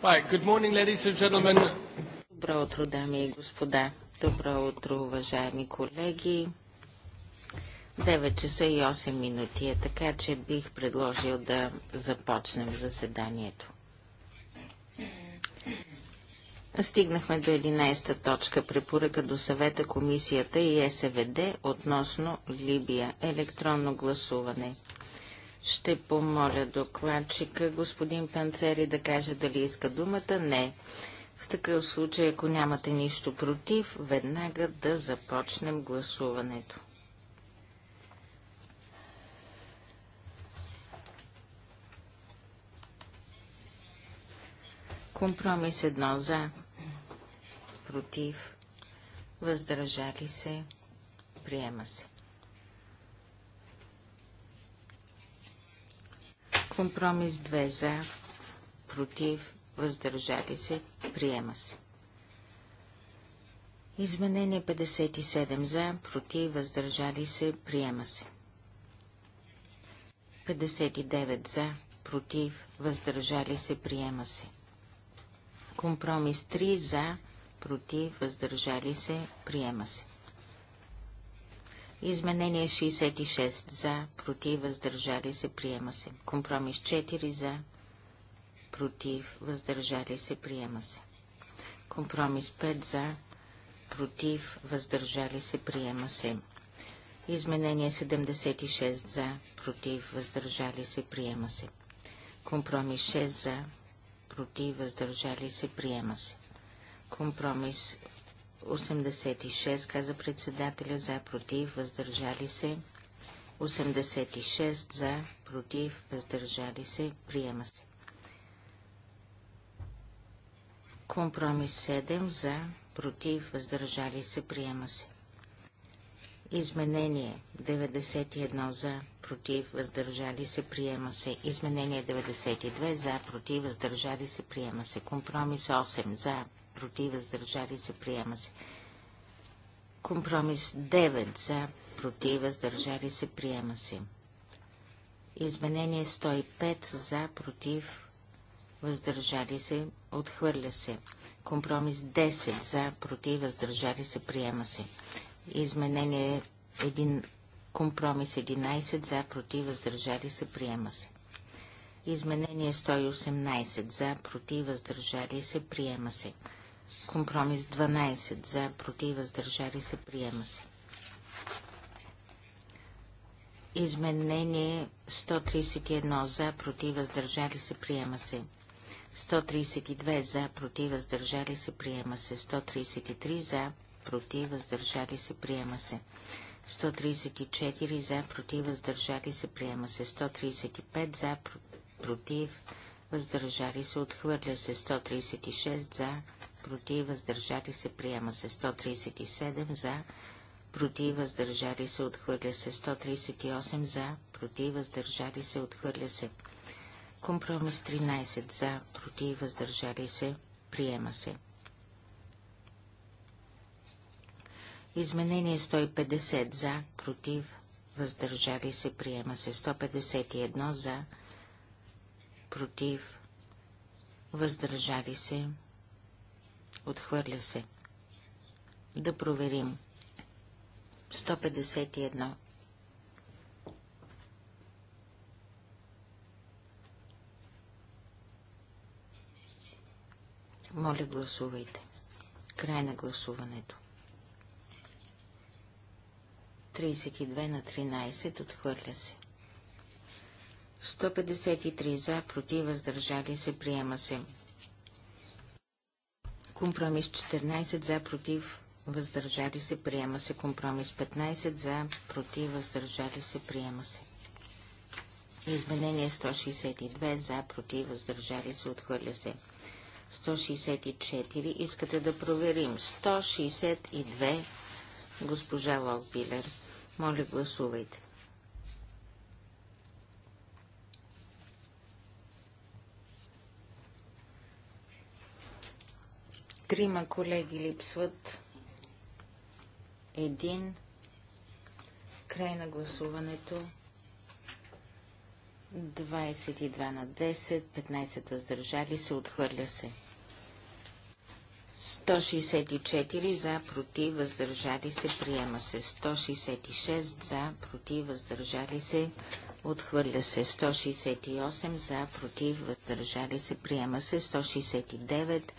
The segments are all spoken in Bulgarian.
Добро утро, дами и господа. Добро утро, уважаеми колеги. 9 часа и 8 минути е, така че бих предложил да започнем заседанието. Стигнахме до 11-та точка препоръка до съвета, комисията и СВД относно Либия. Електронно гласуване. Ще помоля докладчика господин Панцери да каже дали иска думата. Не. В такъв случай, ако нямате нищо против, веднага да започнем гласуването. Компромис едно за, против, въздържали се, приема се. Компромис 2 за, против, въздържали се, приема се. Изменение 57 за, против, въздържали се, приема се. 59 за, против, въздържали се, приема се. Компромис 3 за, против, въздържали се, приема се. Изменение 66 за, против, въздържали се, приема се. Компромис 4 за, против, въздържали се, приема се. Компромис 5 за, против, въздържали се, приема се. Изменение 76 за, против, въздържали се, приема се. Компромис 6 за, против, въздържали се, приема се. Компромис 86, каза председателя, за, против, въздържали се. 86 за, против, въздържали се, приема се. Компромис 7 за, против, въздържали се, приема се. Изменение 91 за, против, въздържали се, приема се. Изменение 92 за, против, въздържали се, приема се. Компромис 8 за, против, въздържали се, приема се. Компромис 9 за, против, въздържали се, приема се. Изменение 105 за, против, въздържали се, отхвърля се. Компромис 10 за, против, въздържали се, приема се. Изменение 1, компромис 11 за, против, въздържали се, приема се. Изменение 118 за, против, въздържали се, приема се. Компромис 12 за, против, въздържали се, приема се. Изменение 131 за, против, въздържали се, приема се. 132 за, против, въздържали се, приема се. 133 за, против, въздържали се, приема се. 134 за, против, въздържали се, приема се. 135 за, против, въздържали се, отхвърля се. 136 за, против, въздържали се, приема се 137 за, против, въздържали се, отхвърля се 138 за, против, въздържали се, отхвърля се. Компромис 13 за, против, въздържали се, приема се. Изменение 150 за, против, въздържали се, приема се 151 за, против, въздържали се, Отхвърля се. Да проверим. 151. Моля, гласувайте. Край на гласуването. 32 на 13 отхвърля се. 153 за, против, въздържали се, приема се. Компромис 14 за, против, въздържали се, приема се. Компромис 15 за, против, въздържали се, приема се. Изменение 162 за, против, въздържали се, отхвърля се. 164. Искате да проверим. 162. Госпожа Локбилер. Моля, гласувайте. Трима колеги липсват. Един. Край на гласуването. 22 на 10, 15 въздържали се, отхвърля се. 164 за, против, въздържали се, приема се. 166 за, против, въздържали се, отхвърля се. 168 за, против, въздържали се, приема се. 169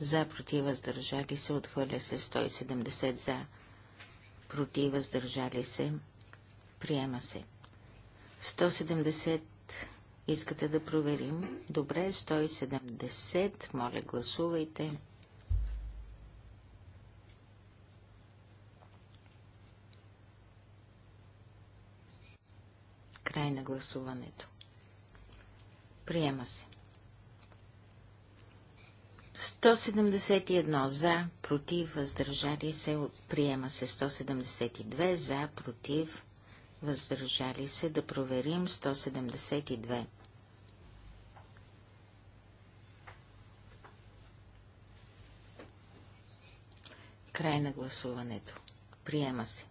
за, против, въздържали се, отхвърля се 170 за, против, въздържали се, приема се. 170 искате да проверим. Добре, 170, моля гласувайте. Край на гласуването. Приема се. 171 за, против, въздържали се, приема се 172 за, против, въздържали се, да проверим 172. Край на гласуването. Приема се.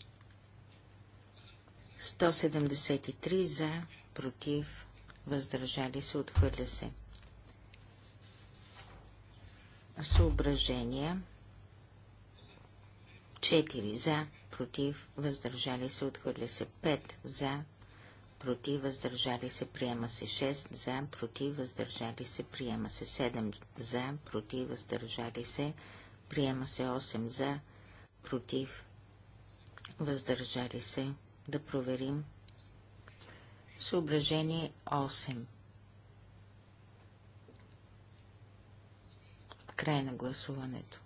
173 за, против, въздържали се, отхвърля се съображения. 4 за, против, въздържали се, отхвърля се 5 за, против, въздържали се, приема се 6 за, против, въздържали се, приема се 7 за, против, въздържали се, приема се 8 за, против, въздържали се, да проверим. Съображение 8. Край на гласуването.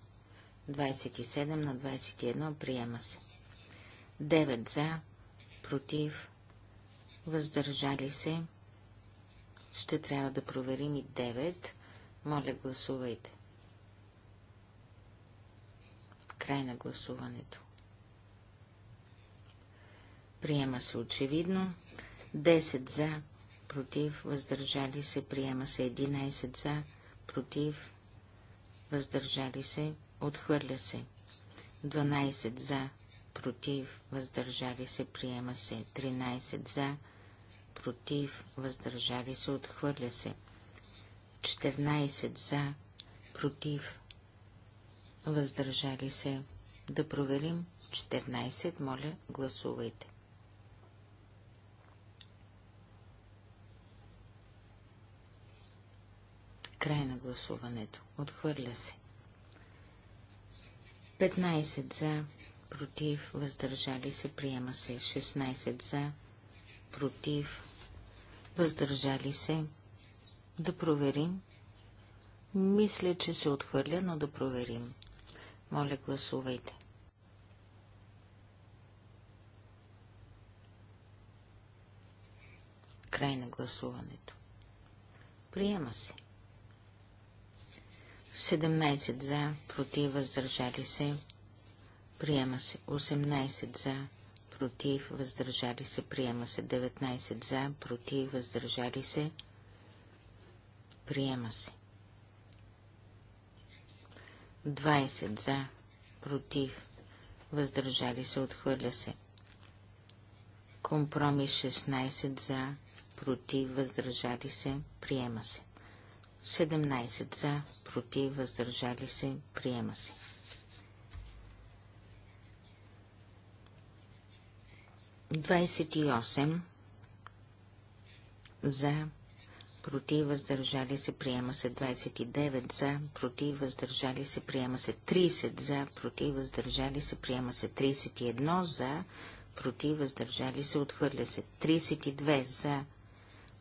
27 на 21 приема се. 9 за, против, въздържали се. Ще трябва да проверим и 9. Моля, гласувайте. Край на гласуването. Приема се очевидно. 10 за, против, въздържали се. Приема се 11 за, против, въздържали се, отхвърля се. 12 за, против, въздържали се, приема се. 13 за, против, въздържали се, отхвърля се. 14 за, против, въздържали се. Да проверим. 14, моля, гласувайте. Край на гласуването. Отхвърля се. 15 за, против, въздържали се, приема се. 16 за, против, въздържали се. Да проверим. Мисля, че се отхвърля, но да проверим. Моля, гласувайте. Край на гласуването. Приема се. 17 за, против, въздържали се, приема се. 18 за, против, въздържали се, приема се. 19 за, против, въздържали се, приема се. 20 за, против, въздържали се, отхвърля се. Компромис 16 за, против, въздържали се, приема се. 17 за, против, въздържали се, приема се. Двадесет и осем за, против, въздържали се, приема се 29 за, против, въздържали се, приема се 30 за, против, въздържали се, приема се 31 за, против, въздържали се, отхвърля се 32 за,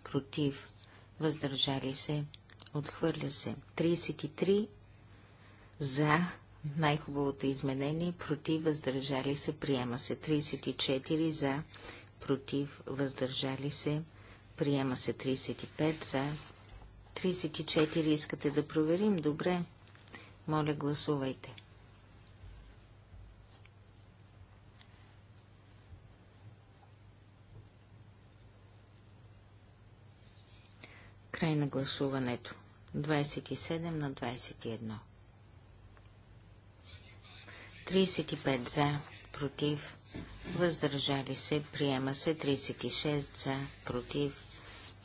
против, въздържали се, Отхвърля се. 33 за. Най-хубавото изменение. Против. Въздържали се. Приема се. 34 за. Против. Въздържали се. Приема се. 35 за. 34 искате да проверим? Добре. Моля, гласувайте. Край на гласуването. 27 на 21. 35 за, против, въздържали се, приема се 36 за, против,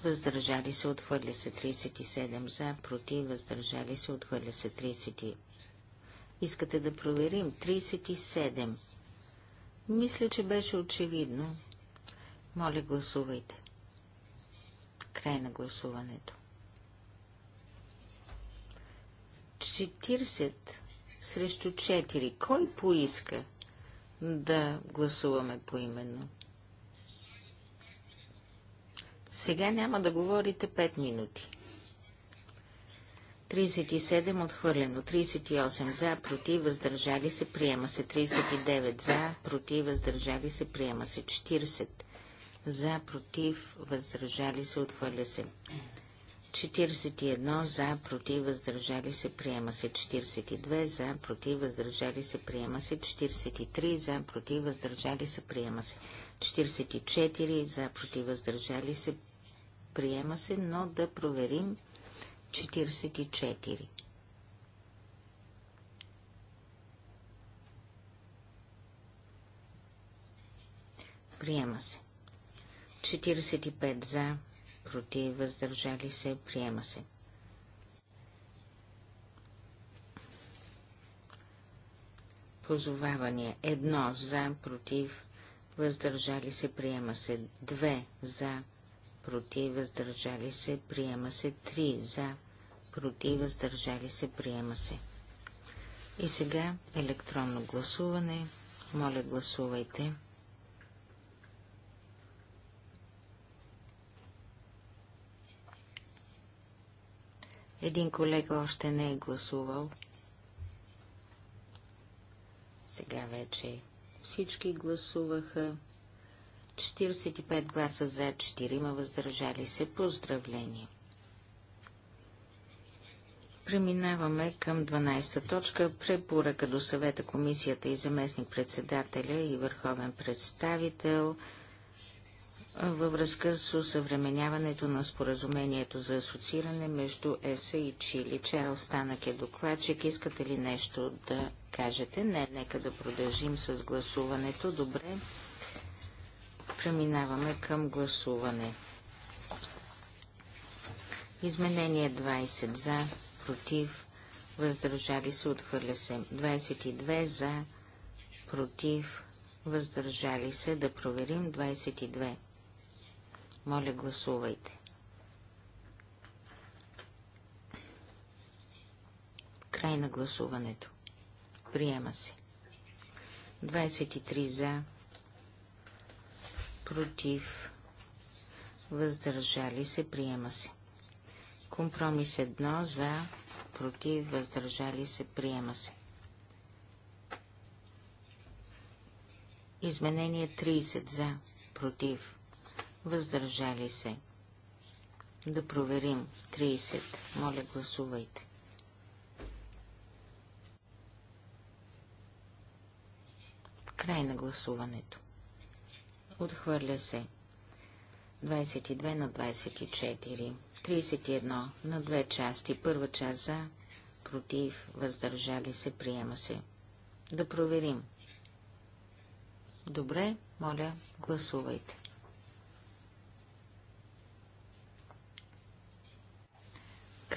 въздържали се, отхвърля се 37 за, против, въздържали се, отхвърля се 30. Искате да проверим 37. Мисля, че беше очевидно. Моля, гласувайте. Край на гласуването. 40 срещу 4. Кой поиска да гласуваме поименно? Сега няма да говорите 5 минути. 37 отхвърлено, 38 за, против, въздържали се, приема се, 39 за, против, въздържали се, приема се, 40 за, против, въздържали се, отхвърля се. 41 за, против, въздържали се, приема се 42 за, против, въздържали се, приема се 43 за, против, въздържали се, приема се 44 за, против, въздържали се, приема се, но да проверим 44. Приема се. 45 за, против, въздържали се, приема се. Позовавания. Едно за, против, въздържали се, приема се. Две за, против, въздържали се, приема се. Три за, против, въздържали се, приема се. И сега електронно гласуване. Моля, гласувайте. Един колега още не е гласувал. Сега вече всички гласуваха. 45 гласа за, 4 ма въздържали се. Поздравление! Преминаваме към 12-та точка. Препоръка до съвета комисията и заместник председателя и върховен представител – във връзка с усъвременяването на споразумението за асоцииране между ЕСА и Чили. Чарл Станък е докладчик. Искате ли нещо да кажете? Не, нека да продължим с гласуването. Добре. Преминаваме към гласуване. Изменение 20 за, против, въздържали се, отхвърля се. 22 за, против, въздържали се, да проверим 22. Моля, гласувайте. Край на гласуването. Приема се. 23 за, против, въздържали се, приема се. Компромис 1 за, против, въздържали се, приема се. Изменение 30 за, против, въздържали се. Да проверим. 30. Моля, гласувайте. Край на гласуването. Отхвърля се. 22 на 24. 31 на две части. Първа част за, против, въздържали се, приема се. Да проверим. Добре, моля, гласувайте.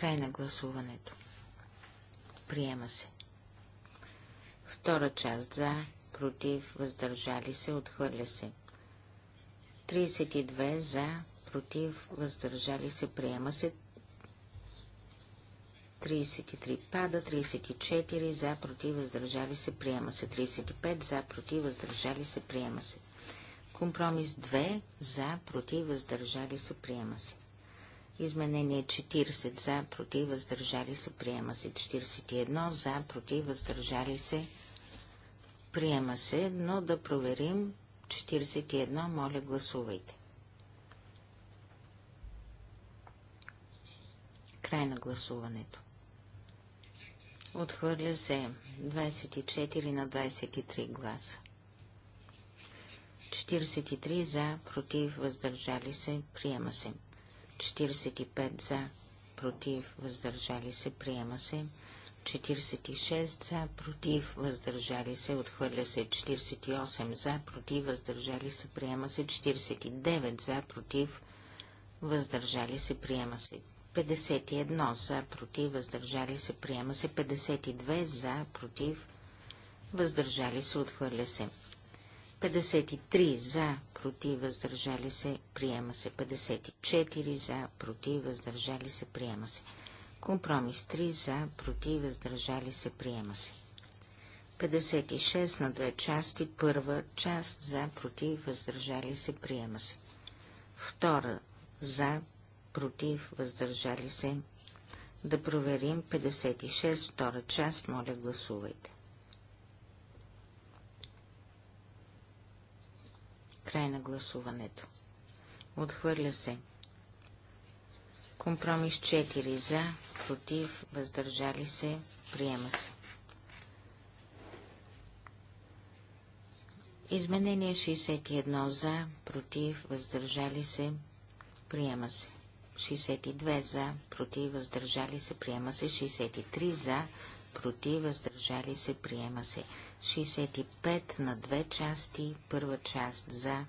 Край на гласуването. Приема се. Втора част за, против, въздържали се, отхвърля се. 32 за, против, въздържали се, приема се. 33 пада, 34 за, против, въздържали се, приема се. 35 за, против, въздържали се, приема се. Компромис 2 за, против, въздържали се, приема се. Изменение 40 за, против, въздържали се, приема се. 41 за, против, въздържали се, приема се. Но да проверим 41, моля гласувайте. Край на гласуването. Отхвърля се 24 на 23 гласа. 43 за, против, въздържали се, приема се. 45 за, против, въздържали се, приема се. 46 за, против, въздържали се, отхвърля се 48 за, против, въздържали се, приема се 49 за, против, въздържали се, приема се 51 за, против, въздържали се, приема се 52 за, против, въздържали се, отхвърля се 53 за, против, въздържали се, приема се. 54 за, против, въздържали се, приема се. Компромис 3 за, против, въздържали се, приема се. 56 на две части, първа част за, против, въздържали се, приема се. Втора за, против, въздържали се. Да проверим 56, втора част, моля гласувайте. Край на гласуването. Отхвърля се. Компромис 4 за, против, въздържали се, приема се. Изменение 61 за, против, въздържали се, приема се. 62 за, против, въздържали се, приема се. 63 за, против, въздържали се, приема се. 65 на две части. Първа част за,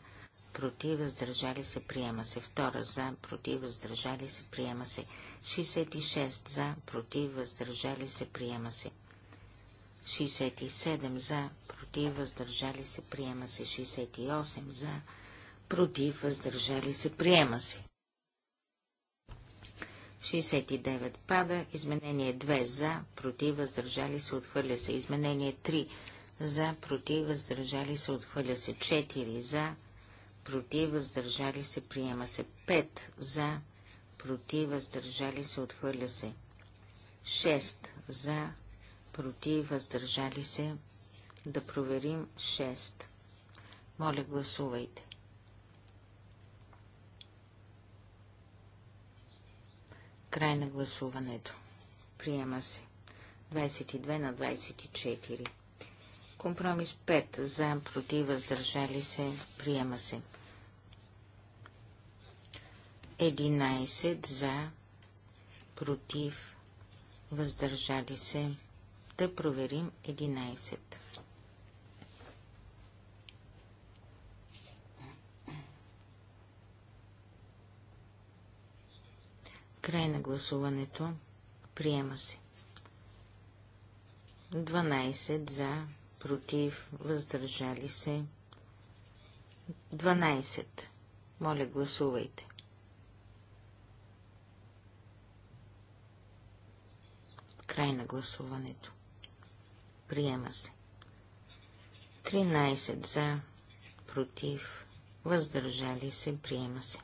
против, въздържали се, приема се. Втора за, против, въздържали се, приема се. 66 за, против, въздържали се, приема се. 67 за, против, въздържали се, приема се. 68 за, против, въздържали се, приема се. 69 пада, изменение 2 за, против, въздържали се, отхвърля се, изменение 3 за, против, въздържали се, отхвърля се 4 за, против, въздържали се, приема се 5 за, против, въздържали се, отхвърля се 6 за, против, въздържали се, да проверим 6. Моля, гласувайте. Край на гласуването. Приема се. 22 на 24. Компромис 5 за, против, въздържали се, приема се. 11 за, против, въздържали се. Да проверим 11. Край на гласуването. Приема се. 12 за, против, въздържали се. 12. Моля, гласувайте. Край на гласуването. Приема се. 13 за, против, въздържали се, приема се.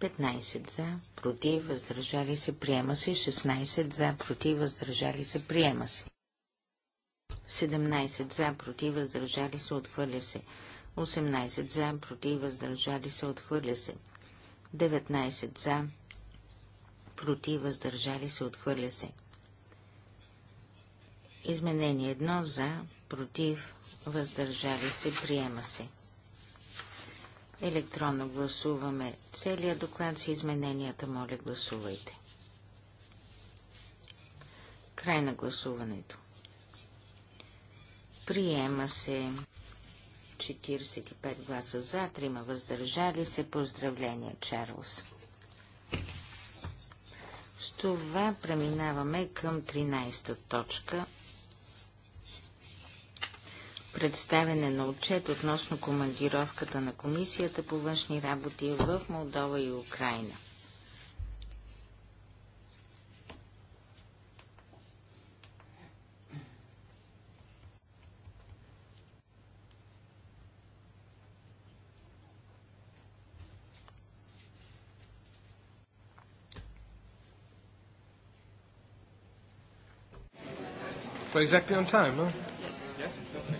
15 за, против, въздържали се, приема се. 16 за, против, въздържали се, приема се. 17 за, против, въздържали се, отхвърля се. 18 за, против, въздържали се, отхвърля се. 19 за, против, въздържали се, отхвърля се. Изменение 1 за, против, въздържали се, приема се. Електронно гласуваме целият доклад с измененията. Моля, гласувайте. Край на гласуването. Приема се 45 гласа за, 3 въздържали се. Поздравления, Чарлз. С това преминаваме към 13-та точка. Представене на отчет относно командировката на Комисията по външни работи в Молдова и Украина. We're exactly on time, no? Yes. Yes, perfect.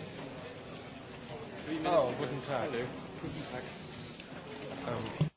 Three minutes. Oh, guten Tag. Hello. Guten Tag. Um.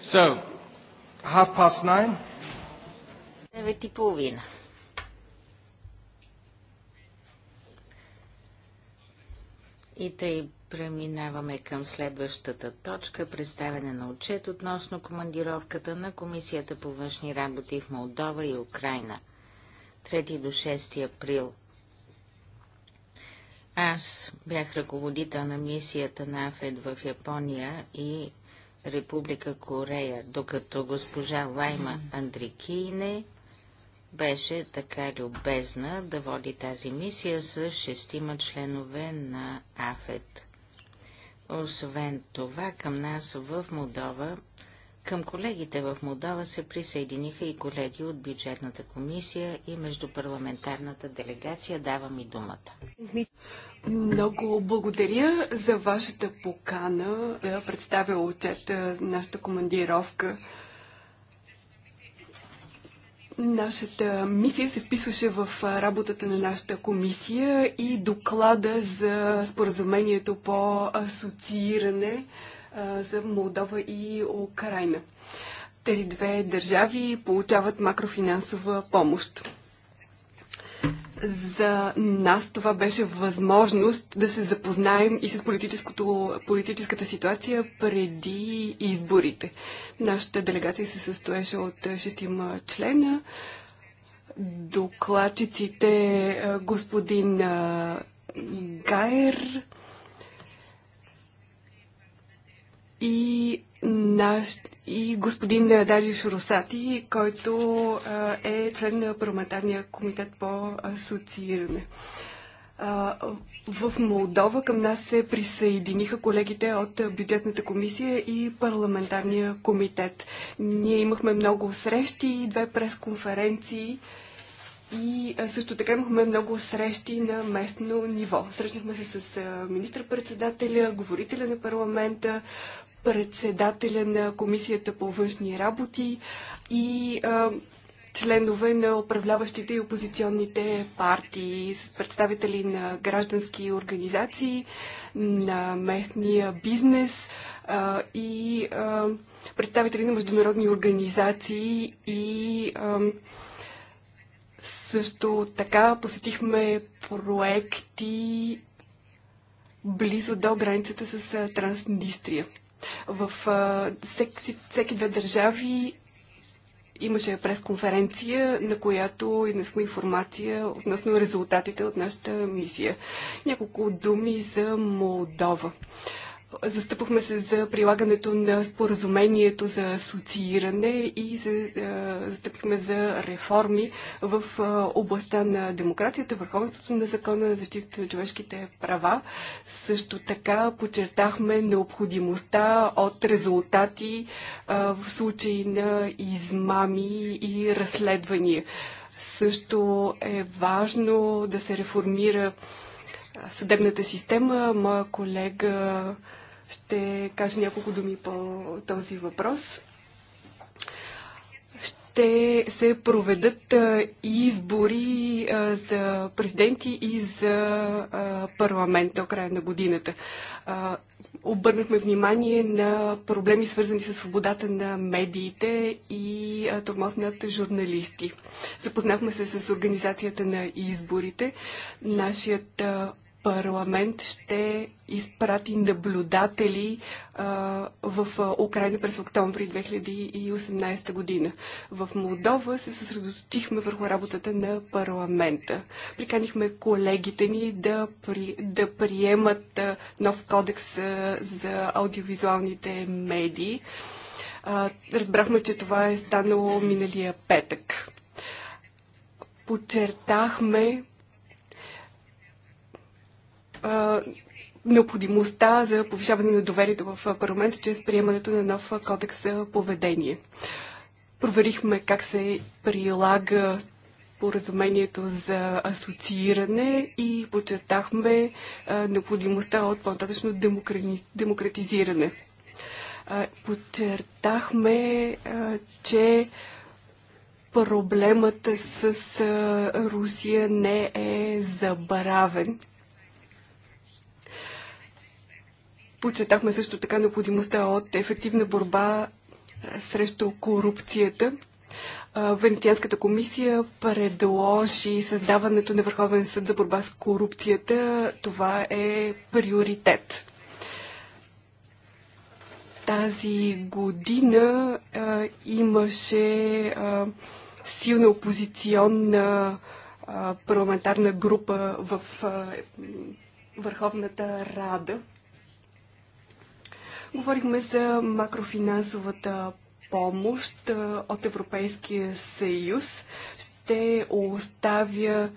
So, half past nine. Девет и половина. И тъй преминаваме към следващата точка – представяне на отчет относно командировката на Комисията по външни работи в Молдова и Украина. 3 до 6 април – аз бях ръководител на мисията на АФЕД в Япония и Република Корея, докато госпожа Лайма Андрикийне беше така любезна да води тази мисия с шестима членове на АФЕД. Освен това, към нас в Молдова към колегите в Молдова се присъединиха и колеги от бюджетната комисия и междупарламентарната делегация. Давам и думата. Много благодаря за вашата покана да представя отчета нашата командировка. Нашата мисия се вписваше в работата на нашата комисия и доклада за споразумението по асоцииране за Молдова и Украина. Тези две държави получават макрофинансова помощ. За нас това беше възможност да се запознаем и с политическата ситуация преди изборите. Нашата делегация се състоеше от шестима члена. Докладчиците господин Гайер, и, наш, и господин Дажи Шоросати, който е член на парламентарния комитет по асоцииране. В Молдова към нас се присъединиха колегите от бюджетната комисия и парламентарния комитет. Ние имахме много срещи, две пресконференции и също така имахме много срещи на местно ниво. Срещнахме се с министър-председателя, говорителя на парламента, председателя на Комисията по външни работи и а, членове на управляващите и опозиционните партии, с представители на граждански организации, на местния бизнес а, и а, представители на международни организации и а, също така посетихме проекти близо до границата с Транснистрия. В всеки, всеки две държави имаше пресконференция, на която изнесохме информация относно резултатите от нашата мисия. Няколко думи за Молдова. Застъпахме се за прилагането на споразумението за асоцииране и за, застъпихме за реформи в областта на демокрацията, върховенството на закона, защитата на човешките права. Също така подчертахме необходимостта от резултати в случай на измами и разследвания. Също е важно да се реформира съдебната система. Моя колега ще кажа няколко думи по този въпрос. Ще се проведат избори за президенти и за парламент до края на годината. Обърнахме внимание на проблеми, свързани с свободата на медиите и тормоз над журналисти. Запознахме се с организацията на изборите. Нашият парламент ще изпрати наблюдатели а, в Украина през октомври 2018 година. В Молдова се съсредоточихме върху работата на парламента. Приканихме колегите ни да, при, да приемат а, нов кодекс а, за аудиовизуалните медии. А, разбрахме, че това е станало миналия петък. Почертахме необходимостта за повишаване на доверието в парламента чрез приемането на нов кодекс за поведение. Проверихме как се прилага споразумението за асоцииране и подчертахме необходимостта от по-нататъчно демократизиране. Почертахме, подчертахме, че проблемът с Русия не е забравен Подчертахме също така необходимостта от ефективна борба срещу корупцията. Венецианската комисия предложи създаването на Върховен съд за борба с корупцията. Това е приоритет. Тази година а, имаше а, силна опозиционна а, парламентарна група в а, Върховната Рада, Говорихме за макрофинансовата помощ от Европейския съюз. Ще оставя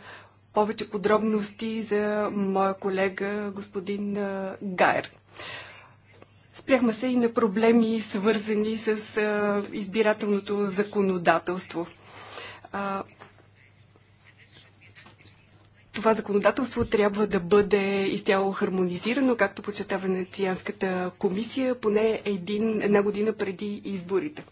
повече подробности за моя колега господин Гайер. Спряхме се и на проблеми, свързани с избирателното законодателство това законодателство трябва да бъде изцяло хармонизирано, както подчертава Венецианската комисия, поне един, една година преди изборите.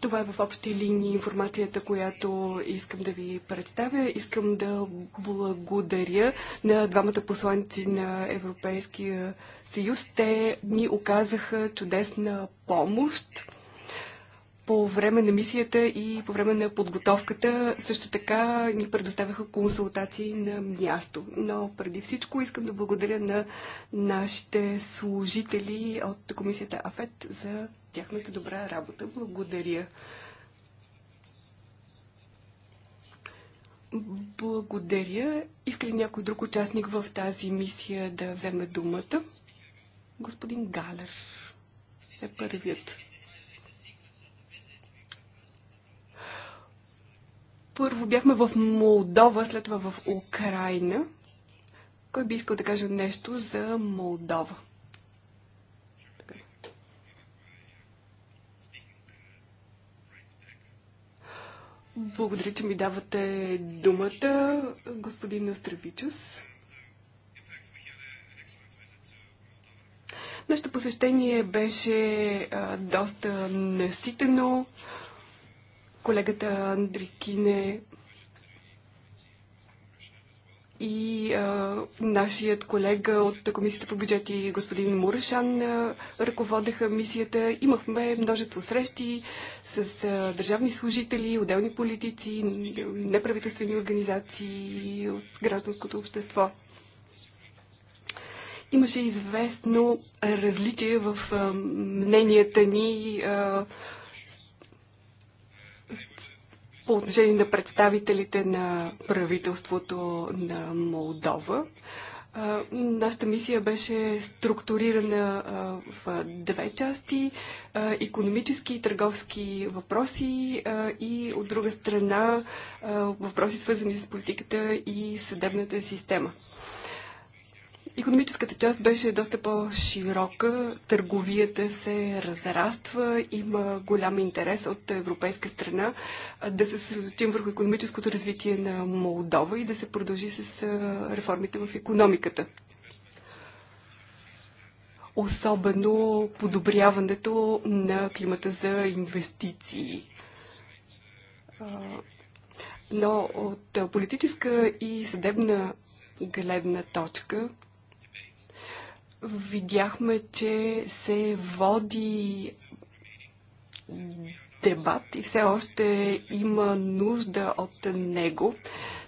Това е в общи линии информацията, която искам да ви представя. Искам да благодаря на двамата посланици на Европейския съюз. Те ни оказаха чудесна помощ по време на мисията и по време на подготовката също така ни предоставяха консултации на място. Но преди всичко искам да благодаря на нашите служители от комисията АФЕТ за тяхната добра работа. Благодаря. Благодаря. Иска ли някой друг участник в тази мисия да вземе думата? Господин Галер е първият. Първо бяхме в Молдова, след това в Украина. Кой би искал да каже нещо за Молдова? Благодаря, че ми давате думата, господин Остравичус. Нашето посещение беше а, доста наситено. А, колегата Андрикине и а, нашият колега от Комисията по бюджети, господин Мурашан, а, ръководеха мисията. Имахме множество срещи с а, държавни служители, отделни политици, неправителствени организации от гражданското общество. Имаше известно различие в а, мненията ни. А, по отношение на представителите на правителството на Молдова. Нашата мисия беше структурирана в две части економически и търговски въпроси и от друга страна въпроси свързани с политиката и съдебната система. Економическата част беше доста по-широка, търговията се разраства, има голям интерес от европейска страна да се съсредоточим върху економическото развитие на Молдова и да се продължи с реформите в економиката. Особено подобряването на климата за инвестиции. Но от политическа и съдебна гледна точка видяхме, че се води дебат и все още има нужда от него.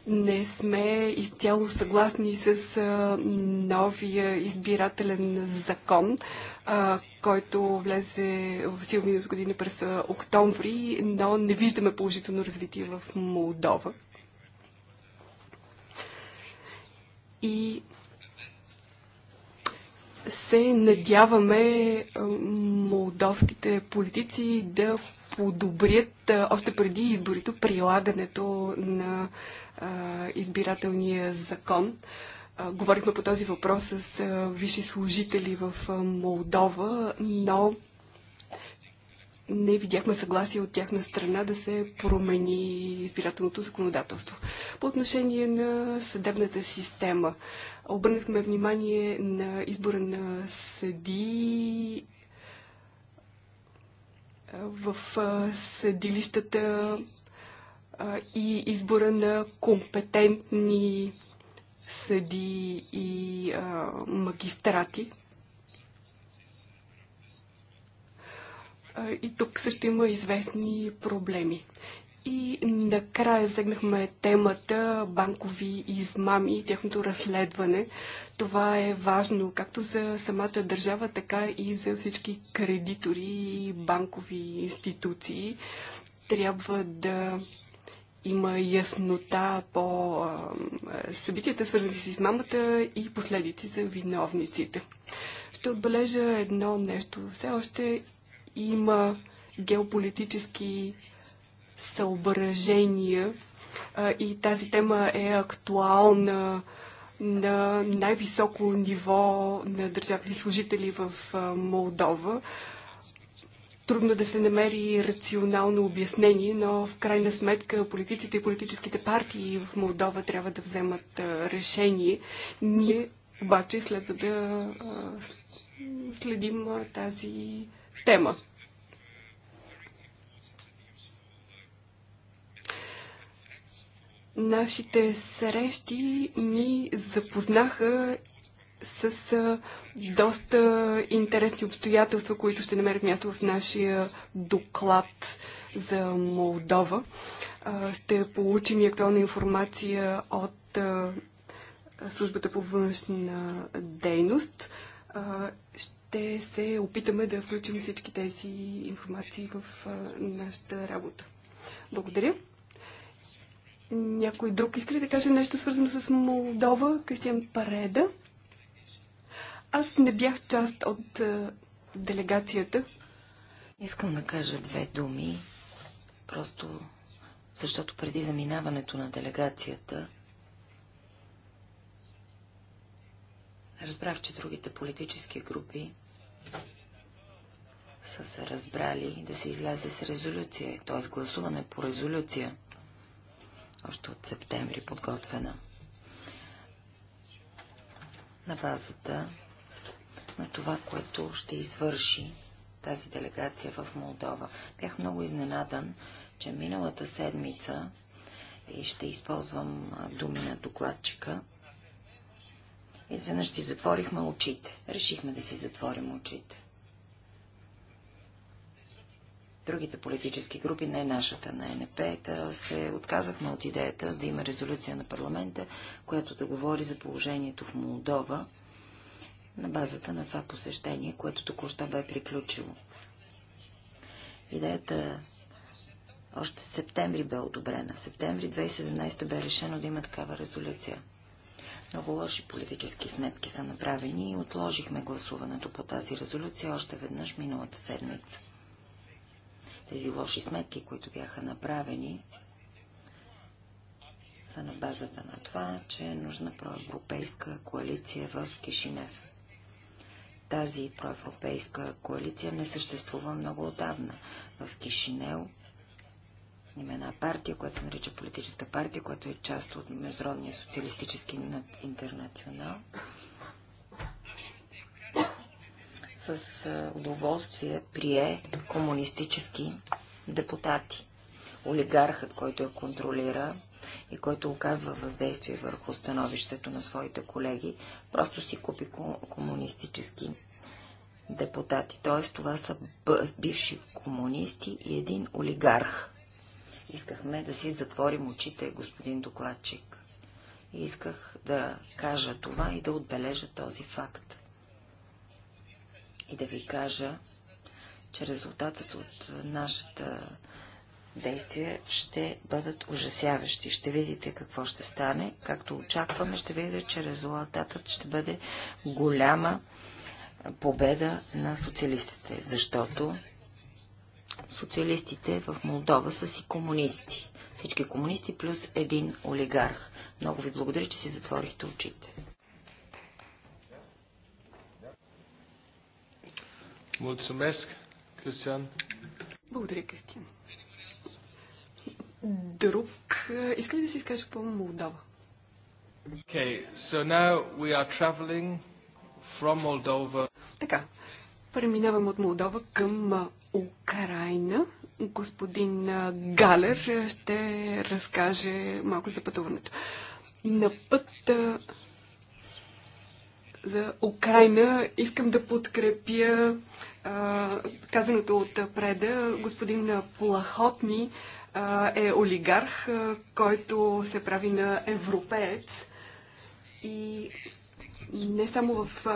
Не сме изцяло съгласни с новия избирателен закон, който влезе в сил от година през октомври, но не виждаме положително развитие в Молдова. И се надяваме молдовските политици да подобрят още преди изборите прилагането на избирателния закон. Говорихме по този въпрос с висши служители в Молдова, но не видяхме съгласие от тяхна страна да се промени избирателното законодателство. По отношение на съдебната система, обърнахме внимание на избора на съди в съдилищата и избора на компетентни съди и магистрати, И тук също има известни проблеми. И накрая загнахме темата банкови измами и тяхното разследване. Това е важно както за самата държава, така и за всички кредитори и банкови институции. Трябва да има яснота по събитията, свързани с измамата и последици за виновниците. Ще отбележа едно нещо. Все още има геополитически съображения и тази тема е актуална на най-високо ниво на държавни служители в Молдова. Трудно да се намери рационално обяснение, но в крайна сметка политиците и политическите партии в Молдова трябва да вземат решение. Ние обаче следва да следим тази тема. Нашите срещи ни запознаха с доста интересни обстоятелства, които ще намерят място в нашия доклад за Молдова. ще получим и актуална информация от службата по външна дейност. ще ще се опитаме да включим всички тези информации в нашата работа. Благодаря. Някой друг иска да каже нещо свързано с Молдова? Кристиан Пареда. Аз не бях част от делегацията. Искам да кажа две думи, просто защото преди заминаването на делегацията Разбрах, че другите политически групи са се разбрали да се излезе с резолюция, т.е. гласуване по резолюция, още от септември подготвена. На базата на това, което ще извърши тази делегация в Молдова. Бях много изненадан, че миналата седмица, и ще използвам думи на докладчика, изведнъж си затворихме очите. Решихме да си затворим очите. Другите политически групи, не нашата, на НП, та се отказахме от идеята да има резолюция на парламента, която да говори за положението в Молдова на базата на това посещение, което току-що бе приключило. Идеята още в септември бе одобрена. В септември 2017 бе решено да има такава резолюция. Много лоши политически сметки са направени и отложихме гласуването по тази резолюция още веднъж миналата седмица. Тези лоши сметки, които бяха направени, са на базата на това, че е нужна проевропейска коалиция в Кишинев. Тази проевропейска коалиция не съществува много отдавна. В Кишинел има една партия, която се нарича политическа партия, която е част от Международния социалистически интернационал. С удоволствие прие комунистически депутати. Олигархът, който я контролира и който оказва въздействие върху становището на своите колеги, просто си купи комунистически депутати. Т.е. това са бивши комунисти и един олигарх. Искахме да си затворим очите, господин докладчик. И исках да кажа това и да отбележа този факт. И да ви кажа, че резултатът от нашата действия ще бъдат ужасяващи. Ще видите какво ще стане. Както очакваме, ще видите, че резултатът ще бъде голяма победа на социалистите, защото социалистите в Молдова са си комунисти. Всички комунисти плюс един олигарх. Много ви благодаря, че си затворихте очите. Мулцумеск, Кристиан. Благодаря, Кристиан. Друг иска ли да се изкажа по Молдова? Okay, so now we are traveling from Moldova. Така, преминавам от Молдова към Украина. Господин Галер ще разкаже малко за пътуването. На път за Украина искам да подкрепя казаното от преда. Господин Плахотни е олигарх, който се прави на европеец. И не само в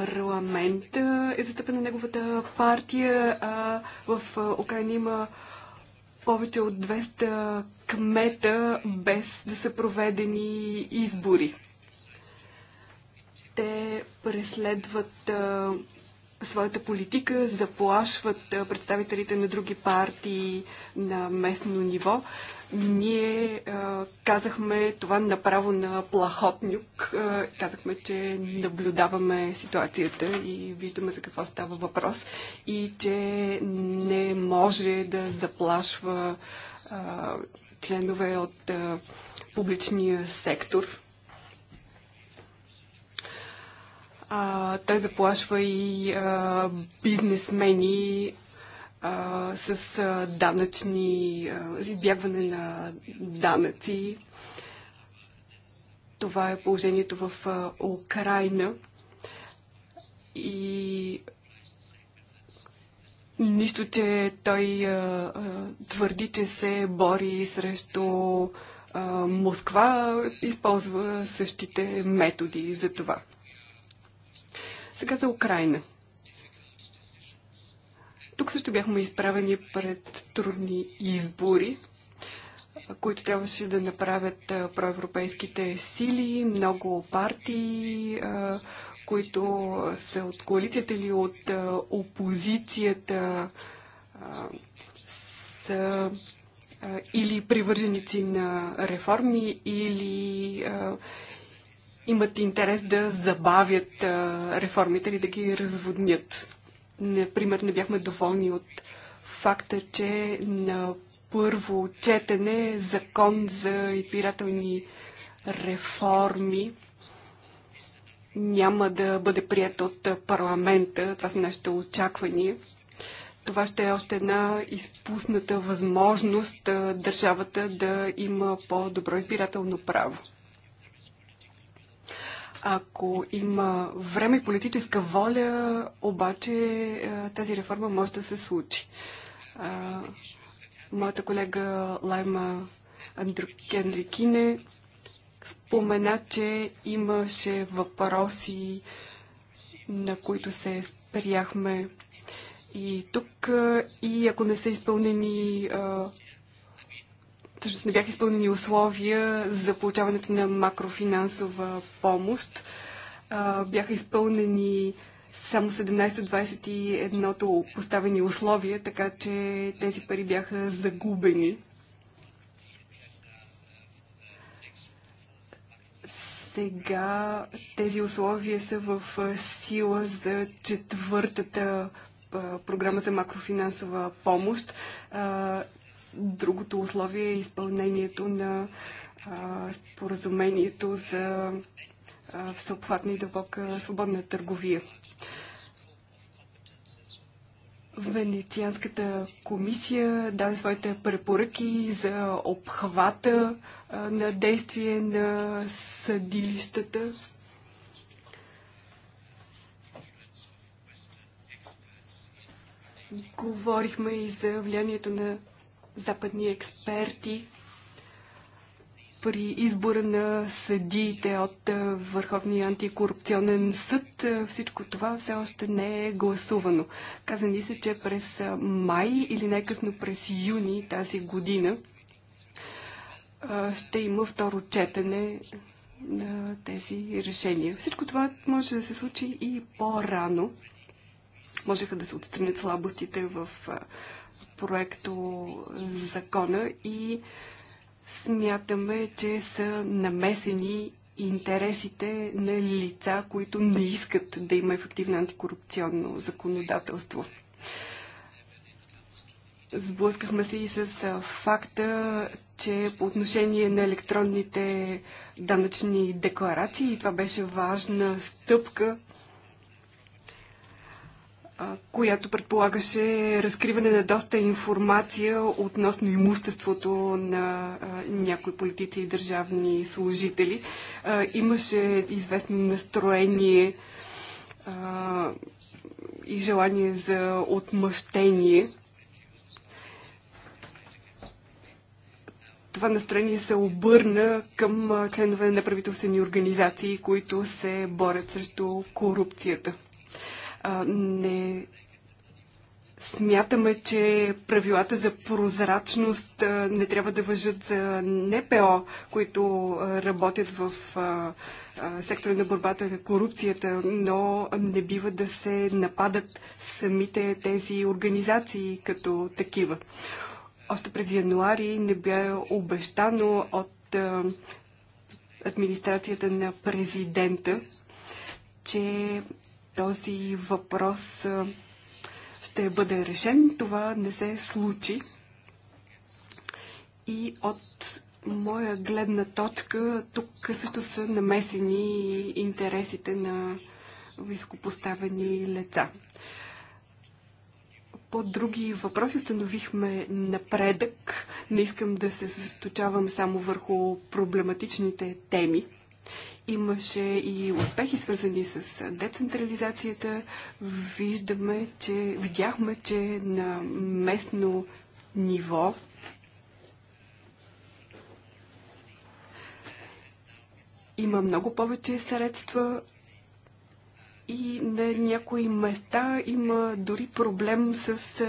парламент е застъпена неговата партия. А в Украина има повече от 200 кмета без да са проведени избори. Те преследват своята политика заплашват представителите на други партии на местно ниво. Ние а, казахме това направо на плахотнюк. А, казахме, че наблюдаваме ситуацията и виждаме за какво става въпрос и че не може да заплашва а, членове от а, публичния сектор А, той заплашва и а, бизнесмени а, с данъчни, а, с избягване на данъци. Това е положението в а, Украина. И нищо, че той а, а, твърди, че се бори срещу а, Москва, използва същите методи за това. Сега за Украина. Тук също бяхме изправени пред трудни избори, които трябваше да направят проевропейските сили, много партии, които са от коалицията или от опозицията, са или привърженици на реформи, или имат интерес да забавят реформите или да ги разводнят. Например, не бяхме доволни от факта, че на първо четене закон за избирателни реформи няма да бъде прият от парламента. Това са нашите очаквания. Това ще е още една изпусната възможност държавата да има по-добро избирателно право. Ако има време и политическа воля, обаче е, тази реформа може да се случи. Е, моята колега Лайма Андрюкенрикине спомена, че имаше въпроси, на които се спряхме. И тук, е, и ако не са изпълнени всъщност не бяха изпълнени условия за получаването на макрофинансова помощ. Бяха изпълнени само 17-21-то поставени условия, така че тези пари бяха загубени. Сега тези условия са в сила за четвъртата програма за макрофинансова помощ. Другото условие е изпълнението на а, споразумението за всеобхватна и дълбока свободна търговия. Венецианската комисия даде своите препоръки за обхвата на действие на съдилищата. Говорихме и за влиянието на западни експерти при избора на съдиите от Върховния антикорупционен съд. Всичко това все още не е гласувано. Каза ни се, че през май или най-късно през юни тази година ще има второ четене на тези решения. Всичко това може да се случи и по-рано. Можеха да се отстранят слабостите в проекто закона и смятаме, че са намесени интересите на лица, които не искат да има ефективно антикорупционно законодателство. Сблъскахме се и с факта, че по отношение на електронните данъчни декларации, това беше важна стъпка която предполагаше разкриване на доста информация относно имуществото на някои политици и държавни служители. Имаше известно настроение и желание за отмъщение. това настроение се обърна към членове на правителствени организации, които се борят срещу корупцията не смятаме, че правилата за прозрачност не трябва да въжат за НПО, които работят в сектора на борбата на корупцията, но не бива да се нападат самите тези организации като такива. Още през януари не бе обещано от администрацията на президента, че този въпрос ще бъде решен. Това не се случи. И от моя гледна точка, тук също са намесени интересите на високопоставени лица. По други въпроси установихме напредък. Не искам да се съсредоточавам само върху проблематичните теми. Имаше и успехи, свързани с децентрализацията. Виждаме, че, видяхме, че на местно ниво има много повече средства и на някои места има дори проблем с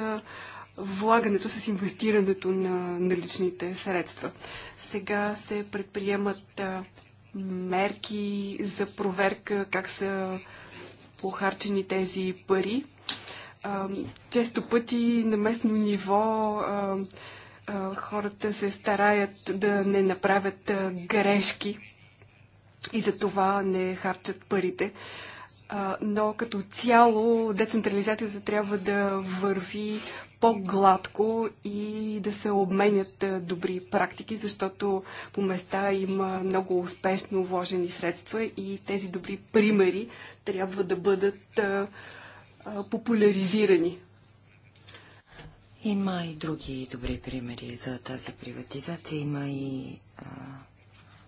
влагането, с инвестирането на наличните средства. Сега се предприемат мерки за проверка как са похарчени тези пари. Често пъти на местно ниво хората се стараят да не направят грешки и за това не харчат парите. Но като цяло децентрализацията трябва да върви по-гладко и да се обменят добри практики, защото по места има много успешно вложени средства и тези добри примери трябва да бъдат популяризирани. Има и други добри примери за тази приватизация. Има и а,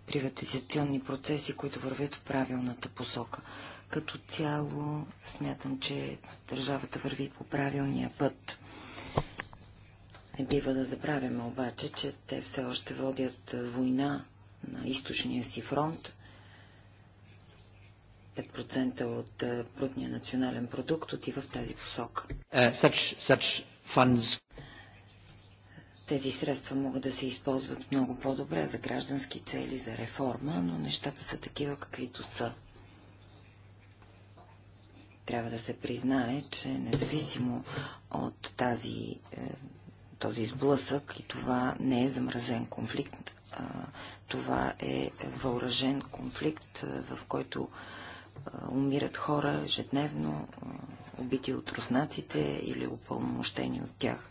приватизационни процеси, които вървят в правилната посока. Като цяло смятам, че държавата върви по правилния път. Не бива да забравяме обаче, че те все още водят война на източния си фронт. 5% от брутния национален продукт отива в тази посока. Uh, such, such funds... Тези средства могат да се използват много по-добре за граждански цели, за реформа, но нещата са такива, каквито са. Трябва да се признае, че независимо от тази е, този сблъсък и това не е замразен конфликт. А, това е въоръжен конфликт, в който а, умират хора ежедневно, а, убити от руснаците или упълномощени от тях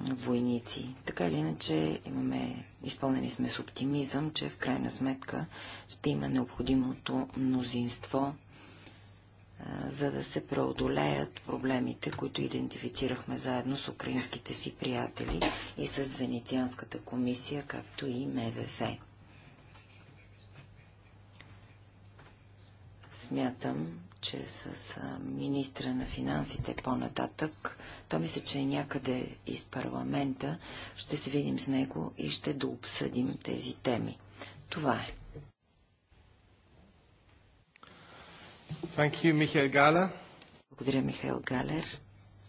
войници. Така или иначе имаме, изпълнени сме с оптимизъм, че в крайна сметка ще има необходимото мнозинство за да се преодолеят проблемите, които идентифицирахме заедно с украинските си приятели и с Венецианската комисия, както и МВФ. Смятам, че с министра на финансите по-нататък, то мисля, че е някъде из парламента ще се видим с него и ще дообсъдим тези теми. Това е. Thank You, Михаил Благодаря, Михаил Галер.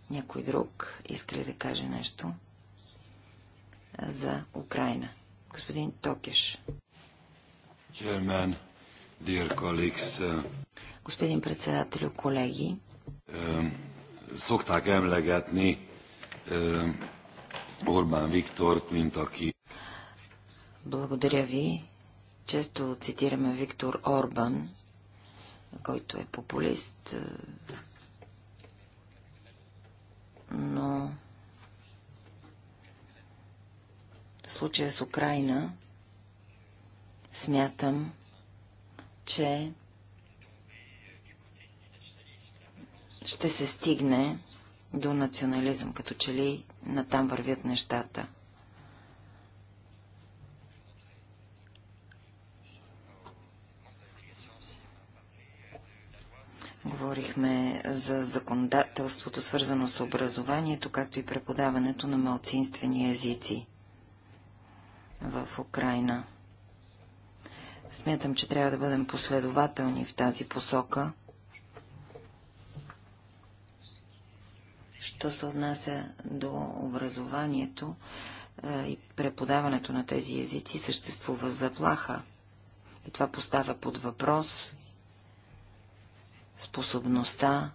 Някой друг иска ли да каже нещо за Украина? Господин Токеш. Chairman, dear colleagues, uh... Господин председателю, колеги, Сухтак um, szokták emlegetni Орбан Виктор Твинтаки. Благодаря ви. Често цитираме Виктор Орбан, който е популист, е, но в случая с Украина смятам, че ще се стигне до национализъм, като че ли натам вървят нещата. Говорихме за законодателството, свързано с образованието, както и преподаването на малцинствени езици в Украина. Смятам, че трябва да бъдем последователни в тази посока. Що се отнася до образованието е, и преподаването на тези езици, съществува заплаха. И това поставя под въпрос способността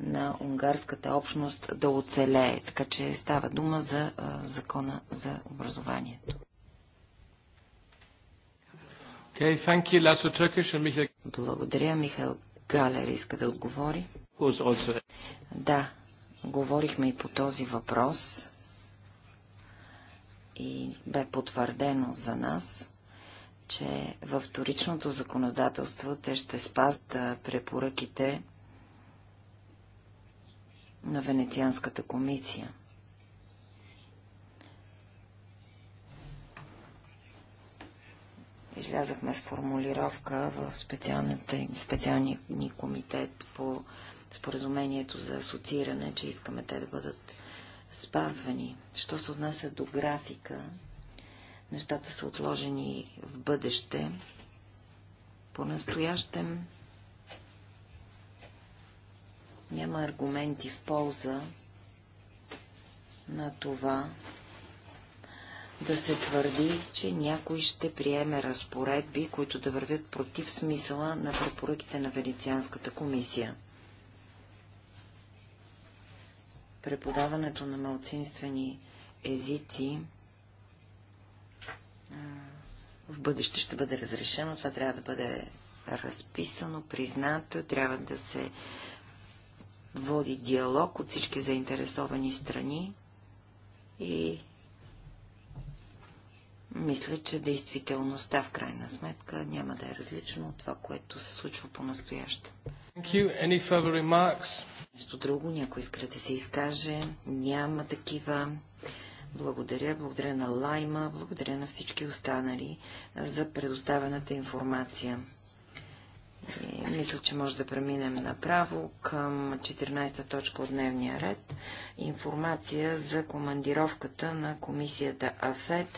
на унгарската общност да оцелее. Така че става дума за а, закона за образованието. Okay, thank you, Lasso Turkish and Michael... Благодаря. Михаил Галер иска да отговори. Also... Да, говорихме и по този въпрос и бе потвърдено за нас, че във вторичното законодателство те ще спазват препоръките на Венецианската комисия. Излязахме с формулировка в специалния ни комитет по споразумението за асоцииране, че искаме те да бъдат спазвани. Що се отнася до графика, Нещата са отложени в бъдеще. По-настоящем няма аргументи в полза на това да се твърди, че някой ще приеме разпоредби, които да вървят против смисъла на препоръките на Венецианската комисия. Преподаването на малцинствени езици в бъдеще ще бъде разрешено. Това трябва да бъде разписано, признато, трябва да се води диалог от всички заинтересовани страни и мисля, че действителността в крайна сметка няма да е различно от това, което се случва по-настояще. Нещо друго, някой иска да се изкаже, няма такива. Благодаря, благодаря на Лайма, благодаря на всички останали за предоставената информация. И мисля, че може да преминем направо към 14-та точка от дневния ред. Информация за командировката на комисията АФЕД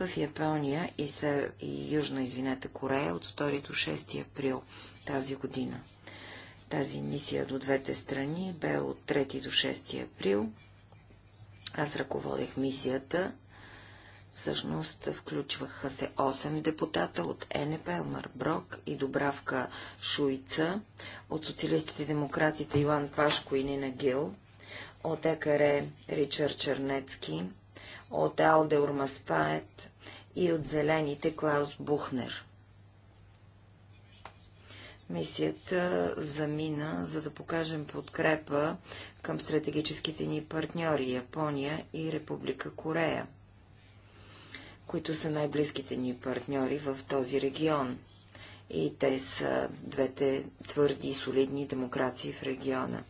в Япония и, Се... и Южна извинете, Корея от 2 до 6 април тази година. Тази мисия до двете страни бе от 3 до 6 април аз ръководех мисията. Всъщност включваха се 8 депутата от НП, Елмар Брок и Добравка Шуйца, от социалистите и демократите Иван Пашко и Нина Гил, от ЕКР Ричард Чернецки, от Алде Урмаспает и от Зелените Клаус Бухнер. Мисията замина, за да покажем подкрепа към стратегическите ни партньори Япония и Република Корея, които са най-близките ни партньори в този регион. И те са двете твърди и солидни демокрации в региона.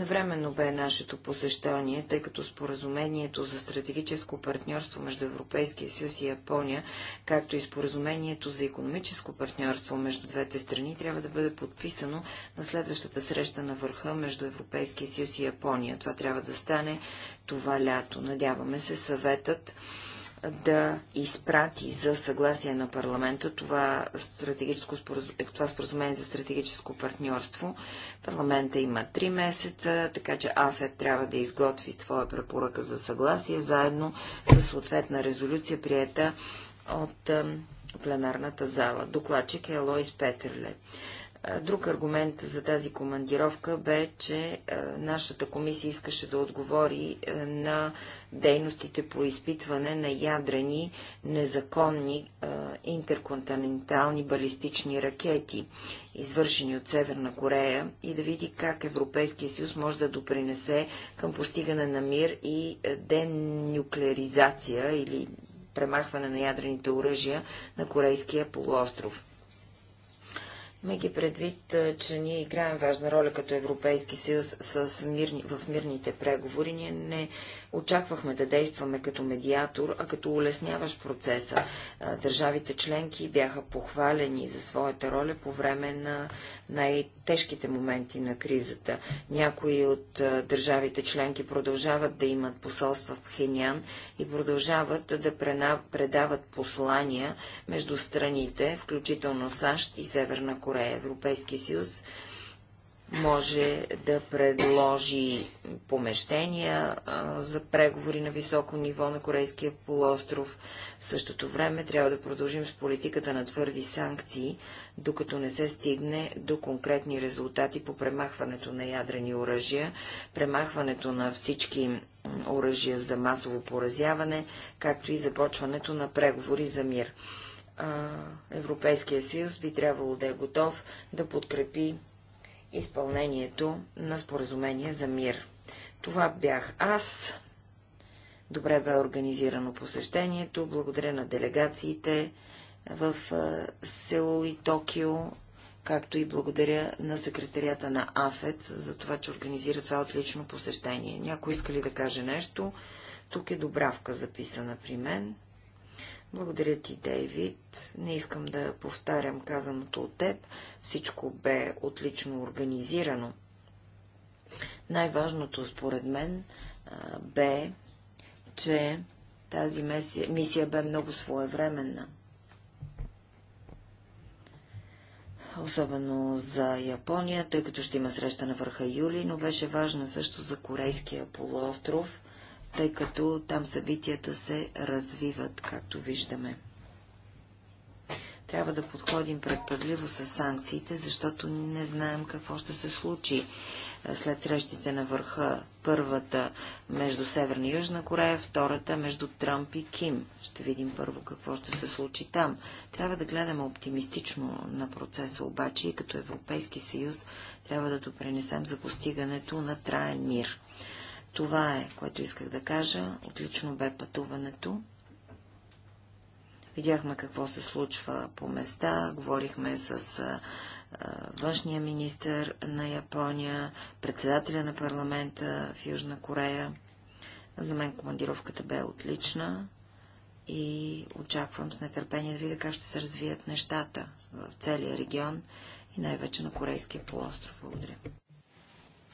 Навременно бе нашето посещение, тъй като споразумението за стратегическо партньорство между Европейския съюз и Япония, както и споразумението за економическо партньорство между двете страни, трябва да бъде подписано на следващата среща на върха между Европейския съюз и Япония. Това трябва да стане това лято. Надяваме се съветът да изпрати за съгласие на парламента това, стратегическо споразум... това споразумение за стратегическо партньорство. Парламента има 3 месеца, така че АФЕД трябва да изготви твоя препоръка за съгласие, заедно с съответна резолюция, приета от пленарната зала. Докладчик е Лойс Петерле. Е, друг аргумент за тази командировка бе, че е, нашата комисия искаше да отговори е, на дейностите по изпитване на ядрени, незаконни интерконтинентални балистични ракети, извършени от Северна Корея, и да види как Европейския съюз може да допринесе към постигане на мир и денюклеризация или премахване на ядрените оръжия на Корейския полуостров имайки предвид, че ние играем важна роля като Европейски съюз с мирни, в мирните преговори, ние не Очаквахме да действаме като медиатор, а като улесняващ процеса. Държавите членки бяха похвалени за своята роля по време на най-тежките моменти на кризата. Някои от държавите членки продължават да имат посолства в Пхенян и продължават да предават послания между страните, включително САЩ и Северна Корея. Европейски съюз може да предложи помещения а, за преговори на високо ниво на Корейския полуостров. В същото време трябва да продължим с политиката на твърди санкции, докато не се стигне до конкретни резултати по премахването на ядрени оръжия, премахването на всички оръжия за масово поразяване, както и започването на преговори за мир. А, Европейския съюз би трябвало да е готов да подкрепи изпълнението на споразумение за мир. Това бях аз. Добре бе организирано посещението. Благодаря на делегациите в Сеул и Токио, както и благодаря на секретарията на АФЕТ за това, че организира това отлично посещение. Някой иска ли да каже нещо? Тук е добравка записана при мен. Благодаря ти, Дейвид. Не искам да повтарям казаното от теб. Всичко бе отлично организирано. Най-важното, според мен, бе, че тази мисия, мисия бе много своевременна. Особено за Япония, тъй като ще има среща на върха юли, но беше важна също за Корейския полуостров тъй като там събитията се развиват, както виждаме. Трябва да подходим предпазливо с санкциите, защото не знаем какво ще се случи след срещите на върха. Първата между Северна и Южна Корея, втората между Трамп и Ким. Ще видим първо какво ще се случи там. Трябва да гледаме оптимистично на процеса, обаче и като Европейски съюз трябва да допренесем за постигането на траен мир. Това е, което исках да кажа. Отлично бе пътуването. Видяхме какво се случва по места, говорихме с външния министр на Япония, председателя на парламента в Южна Корея. За мен командировката бе отлична и очаквам с нетърпение да видя как ще се развият нещата в целия регион и най-вече на Корейския полуостров. Благодаря.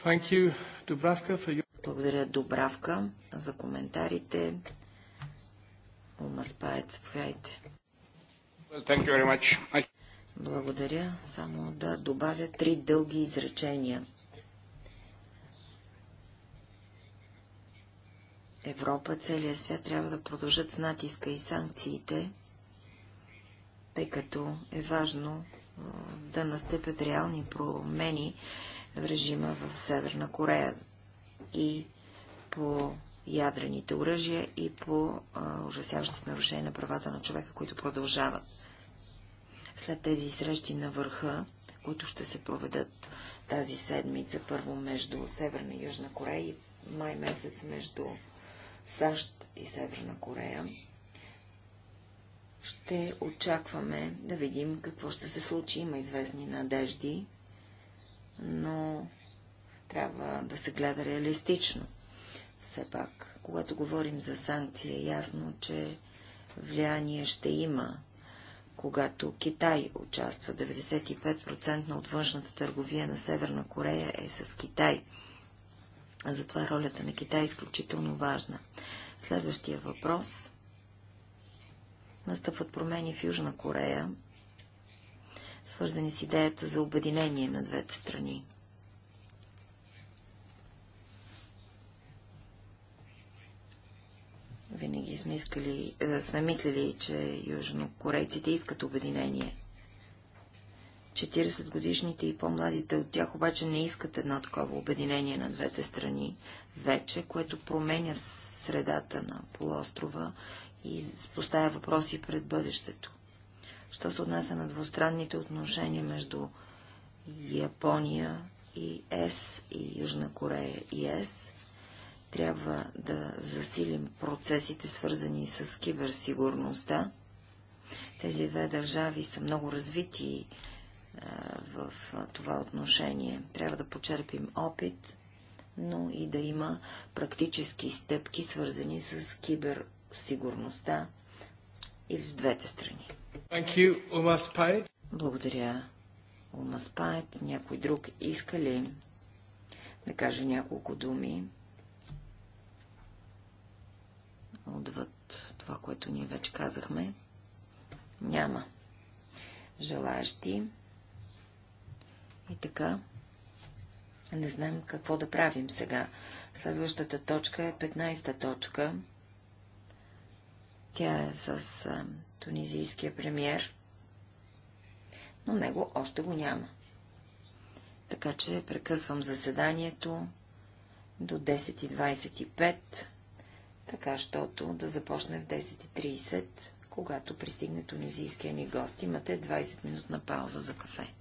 Thank you, благодаря Добравка за коментарите. Ума спаят, заповядайте. Благодаря. Само да добавя три дълги изречения. Европа, целия свят трябва да продължат с натиска и санкциите, тъй като е важно да настъпят реални промени в режима в Северна Корея и по ядрените оръжия и по ужасяващите нарушения на правата на човека, които продължават. След тези срещи на върха, които ще се проведат тази седмица, първо между Северна и Южна Корея и май месец между САЩ и Северна Корея, ще очакваме да видим какво ще се случи. Има известни надежди, но трябва да се гледа реалистично. Все пак, когато говорим за санкции, е ясно, че влияние ще има, когато Китай участва. 95% от външната търговия на Северна Корея е с Китай. Затова ролята на Китай е изключително важна. Следващия въпрос. Настъпват промени в Южна Корея, свързани с идеята за обединение на двете страни. Винаги сме, искали, е, сме мислили, че южнокорейците искат обединение. 40 годишните и по-младите от тях обаче не искат едно такова обединение на двете страни вече, което променя средата на полуострова и поставя въпроси пред бъдещето. Що се отнася на двустранните отношения между Япония и ЕС и Южна Корея и ЕС, трябва да засилим процесите, свързани с киберсигурността. Тези две държави са много развити в това отношение. Трябва да почерпим опит, но и да има практически стъпки, свързани с киберсигурността и в двете страни. You, Благодаря, Умаспайт. Някой друг иска ли да каже няколко думи? отвъд това, което ние вече казахме? Няма. желащи. И така. Не знам какво да правим сега. Следващата точка е 15-та точка. Тя е с а, тунизийския премьер, но него още го няма. Така че прекъсвам заседанието до 10.25 така щото да започне в 10.30, когато пристигне тунизийския ни гост. Имате 20 минутна пауза за кафе.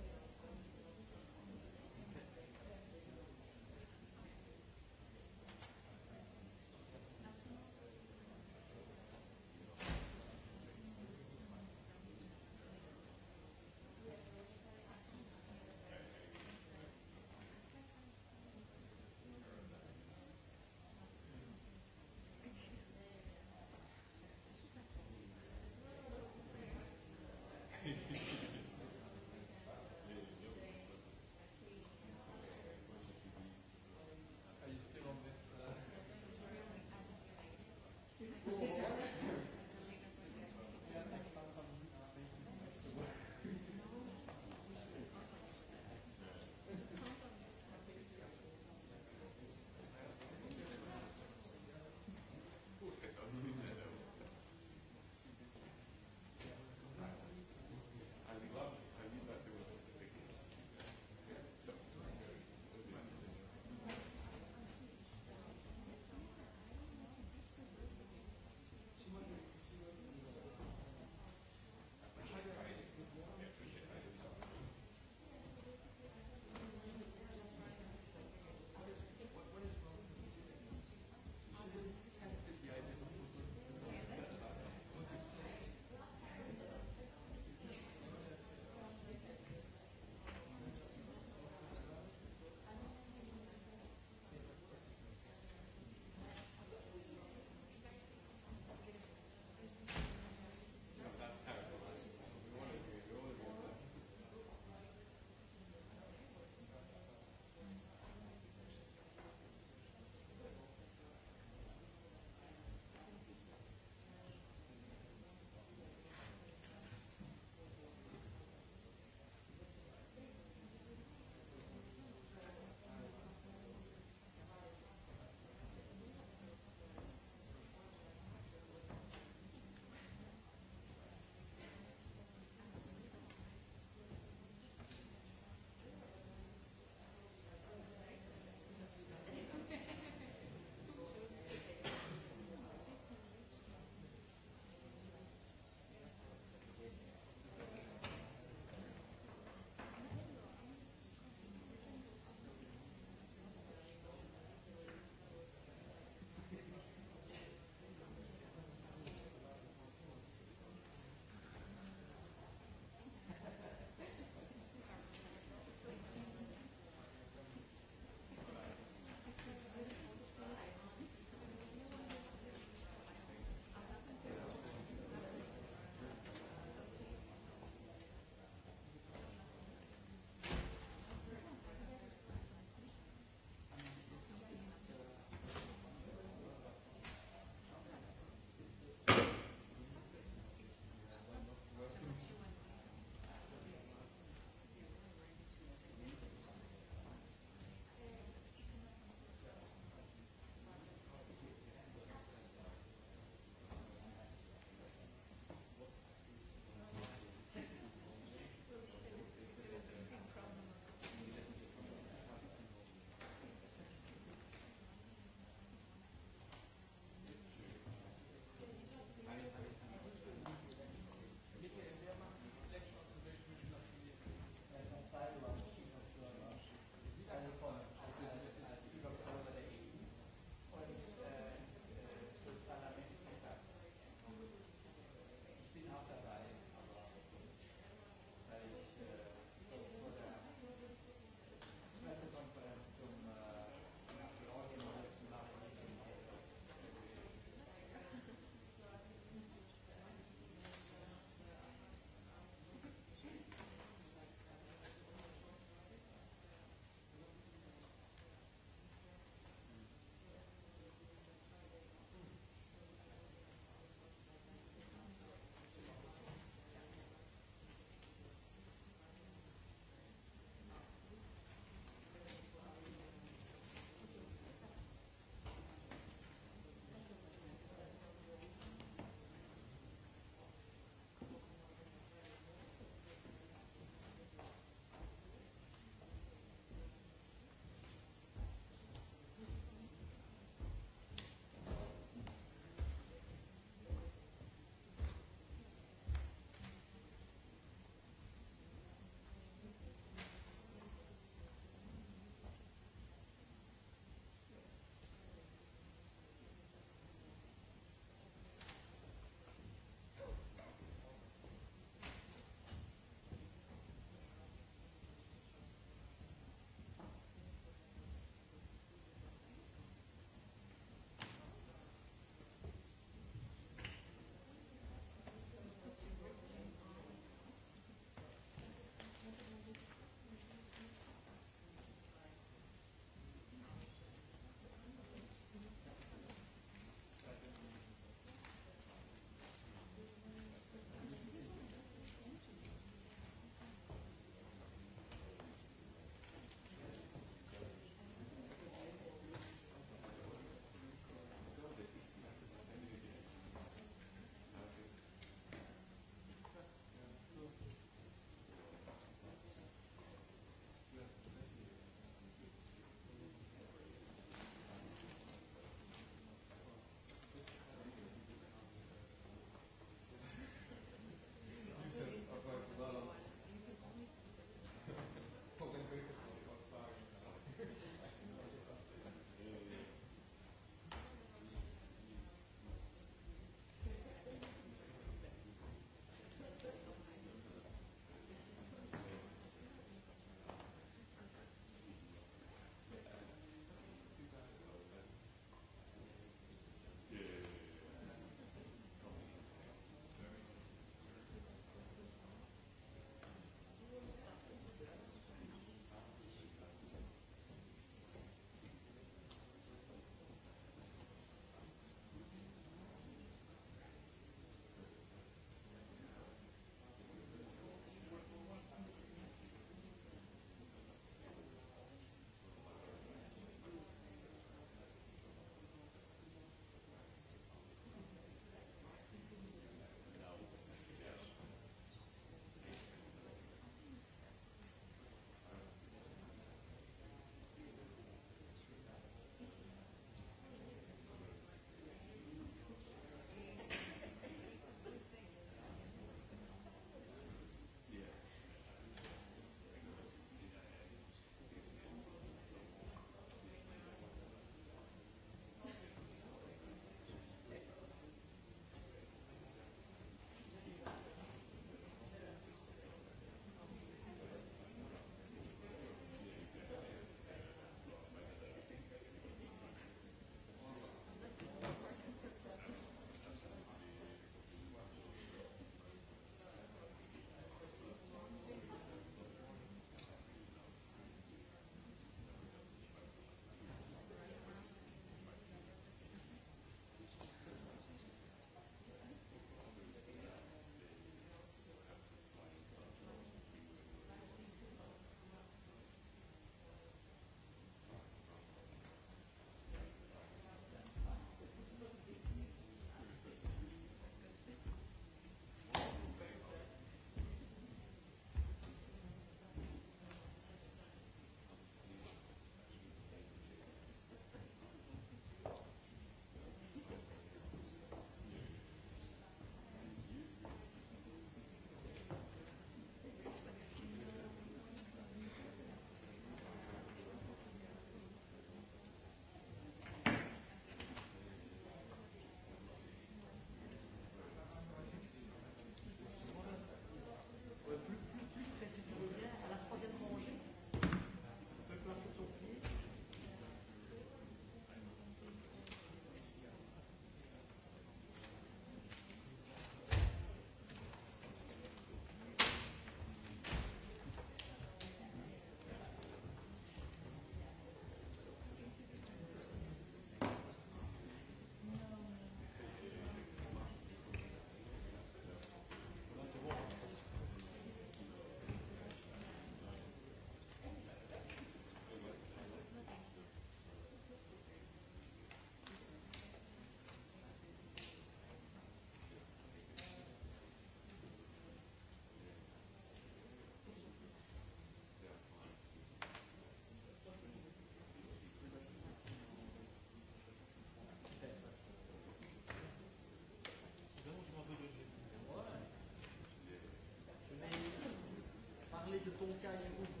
unikanie Unii.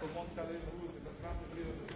comment allez-vous C'est un grand plaisir de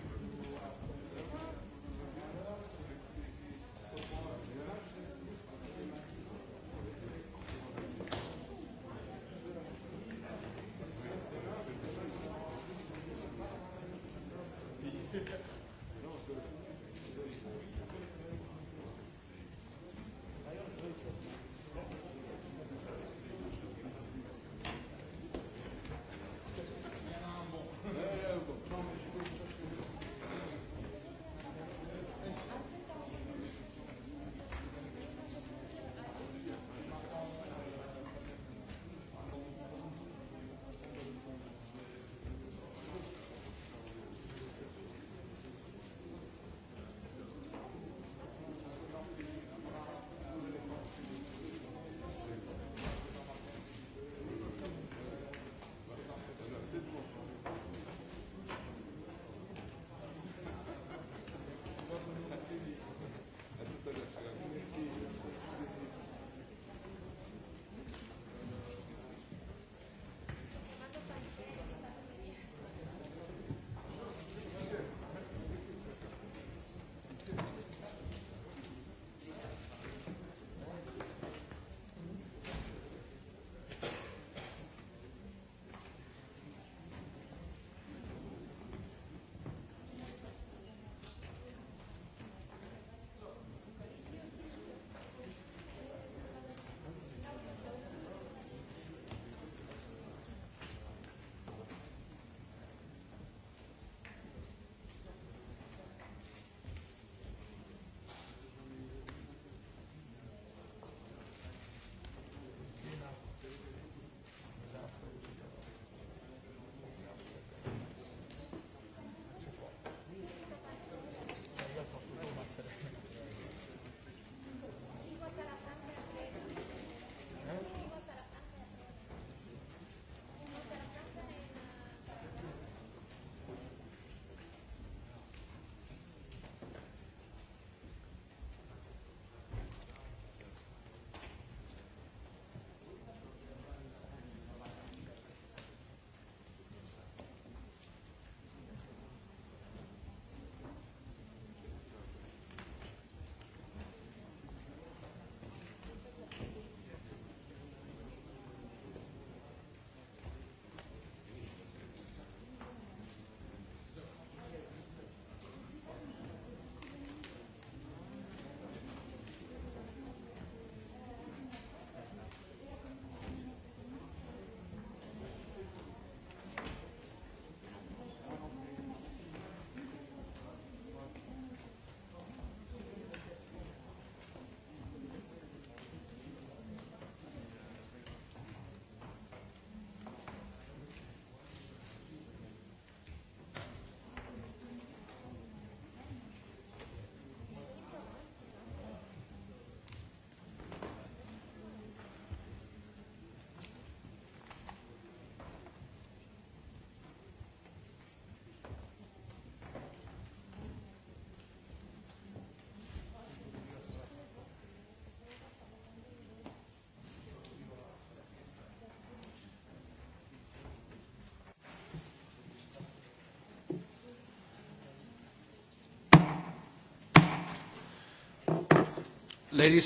Дами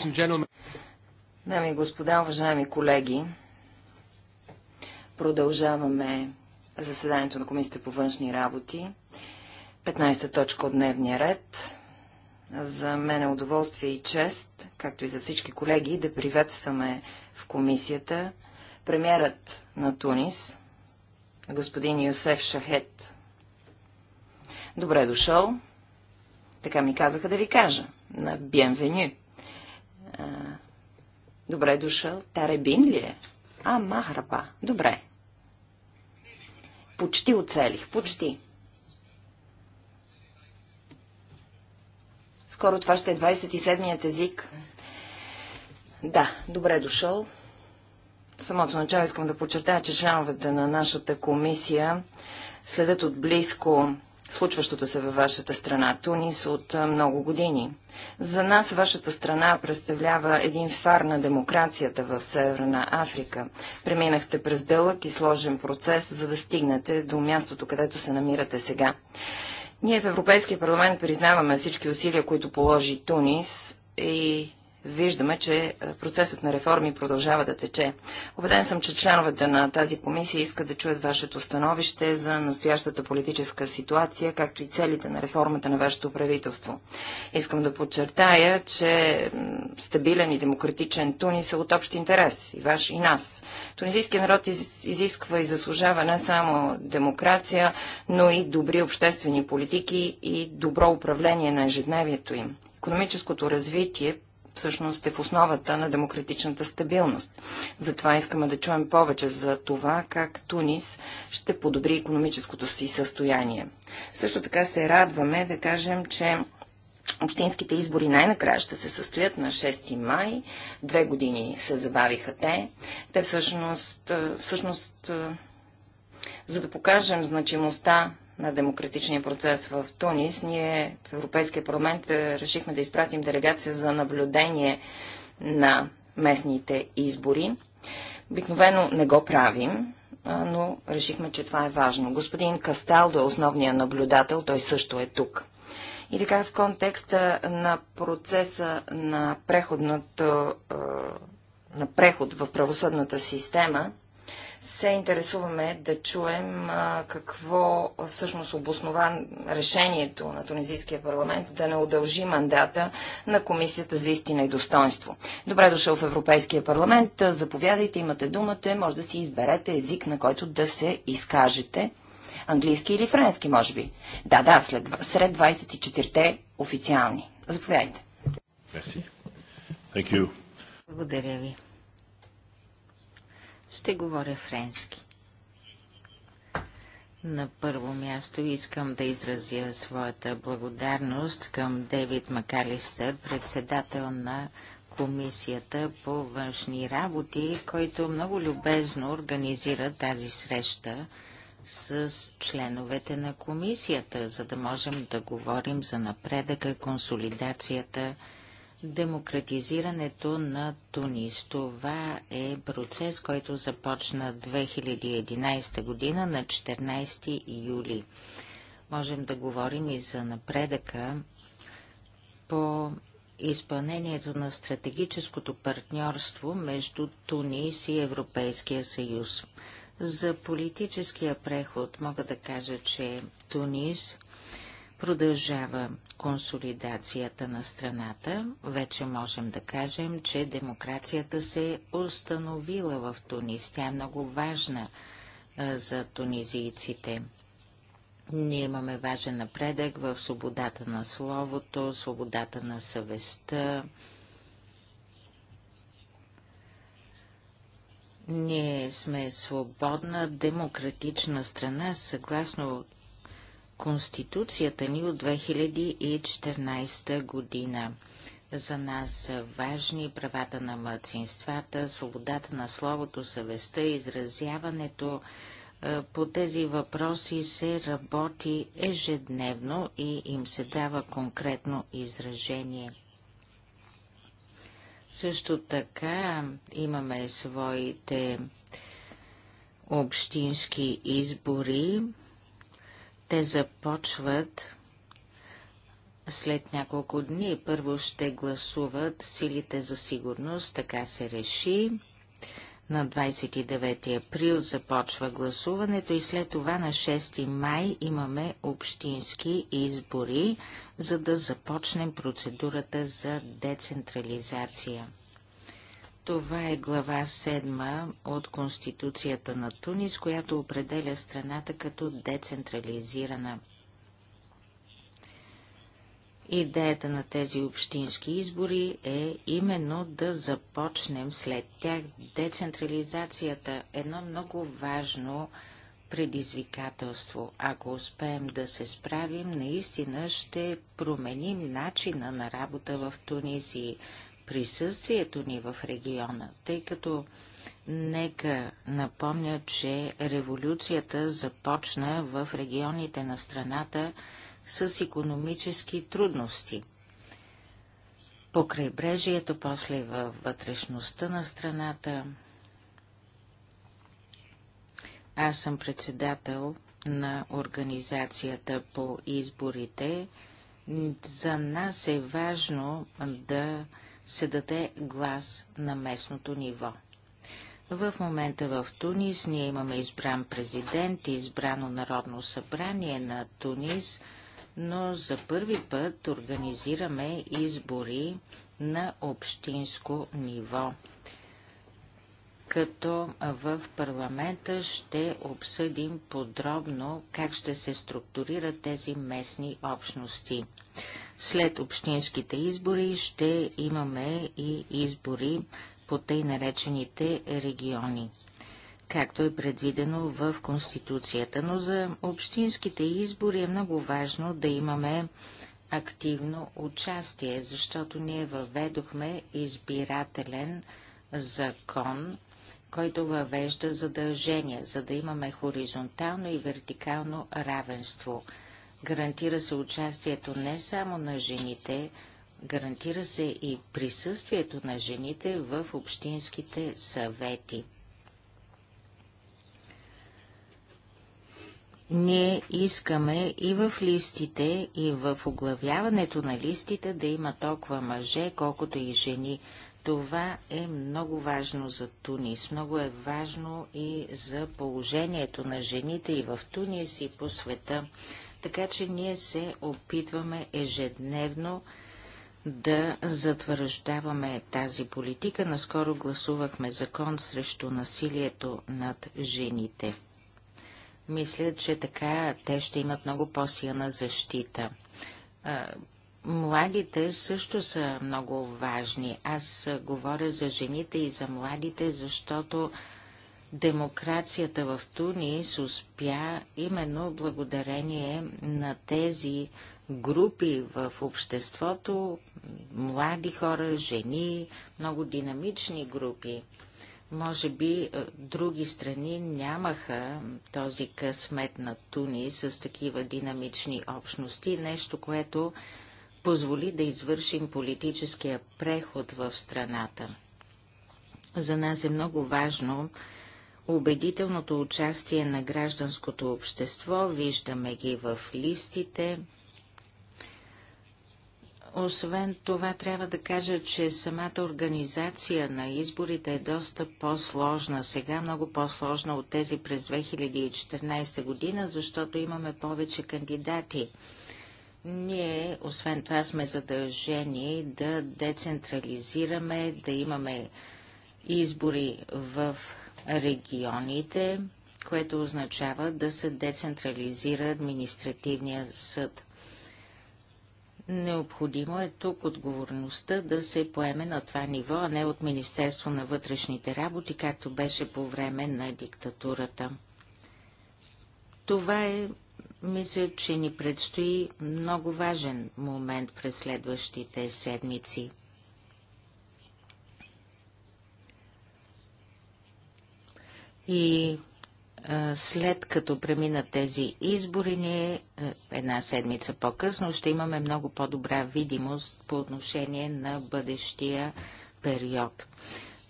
и господа, уважаеми колеги, продължаваме заседанието на Комисията по външни работи. 15-та точка от дневния ред. За мен е удоволствие и чест, както и за всички колеги, да приветстваме в комисията премьерът на Тунис, господин Йосеф Шахет. Добре дошъл. Така ми казаха да ви кажа. На Бенвеню. А, добре е дошъл. Таребин ли е? А, Махрапа. Добре. Почти оцелих. Почти. Скоро това ще е 27-ият език. Да, добре е дошъл. В самото начало искам да подчертая, че членовете на нашата комисия следят отблизко случващото се във вашата страна, Тунис, от много години. За нас вашата страна представлява един фар на демокрацията в Северна Африка. Преминахте през дълъг и сложен процес, за да стигнете до мястото, където се намирате сега. Ние в Европейския парламент признаваме всички усилия, които положи Тунис и виждаме, че е, процесът на реформи продължава да тече. Обеден съм, че членовете на тази комисия искат да чуят вашето становище за настоящата политическа ситуация, както и целите на реформата на вашето правителство. Искам да подчертая, че стабилен и демократичен Тунис е от общ интерес и ваш и нас. Тунизийският народ изисква и заслужава не само демокрация, но и добри обществени политики и добро управление на ежедневието им. Економическото развитие всъщност е в основата на демократичната стабилност. Затова искаме да чуем повече за това, как Тунис ще подобри економическото си състояние. Също така се радваме да кажем, че Общинските избори най-накрая ще се състоят на 6 май. Две години се забавиха те. Те всъщност, е, всъщност е, за да покажем значимостта на демократичния процес в Тунис, ние в Европейския парламент е, решихме да изпратим делегация за наблюдение на местните избори. Обикновено не го правим, но решихме, че това е важно. Господин Касталдо е основният наблюдател, той също е тук. И така в контекста на процеса на, на преход в правосъдната система, се интересуваме да чуем какво всъщност обоснова решението на Тунизийския парламент да не удължи мандата на Комисията за истина и достоинство. Добре дошъл в Европейския парламент. Заповядайте, имате думата. Може да си изберете език, на който да се изкажете. Английски или френски, може би. Да, да, след, сред 24-те официални. Заповядайте. Merci. Thank you. Благодаря ви. Ще говоря френски. На първо място искам да изразя своята благодарност към Дейвид Макалистър, председател на Комисията по външни работи, който много любезно организира тази среща с членовете на комисията, за да можем да говорим за напредъка, консолидацията демократизирането на Тунис. Това е процес, който започна 2011 година на 14 юли. Можем да говорим и за напредъка по изпълнението на стратегическото партньорство между Тунис и Европейския съюз. За политическия преход мога да кажа, че Тунис Продължава консолидацията на страната. Вече можем да кажем, че демокрацията се е установила в Тунис. Тя е много важна а, за тунизийците. Ние имаме важен напредък в свободата на словото, свободата на съвестта. Ние сме свободна, демократична страна, съгласно Конституцията ни от 2014 година. За нас са важни правата на младсинствата, свободата на словото, съвестта, изразяването. Е, по тези въпроси се работи ежедневно и им се дава конкретно изражение. Също така имаме своите общински избори, те започват след няколко дни. Първо ще гласуват силите за сигурност, така се реши. На 29 април започва гласуването и след това на 6 май имаме общински избори, за да започнем процедурата за децентрализация. Това е глава 7 от Конституцията на Тунис, която определя страната като децентрализирана. Идеята на тези общински избори е именно да започнем след тях децентрализацията. Едно много важно предизвикателство. Ако успеем да се справим, наистина ще променим начина на работа в Тунис и присъствието ни в региона, тъй като нека напомня, че революцията започна в регионите на страната с економически трудности. По крайбрежието, после във вътрешността на страната. Аз съм председател на организацията по изборите. За нас е важно да се даде глас на местното ниво. В момента в Тунис ние имаме избран президент и избрано Народно събрание на Тунис, но за първи път организираме избори на общинско ниво като в парламента ще обсъдим подробно как ще се структурират тези местни общности. След общинските избори ще имаме и избори по тъй наречените региони, както е предвидено в Конституцията. Но за общинските избори е много важно да имаме активно участие, защото ние въведохме избирателен закон, който въвежда задължения, за да имаме хоризонтално и вертикално равенство. Гарантира се участието не само на жените, гарантира се и присъствието на жените в общинските съвети. Ние искаме и в листите, и в оглавяването на листите да има толкова мъже, колкото и жени, това е много важно за Тунис, много е важно и за положението на жените и в Тунис и по света. Така че ние се опитваме ежедневно да затвърждаваме тази политика. Наскоро гласувахме закон срещу насилието над жените. Мисля, че така те ще имат много по-силна защита. Младите също са много важни. Аз говоря за жените и за младите, защото демокрацията в Тунис успя именно благодарение на тези групи в обществото, млади хора, жени, много динамични групи. Може би е, други страни нямаха този късмет на Туни с такива динамични общности, нещо, което позволи да извършим политическия преход в страната. За нас е много важно убедителното участие на гражданското общество, виждаме ги в листите. Освен това, трябва да кажа, че самата организация на изборите е доста по-сложна. Сега много по-сложна от тези през 2014 година, защото имаме повече кандидати. Ние, освен това, сме задължени да децентрализираме, да имаме избори в регионите, което означава да се децентрализира административния съд. Необходимо е тук отговорността да се поеме на това ниво, а не от Министерство на вътрешните работи, както беше по време на диктатурата. Това е мисля, че ни предстои много важен момент през следващите седмици. И след като преминат тези избори, ние една седмица по-късно ще имаме много по-добра видимост по отношение на бъдещия период.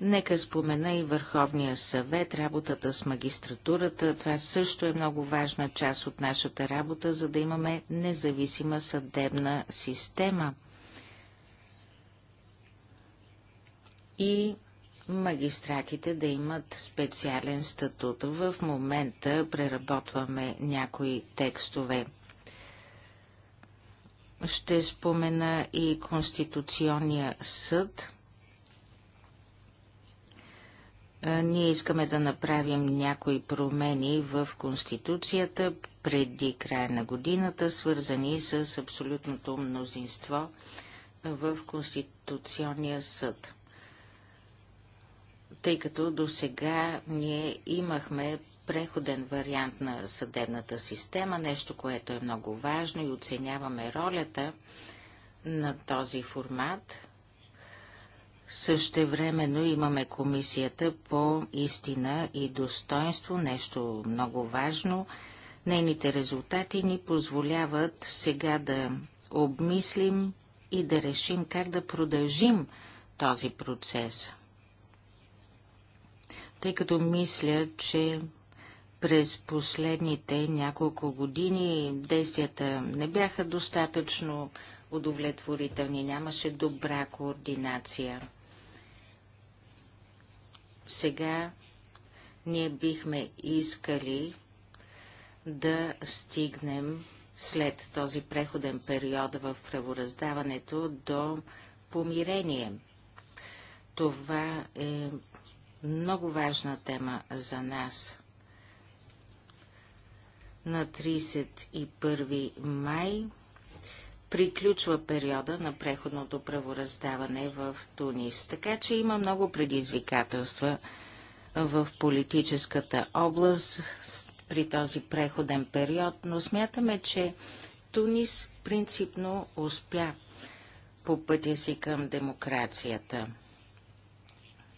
Нека спомена и Върховния съвет, работата с магистратурата. Това също е много важна част от нашата работа, за да имаме независима съдебна система. И магистратите да имат специален статут. В момента преработваме някои текстове. Ще спомена и Конституционния съд – ние искаме да направим някои промени в Конституцията преди края на годината, свързани с абсолютното мнозинство в Конституционния съд. Тъй като до сега ние имахме преходен вариант на съдебната система, нещо, което е много важно и оценяваме ролята на този формат – Същевременно имаме комисията по истина и достоинство, нещо много важно. Нейните резултати ни позволяват сега да обмислим и да решим как да продължим този процес. Тъй като мисля, че през последните няколко години действията не бяха достатъчно удовлетворителни, нямаше добра координация. Сега ние бихме искали да стигнем след този преходен период в правораздаването до помирение. Това е много важна тема за нас. На 31 май приключва периода на преходното правораздаване в Тунис. Така че има много предизвикателства в политическата област при този преходен период, но смятаме, че Тунис принципно успя по пътя си към демокрацията.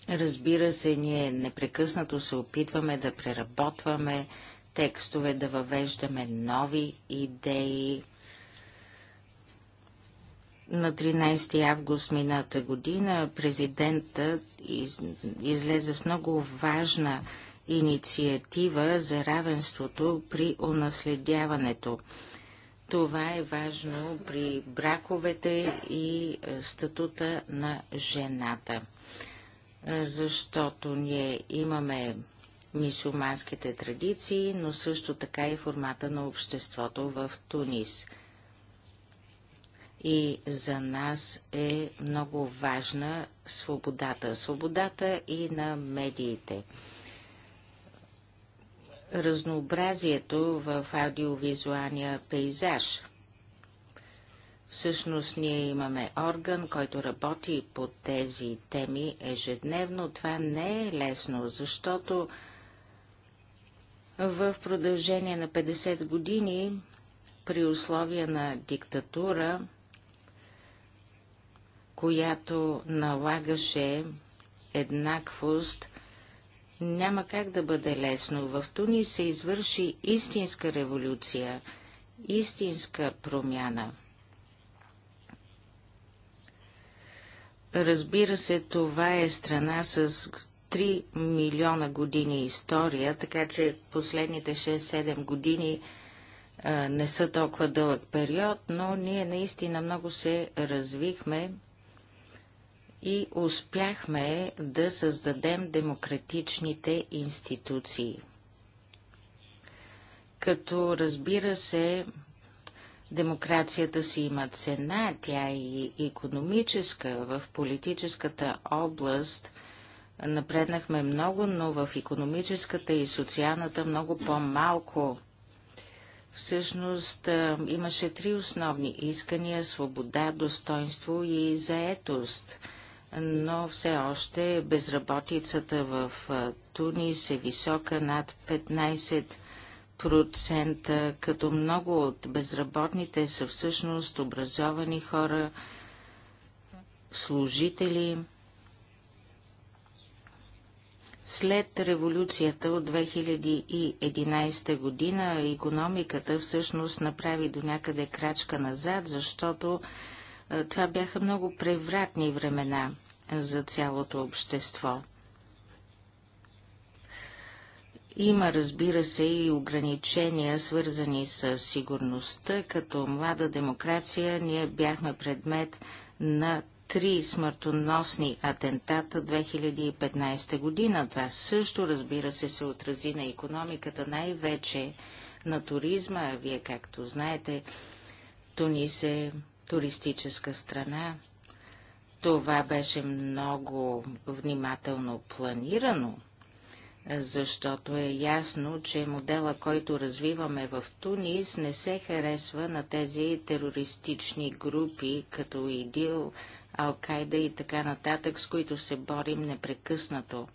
Разбира се, ние непрекъснато се опитваме да преработваме текстове, да въвеждаме нови идеи, на 13 август мината година президента из, излезе с много важна инициатива за равенството при унаследяването. Това е важно при браковете и е, статута на жената, е, защото ние имаме мисулманските традиции, но също така и формата на обществото в Тунис – и за нас е много важна свободата. Свободата и на медиите. Разнообразието в аудиовизуалния пейзаж. Всъщност ние имаме орган, който работи по тези теми ежедневно. Това не е лесно, защото в продължение на 50 години при условия на диктатура която налагаше еднаквост, няма как да бъде лесно. В Туни се извърши истинска революция, истинска промяна. Разбира се, това е страна с 3 милиона години история, така че последните 6-7 години а, не са толкова дълъг период, но ние наистина много се развихме и успяхме да създадем демократичните институции. Като разбира се, демокрацията си има цена, тя е и економическа. В политическата област напреднахме много, но в економическата и социалната много по-малко. Всъщност имаше три основни искания – свобода, достоинство и заетост – но все още безработицата в Тунис е висока над 15%, като много от безработните са всъщност образовани хора, служители. След революцията от 2011 година економиката всъщност направи до някъде крачка назад, защото е, това бяха много превратни времена за цялото общество. Има, разбира се, и ограничения, свързани с сигурността. Като млада демокрация ние бяхме предмет на три смъртоносни атентата 2015 година. Това също, разбира се, се отрази на економиката, най-вече на туризма. Вие, както знаете, Тунис е туристическа страна. Това беше много внимателно планирано, защото е ясно, че модела, който развиваме в Тунис, не се харесва на тези терористични групи, като ИДИЛ, Алкайда и така нататък, с които се борим непрекъснато.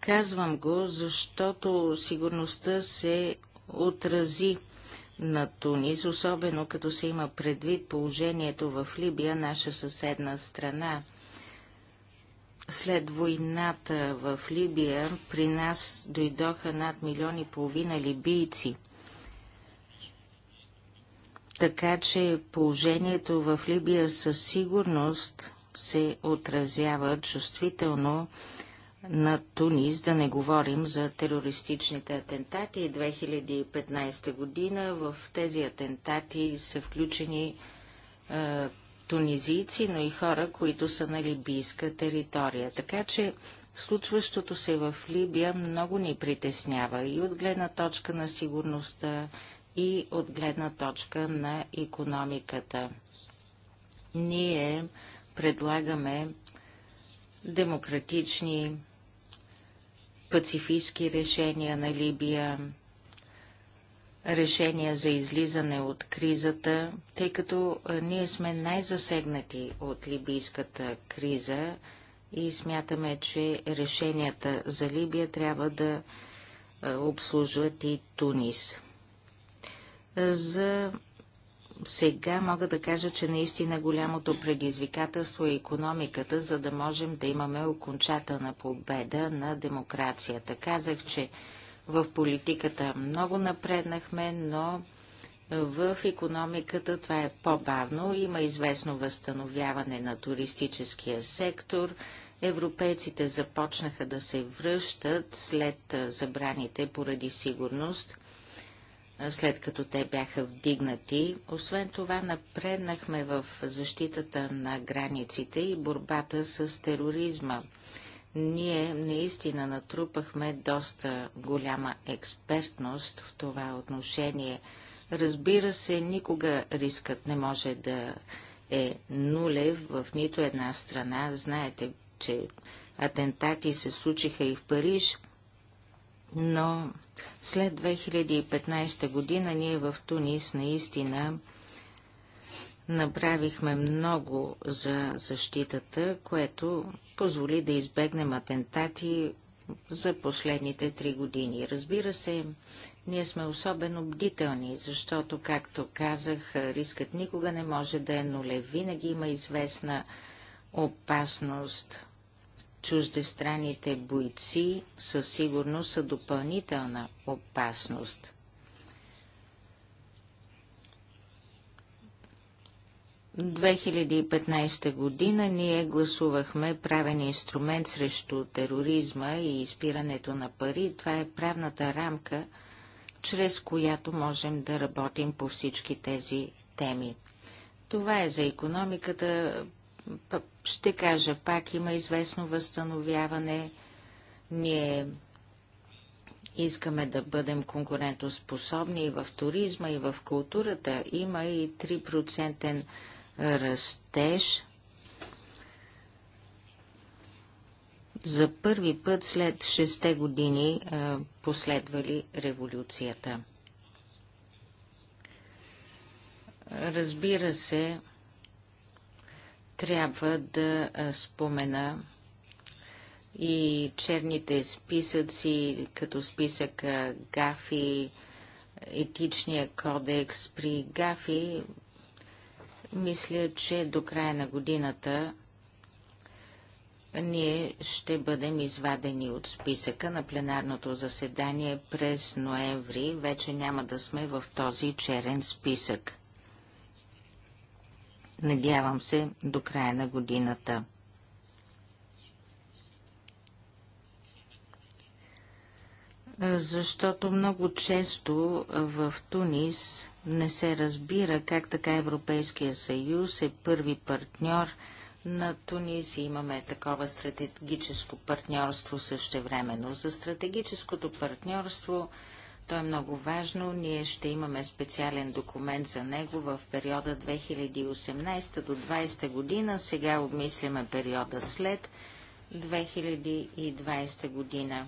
Казвам го, защото сигурността се отрази на Тунис, особено като се има предвид положението в Либия, наша съседна страна. След войната в Либия при нас дойдоха над милион и половина либийци. Така че положението в Либия със сигурност се отразява чувствително на Тунис, да не говорим за терористичните атентати. 2015 година в тези атентати са включени е, тунизийци, но и хора, които са на либийска територия. Така че случващото се в Либия много ни притеснява и от гледна точка на сигурността, и от гледна точка на економиката. Ние предлагаме демократични пацифистски решения на Либия, решения за излизане от кризата, тъй като ние сме най-засегнати от либийската криза и смятаме, че решенията за Либия трябва да обслужват и Тунис. За сега мога да кажа, че наистина голямото предизвикателство е економиката, за да можем да имаме окончателна победа на демокрацията. Казах, че в политиката много напреднахме, но в економиката това е по-бавно. Има известно възстановяване на туристическия сектор. Европейците започнаха да се връщат след забраните поради сигурност след като те бяха вдигнати. Освен това, напреднахме в защитата на границите и борбата с тероризма. Ние наистина натрупахме доста голяма експертност в това отношение. Разбира се, никога рискът не може да е нулев в нито една страна. Знаете, че атентати се случиха и в Париж – но след 2015 година ние в Тунис наистина направихме много за защитата, което позволи да избегнем атентати за последните три години. Разбира се, ние сме особено бдителни, защото, както казах, рискът никога не може да е нулев. Винаги има известна опасност чуждестранните бойци със сигурност са допълнителна опасност. В 2015 година ние гласувахме правен инструмент срещу тероризма и изпирането на пари. Това е правната рамка, чрез която можем да работим по всички тези теми. Това е за економиката, ще кажа, пак има известно възстановяване. Ние искаме да бъдем конкурентоспособни и в туризма, и в културата. Има и 3% растеж. За първи път след 6 години последвали революцията. Разбира се, трябва да спомена и черните списъци, като списък Гафи, етичния кодекс. При Гафи мисля, че до края на годината ние ще бъдем извадени от списъка на пленарното заседание през ноември. Вече няма да сме в този черен списък. Надявам се до края на годината. Защото много често в Тунис не се разбира как така Европейския съюз е първи партньор на Тунис и имаме такова стратегическо партньорство също времено. За стратегическото партньорство то е много важно. Ние ще имаме специален документ за него в периода 2018 до 2020 година. Сега обмисляме периода след 2020 година.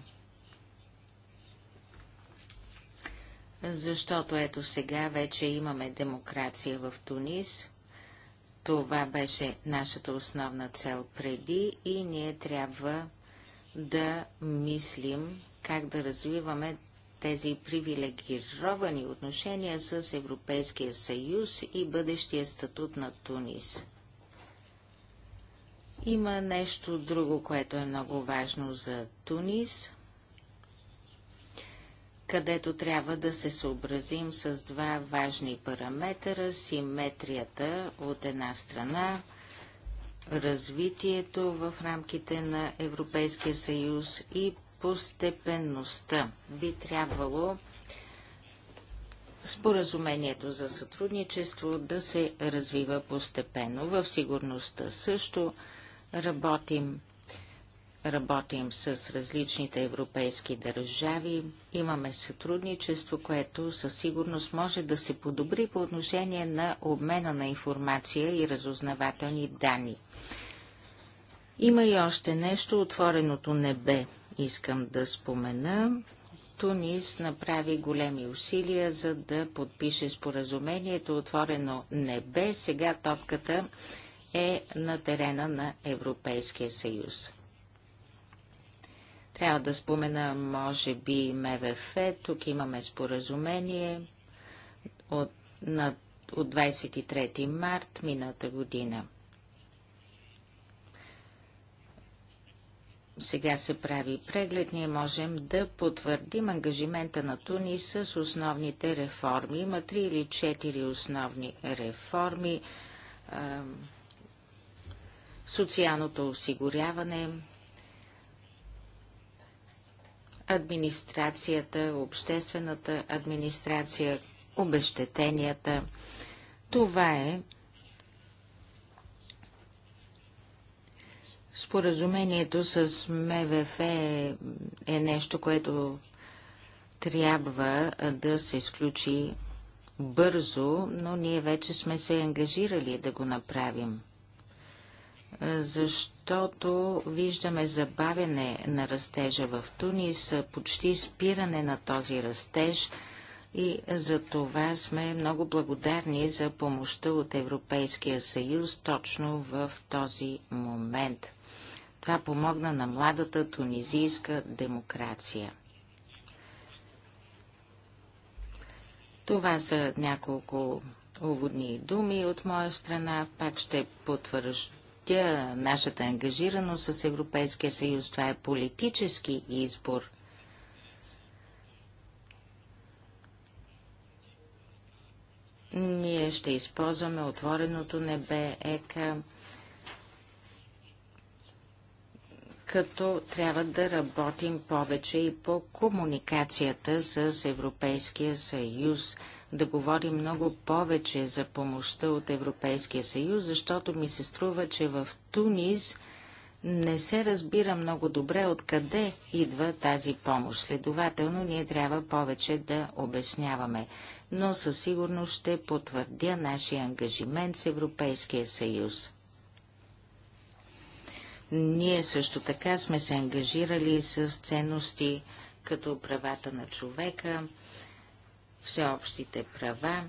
Защото ето сега вече имаме демокрация в Тунис. Това беше нашата основна цел преди и ние трябва да мислим как да развиваме тези привилегировани отношения с Европейския съюз и бъдещия статут на Тунис. Има нещо друго, което е много важно за Тунис, където трябва да се съобразим с два важни параметъра – симетрията от една страна, развитието в рамките на Европейския съюз и постепенността. Би трябвало споразумението за сътрудничество да се развива постепенно. В сигурността също работим Работим с различните европейски държави, имаме сътрудничество, което със сигурност може да се подобри по отношение на обмена на информация и разузнавателни данни. Има и още нещо отвореното небе искам да спомена. Тунис направи големи усилия, за да подпише споразумението Отворено небе. Сега топката е на терена на Европейския съюз. Трябва да спомена, може би, МВФ. Тук имаме споразумение от, на, от 23 март миналата година. сега се прави преглед, ние можем да потвърдим ангажимента на Туни с основните реформи. Има три или четири основни реформи. социалното осигуряване, администрацията, обществената администрация, обещетенията. Това е Споразумението с МВФ е, е нещо, което трябва да се изключи бързо, но ние вече сме се ангажирали да го направим. Защото виждаме забавяне на растежа в Тунис, почти спиране на този растеж и за това сме много благодарни за помощта от Европейския съюз точно в този момент. Това помогна на младата тунизийска демокрация. Това са няколко уводни думи от моя страна. Пак ще потвърждя нашата ангажираност с Европейския съюз. Това е политически избор. Ние ще използваме отвореното небе ЕКА като трябва да работим повече и по комуникацията с Европейския съюз, да говорим много повече за помощта от Европейския съюз, защото ми се струва, че в Тунис не се разбира много добре откъде идва тази помощ. Следователно, ние трябва повече да обясняваме. Но със сигурност ще потвърдя нашия ангажимент с Европейския съюз. Ние също така сме се ангажирали с ценности като правата на човека, всеобщите права.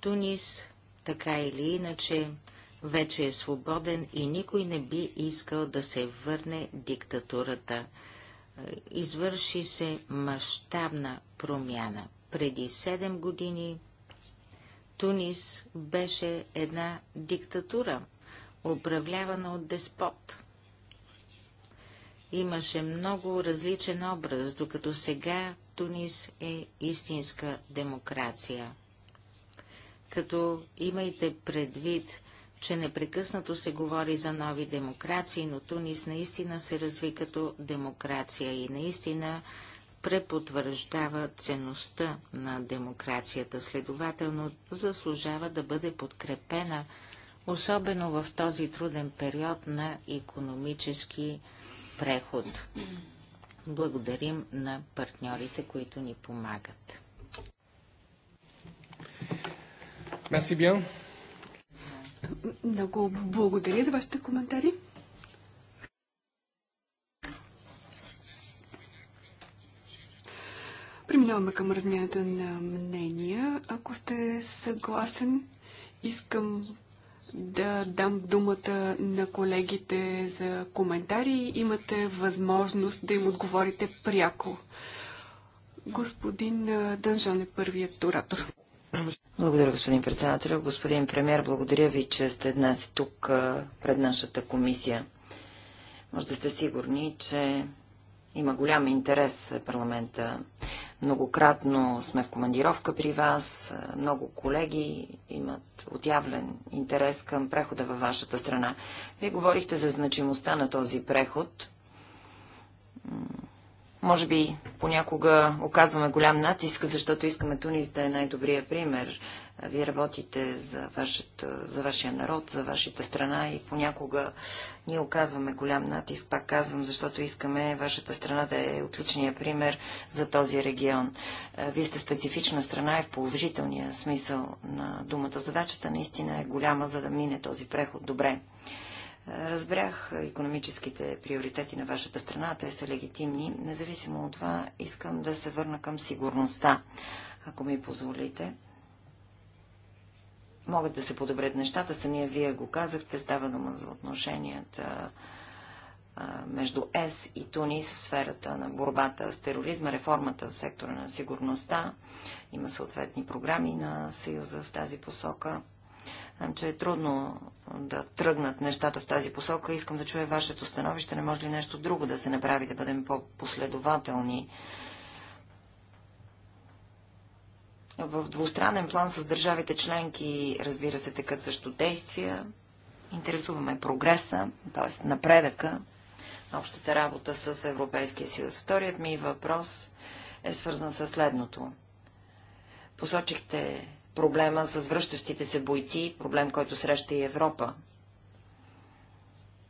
Тунис, така или иначе, вече е свободен и никой не би искал да се върне диктатурата. Извърши се мащабна промяна. Преди 7 години Тунис беше една диктатура управлявана от деспот. Имаше много различен образ, докато сега Тунис е истинска демокрация. Като имайте предвид, че непрекъснато се говори за нови демокрации, но Тунис наистина се разви като демокрация и наистина препотвърждава ценността на демокрацията, следователно заслужава да бъде подкрепена особено в този труден период на економически преход. Благодарим на партньорите, които ни помагат. Merci bien. Много благодаря за вашите коментари. Преминаваме към размяната на мнения. Ако сте съгласен, искам да дам думата на колегите за коментари. Имате възможност да им отговорите пряко. Господин Дънжан е първият оратор. Благодаря, господин председател. Господин премьер, благодаря ви, че сте днес тук пред нашата комисия. Може да сте сигурни, че има голям интерес парламента Многократно сме в командировка при вас. Много колеги имат отявлен интерес към прехода във вашата страна. Вие говорихте за значимостта на този преход. Може би понякога оказваме голям натиск, защото искаме Тунис да е най-добрия пример вие работите за, вашето, за вашия народ, за вашата страна и понякога ние оказваме голям натиск, пак казвам, защото искаме вашата страна да е отличния пример за този регион. Е, вие сте специфична страна и в положителния смисъл на думата. Задачата наистина е голяма, за да мине този преход добре. Е, Разбрах економическите приоритети на вашата страна, те са легитимни. Независимо от това, искам да се върна към сигурността, ако ми позволите могат да се подобрят нещата. Самия вие го казахте, става дума за отношенията между ЕС и Тунис в сферата на борбата с тероризма, реформата в сектора на сигурността. Има съответни програми на Съюза в тази посока. Знам, че е трудно да тръгнат нещата в тази посока. Искам да чуя вашето становище. Не може ли нещо друго да се направи, да бъдем по-последователни В двустранен план с държавите членки, разбира се, такът също действия. Интересуваме прогреса, т.е. напредъка на общата работа с Европейския съюз. Вторият ми въпрос е свързан с следното. Посочихте проблема с връщащите се бойци, проблем, който среща и Европа.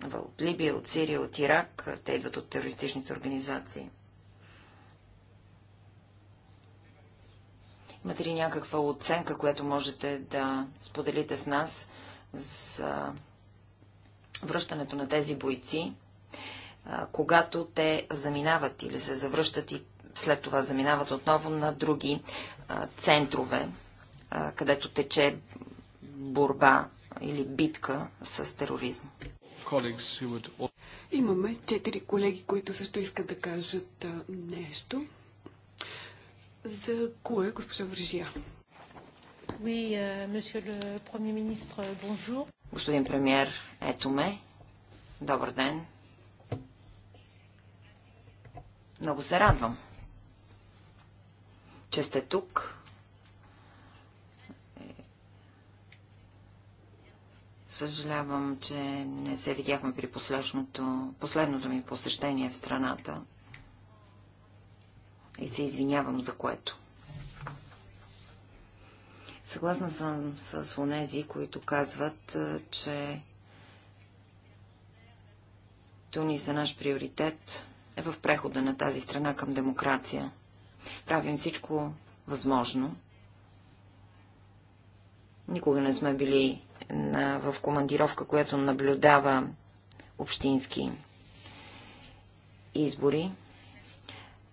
От Либия, от Сирия, от Ирак, те идват от терористичните организации. Имате ли някаква оценка, която можете да споделите с нас за връщането на тези бойци, когато те заминават или се завръщат и след това заминават отново на други центрове, където тече борба или битка с тероризма? Имаме четири колеги, които също искат да кажат нещо. За кое, госпожа Вържия? Oui, euh, ministre, Господин премьер, ето ме. Добър ден. Много се радвам, че сте тук. Съжалявам, че не се видяхме при последното, последното ми посещение в страната и се извинявам за което. Съгласна съм с онези, които казват, че Тунис е наш приоритет е в прехода на тази страна към демокрация. Правим всичко възможно. Никога не сме били на, в командировка, която наблюдава общински избори.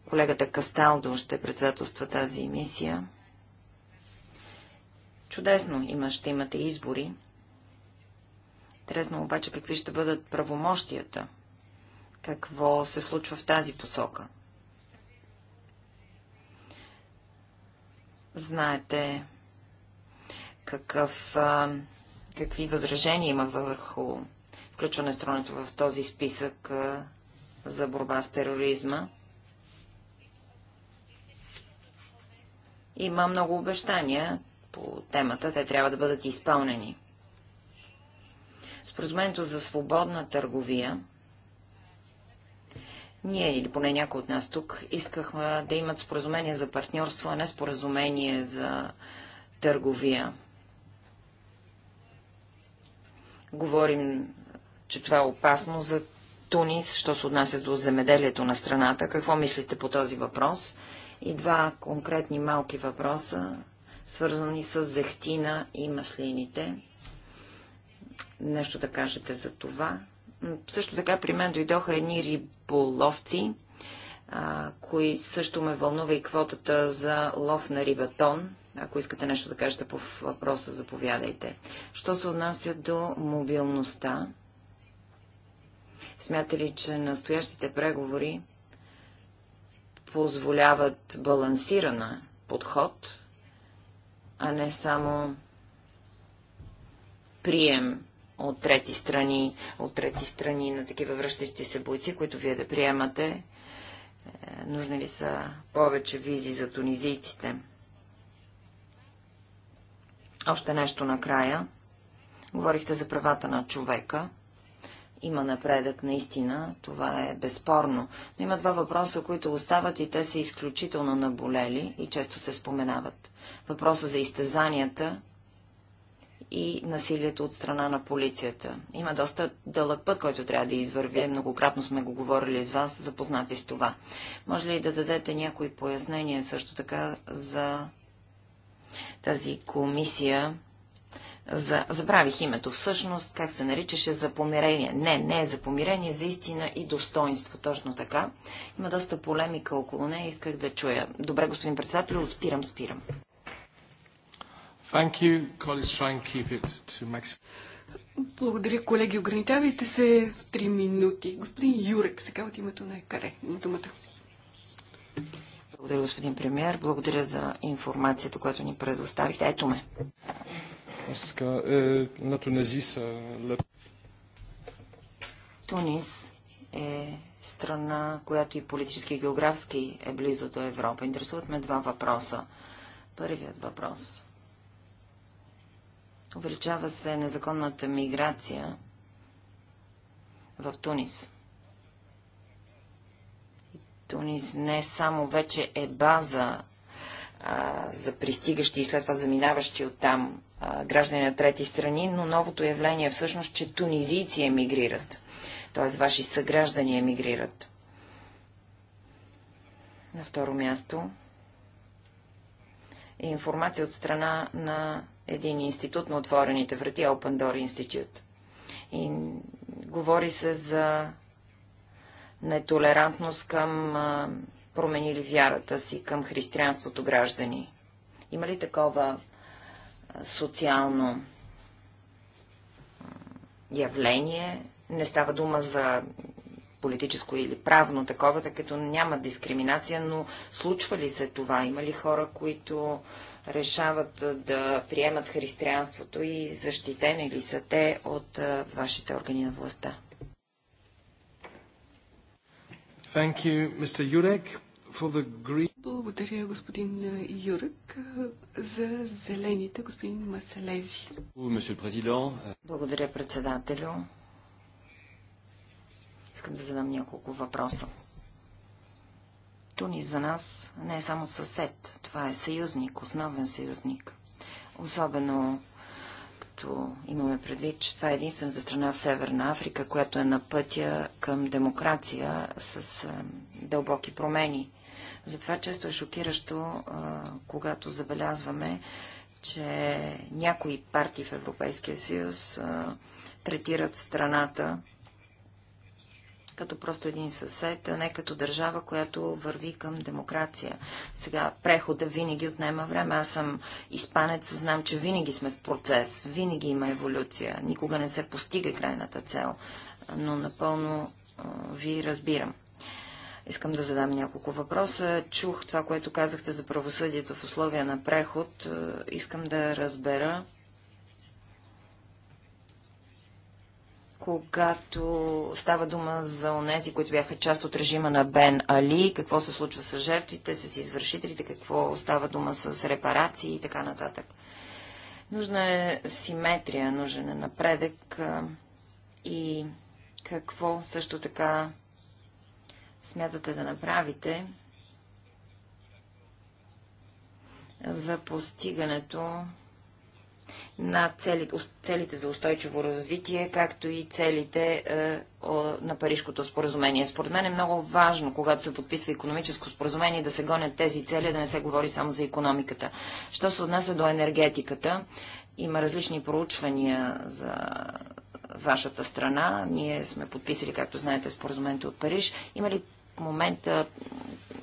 Колегата Касталдо ще председателства тази мисия. Чудесно има, ще имате избори. Интересно обаче какви ще бъдат правомощията. Какво се случва в тази посока? Знаете какъв, а, какви възражения имах върху включване страната в този списък а, за борба с тероризма. Има много обещания по темата, те трябва да бъдат изпълнени. Споразумението за свободна търговия ние или поне някои от нас тук искахме да имат споразумение за партньорство, а не споразумение за търговия. Говорим, че това е опасно за Тунис, що се отнася до земеделието на страната. Какво мислите по този въпрос? И два конкретни малки въпроса, свързани с зехтина и маслините. Нещо да кажете за това. Също така при мен дойдоха едни риболовци, а, кои също ме вълнува и квотата за лов на рибатон. Ако искате нещо да кажете по въпроса, заповядайте. Що се отнася до мобилността? Смята ли, че настоящите преговори позволяват балансирана подход, а не само прием от трети страни, от трети страни на такива връщащи се бойци, които вие да приемате. Е, нужни ли са повече визи за тунизийците? Още нещо накрая. Говорихте за правата на човека. Има напредък, наистина, това е безспорно. Но има два въпроса, които остават и те са изключително наболели и често се споменават. Въпроса за изтезанията и насилието от страна на полицията. Има доста дълъг път, който трябва да извърви. Многократно сме го говорили с вас, запознати с това. Може ли да дадете някои пояснения също така за тази комисия за... Забравих името всъщност, как се наричаше, за помирение. Не, не е за помирение, за истина и достоинство, точно така. Има доста полемика около нея, исках да чуя. Добре, господин председател, спирам, спирам. Thank you. keep it to maximum. Благодаря, колеги. Ограничавайте се три минути. Господин Юрек, сега от името на Екаре. На думата. Благодаря, господин премьер. Благодаря за информацията, която ни предоставихте. Ето ме. Parce на Тунезис... Euh, Тунис е страна, която и политически и географски е близо до Европа. Интересуват ме два въпроса. Първият въпрос. Увеличава се незаконната миграция в Тунис. Тунис не само вече е база а, за пристигащи и след това заминаващи от там граждани на трети страни, но новото явление е всъщност, че тунизийци емигрират, т.е. ваши съграждани емигрират. На второ място е информация от страна на един институт на отворените врати, Open Door Institute. И говори се за нетолерантност към променили вярата си към християнството граждани. Има ли такова социално явление. Не става дума за политическо или правно такова, тъй като няма дискриминация, но случва ли се това? Има ли хора, които решават да приемат християнството и защитени ли са те от вашите органи на властта? Thank you, Mr. Jurek. Благодаря, господин е, Юрък. Е, за зелените, господин Маселези. Благодаря, председателю. Искам да задам няколко въпроса. Тунис за нас не е само съсед, това е съюзник, основен съюзник. Особено като имаме предвид, че това е единствената страна в Северна Африка, която е на пътя към демокрация с е, дълбоки промени. Затова често е шокиращо, когато забелязваме, че някои партии в Европейския съюз третират страната като просто един съсед, а не като държава, която върви към демокрация. Сега прехода винаги отнема време. Аз съм испанец, знам, че винаги сме в процес, винаги има еволюция, никога не се постига крайната цел, но напълно ви разбирам. Искам да задам няколко въпроса. Чух това, което казахте за правосъдието в условия на преход. Е, искам да разбера когато става дума за онези, които бяха част от режима на Бен Али, какво се случва с жертвите, с извършителите, какво става дума с репарации и така нататък. Нужна е симетрия, нужен е напредък е, и какво също така смятате да направите за постигането на целите, целите за устойчиво развитие, както и целите е, на Парижкото споразумение. Според мен е много важно, когато се подписва економическо споразумение, да се гонят тези цели, да не се говори само за економиката. Що се отнася до енергетиката, има различни проучвания за вашата страна. Ние сме подписали, както знаете, споразумението от Париж. Има ли момента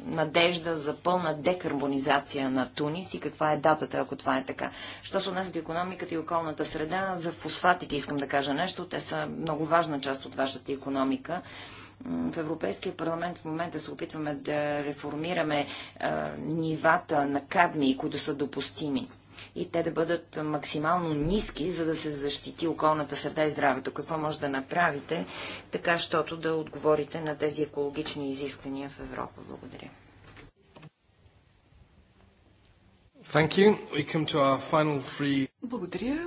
надежда за пълна декарбонизация на Тунис и каква е датата, ако това е така. Що се отнася до економиката и околната среда, за фосфатите искам да кажа нещо. Те са много важна част от вашата економика. В Европейския парламент в момента се опитваме да реформираме е, нивата на кадми, които са допустими и те да бъдат максимално ниски, за да се защити околната среда и здравето. Какво може да направите, така щото да отговорите на тези екологични изисквания в Европа? Благодаря. Thank you. We come to our final three... Благодаря.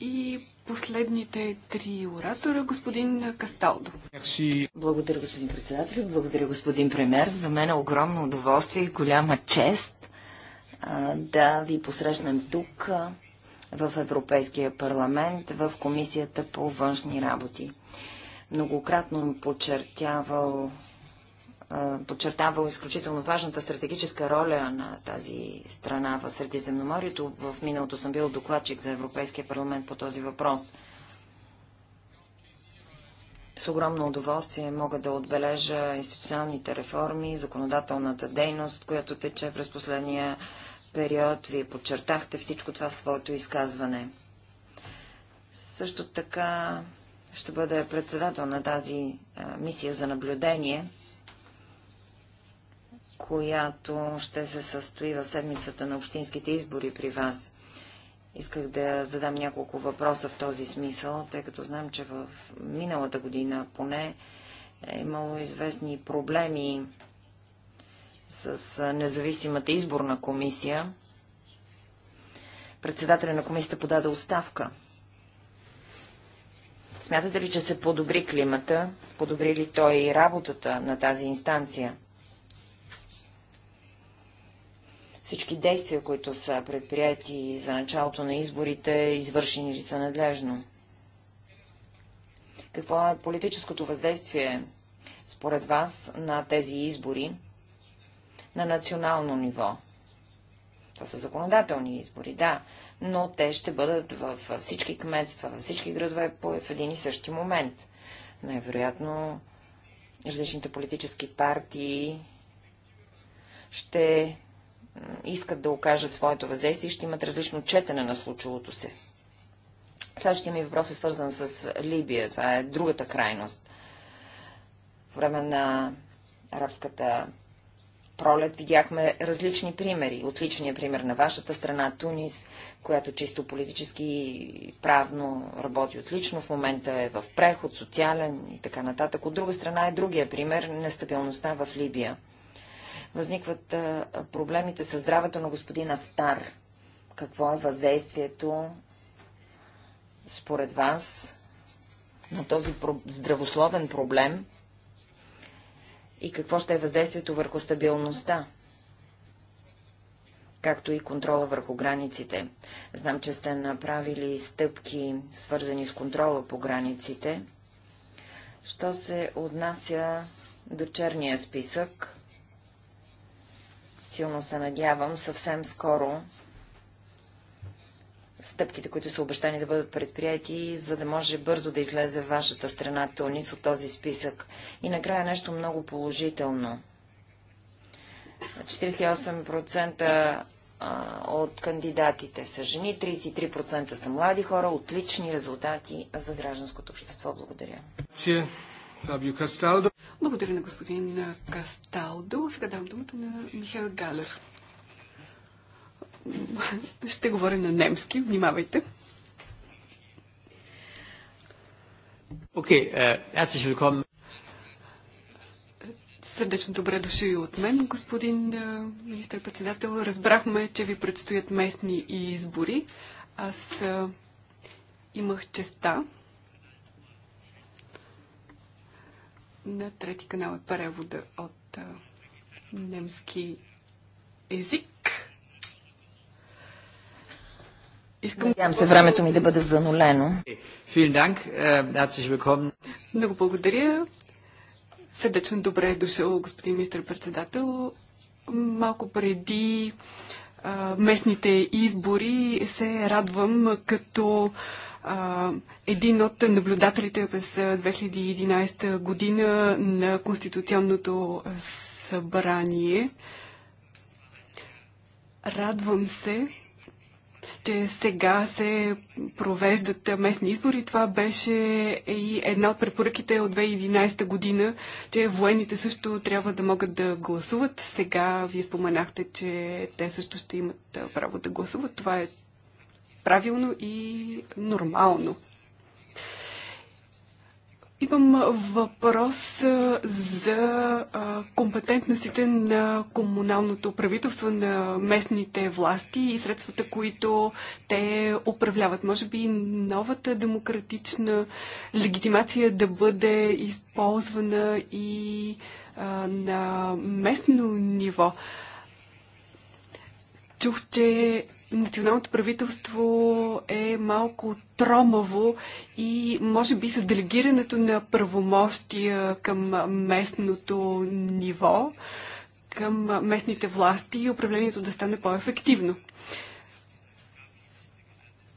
И последните три оратора, господин Касталдо. Благодаря, господин председател. Благодаря, господин премьер. За мен е огромно удоволствие и голяма чест да ви посрещнем тук в Европейския парламент, в Комисията по външни работи. Многократно подчертявал подчертавал изключително важната стратегическа роля на тази страна в Средиземноморието. В миналото съм бил докладчик за Европейския парламент по този въпрос. С огромно удоволствие мога да отбележа институционалните реформи, законодателната дейност, която тече през последния период. Вие подчертахте всичко това в своето изказване. Също така ще бъде председател на тази мисия за наблюдение, която ще се състои в седмицата на общинските избори при вас. Исках да задам няколко въпроса в този смисъл, тъй като знам, че в миналата година поне е имало известни проблеми с независимата изборна комисия, председателя на комисията подаде оставка. Смятате ли, че се подобри климата? Подобри ли той и работата на тази инстанция? Всички действия, които са предприяти за началото на изборите, извършени ли са надлежно? Какво е политическото въздействие според вас на тези избори на национално ниво. Това са законодателни избори, да, но те ще бъдат в всички кметства, във всички градове в един и същи момент. Най-вероятно различните политически партии ще искат да окажат своето въздействие и ще имат различно четене на случилото се. Следващия ми въпрос е свързан с Либия. Това е другата крайност. По време на арабската пролет видяхме различни примери. Отличният пример на вашата страна, Тунис, която чисто политически и правно работи отлично, в момента е в преход, социален и така нататък. От друга страна е другия пример – нестабилността в Либия. Възникват а, проблемите със здравето на господин Афтар. Какво е въздействието според вас на този здравословен проблем и какво ще е въздействието върху стабилността, както и контрола върху границите. Знам, че сте направили стъпки, свързани с контрола по границите. Що се отнася до черния списък, силно се надявам съвсем скоро стъпките, които са обещани да бъдат предприяти, за да може бързо да излезе вашата страна Тунис от този списък. И накрая нещо много положително. 48% от кандидатите са жени, 33% са млади хора, отлични резултати за гражданското общество. Благодаря. Благодаря на господин Касталдо. Сега дам думата на Михаил Галер. Ще говоря на немски, внимавайте. Окей, okay, е, herzlich Сърдечно добре дошли от мен, господин е, министър-председател. Разбрахме, че ви предстоят местни избори. Аз е, имах честа на трети канал е превода от немски език. Искам... Надявам се времето ми да бъде занулено. Äh, Много благодаря. Сърдечно добре е дошъл, господин министр-председател. Малко преди а, местните избори се радвам като а, един от наблюдателите през 2011 година на Конституционното събрание. Радвам се, че сега се провеждат местни избори. Това беше и една от препоръките от 2011 година, че военните също трябва да могат да гласуват. Сега вие споменахте, че те също ще имат право да гласуват. Това е правилно и нормално. Имам въпрос за компетентностите на комуналното правителство, на местните власти и средствата, които те управляват. Може би новата демократична легитимация да бъде използвана и на местно ниво. Чух, че националното правителство е малко тромаво и може би с делегирането на правомощия към местното ниво, към местните власти и управлението да стане по-ефективно.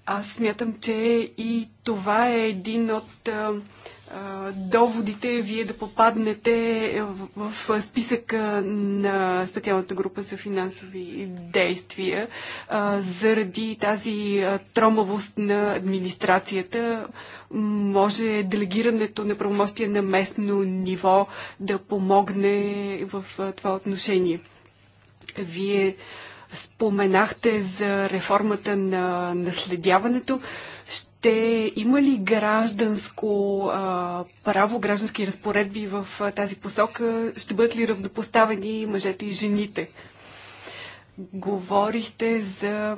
Аз смятам, че и това е един от доводите вие да попаднете в, в списъка на специалната група за финансови действия а, заради тази тромавост на администрацията. Може делегирането на правомощия на местно ниво да помогне в това отношение. Вие споменахте за реформата на наследяването ще има ли гражданско а, право, граждански разпоредби в а, тази посока? Ще бъдат ли равнопоставени мъжете и жените? Говорихте за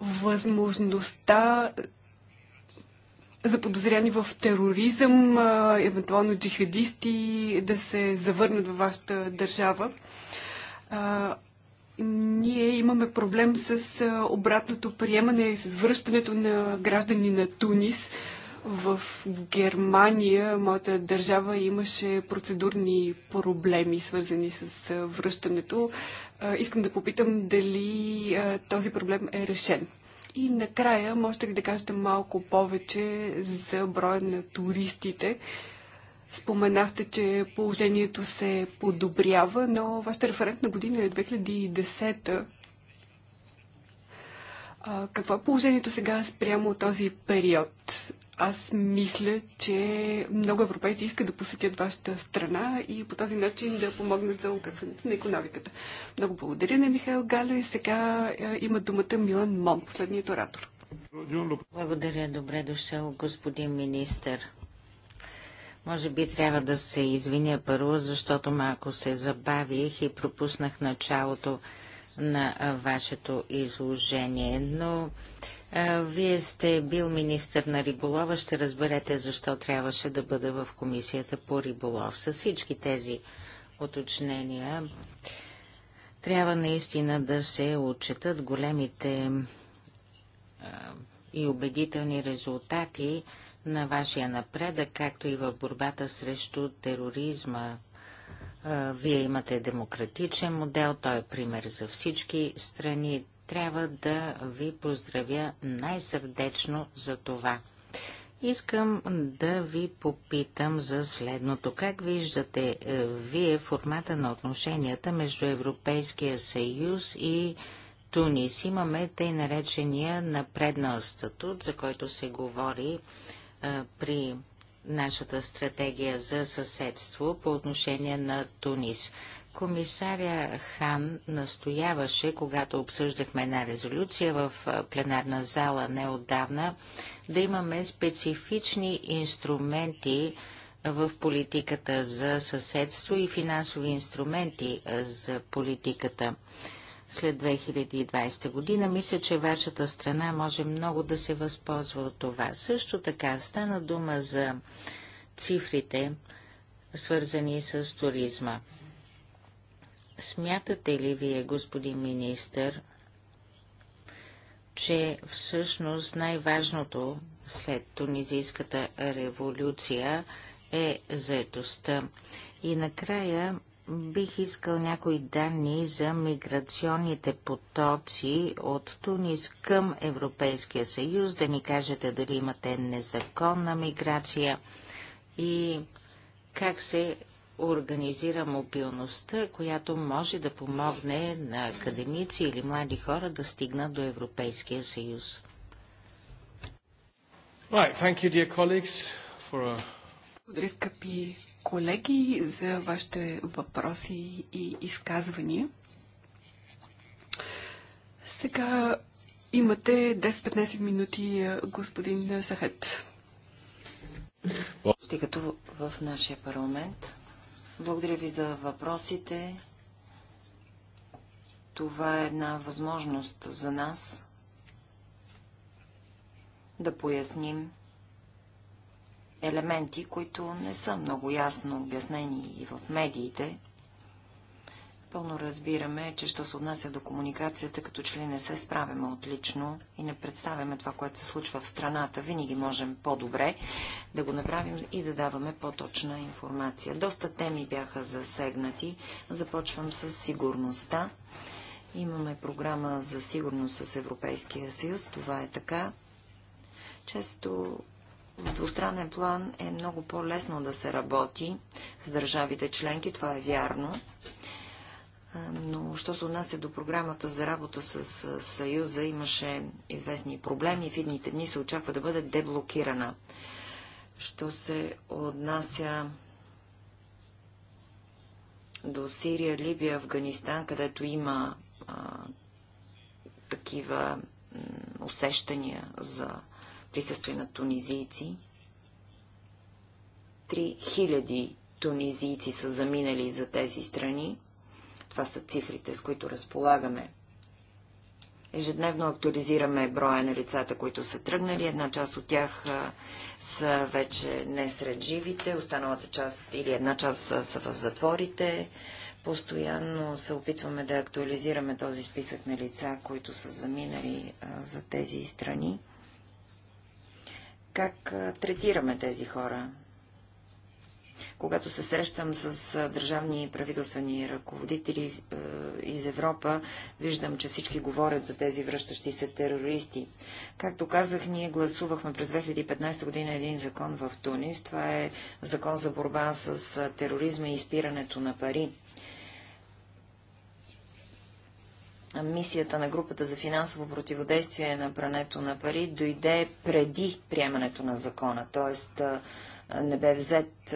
възможността за подозряни в тероризъм, а, евентуално джихадисти, да се завърнат във вашата държава ние имаме проблем с обратното приемане и с връщането на граждани на Тунис. В Германия, моята държава, имаше процедурни проблеми, свързани с връщането. Искам да попитам дали този проблем е решен. И накрая, можете ли да кажете малко повече за броя на туристите, Споменахте, че положението се подобрява, но вашата референтна година е 2010 та какво е положението сега спрямо този период? Аз мисля, че много европейци искат да посетят вашата страна и по този начин да помогнат за укъсването на економиката. Много благодаря на Михаил Гале. Сега е, има думата Милан Мон, последният оратор. Благодаря. Добре дошъл, господин министър. Може би трябва да се извиня първо, защото малко се забавих и пропуснах началото на вашето изложение, но а, вие сте бил министър на риболова, ще разберете защо трябваше да бъда в комисията по риболов. С всички тези уточнения трябва наистина да се отчетат големите а, и убедителни резултати, на вашия напредък, както и в борбата срещу тероризма. Вие имате демократичен модел, той е пример за всички страни. Трябва да ви поздравя най-сърдечно за това. Искам да ви попитам за следното. Как виждате вие формата на отношенията между Европейския съюз и Тунис? Имаме тъй наречения напреднал статут, за който се говори при нашата стратегия за съседство по отношение на Тунис. Комисаря Хан настояваше, когато обсъждахме една резолюция в пленарна зала неотдавна, да имаме специфични инструменти в политиката за съседство и финансови инструменти за политиката след 2020 година. Мисля, че вашата страна може много да се възползва от това. Също така стана дума за цифрите, свързани с туризма. Смятате ли вие, господин министър, че всъщност най-важното след тунизийската революция е заедостта? И накрая Бих искал някои данни за миграционните потоци от Тунис към Европейския съюз, да ни кажете дали имате незаконна миграция и как се организира мобилността, която може да помогне на академици или млади хора да стигнат до Европейския съюз. Right, thank you, dear colleagues, for a... Благодаря, скъпи колеги, за вашите въпроси и изказвания. Сега имате 10-15 минути, господин Сахет. Ще като в нашия парламент. Благодаря ви за въпросите. Това е една възможност за нас да поясним елементи, които не са много ясно обяснени и в медиите. Пълно разбираме, че що се отнася до комуникацията, като че ли не се справяме отлично и не представяме това, което се случва в страната, винаги можем по-добре да го направим и да даваме по-точна информация. Доста теми бяха засегнати. Започвам с сигурността. Имаме програма за сигурност с Европейския съюз. Това е така. Често в двустранен план е много по-лесно да се работи с държавите членки, това е вярно. Но, що се отнася до програмата за работа с Съюза, имаше известни проблеми. В идните дни се очаква да бъде деблокирана. Що се отнася до Сирия, Либия, Афганистан, където има а, такива усещания за присъствие на тунизийци. 3000 тунизийци са заминали за тези страни. Това са цифрите, с които разполагаме. Ежедневно актуализираме броя на лицата, които са тръгнали. Една част от тях са вече не сред живите, останалата част или една част са, в затворите. Постоянно се опитваме да актуализираме този списък на лица, които са заминали за тези страни как третираме тези хора. Когато се срещам с държавни и правителствени ръководители из Европа, виждам, че всички говорят за тези връщащи се терористи. Както казах, ние гласувахме през 2015 година един закон в Тунис. Това е закон за борба с тероризма и изпирането на пари. мисията на групата за финансово противодействие на прането на пари дойде преди приемането на закона, т.е. не бе взет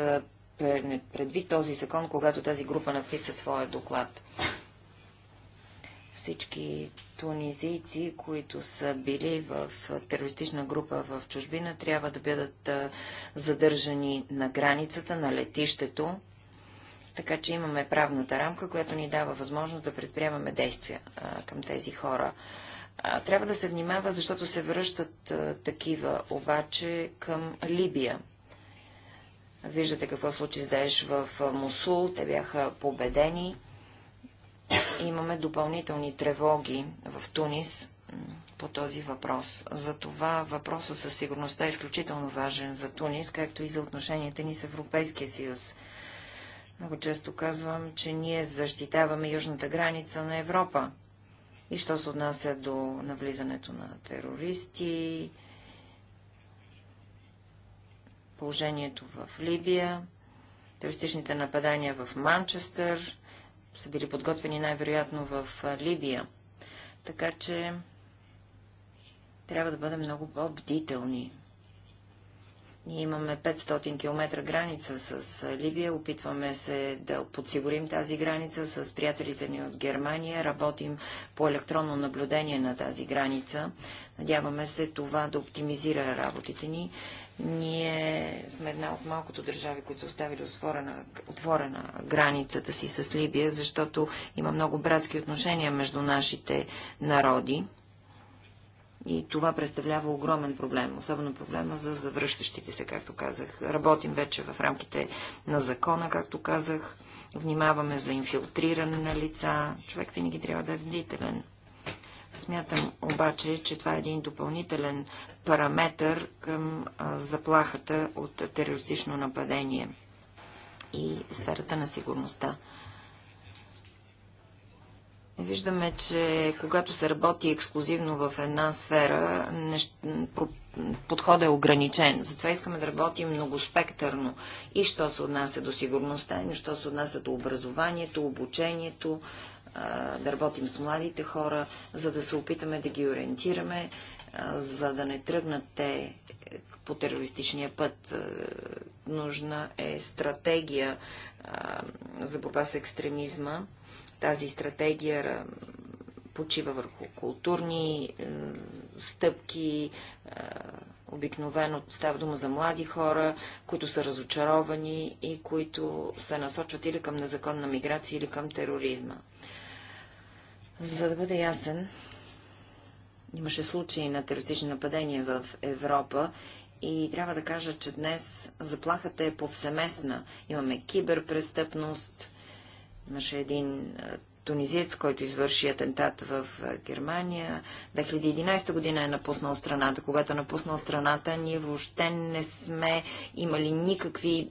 предвид този закон, когато тази група написа своя доклад. Всички тунизийци, които са били в терористична група в чужбина, трябва да бъдат задържани на границата, на летището така че имаме правната рамка, която ни дава възможност да предприемаме действия а, към тези хора. А, трябва да се внимава, защото се връщат а, такива обаче към Либия. Виждате какво случи с Даеш в Мусул. Те бяха победени. Имаме допълнителни тревоги в Тунис по този въпрос. Затова въпроса със сигурността е изключително важен за Тунис, както и за отношенията ни с Европейския съюз. Много често казвам, че ние защитаваме южната граница на Европа. И що се отнася до навлизането на терористи, положението в Либия, терористичните нападания в Манчестър са били подготвени най-вероятно в Либия. Така че трябва да бъдем много по-бдителни. Ние имаме 500 км граница с Либия, опитваме се да подсигурим тази граница с приятелите ни от Германия, работим по електронно наблюдение на тази граница. Надяваме се това да оптимизира работите ни. Ние сме една от малкото държави, които са оставили отворена, отворена границата си с Либия, защото има много братски отношения между нашите народи. И това представлява огромен проблем, особено проблема за завръщащите се, както казах. Работим вече в рамките на закона, както казах. Внимаваме за инфилтриране на лица. Човек винаги трябва да е бдителен. Смятам обаче, че това е един допълнителен параметр към заплахата от терористично нападение и сферата на сигурността. Виждаме, че когато се работи ексклюзивно в една сфера, подходът е ограничен. Затова искаме да работим многоспектърно. И що се отнася до сигурността, и що се отнася до образованието, обучението, да работим с младите хора, за да се опитаме да ги ориентираме, за да не тръгнат те по терористичния път. Нужна е стратегия за борба с екстремизма тази стратегия почива върху културни стъпки, е, обикновено става дума за млади хора, които са разочаровани и които се насочват или към незаконна миграция, или към тероризма. За да бъде ясен, имаше случаи на терористични нападения в Европа и трябва да кажа, че днес заплахата е повсеместна. Имаме киберпрестъпност, Имаше един тунизиец, който извърши атентат в Германия. 2011 година е напуснал страната. Когато е напуснал страната, ние въобще не сме имали никакви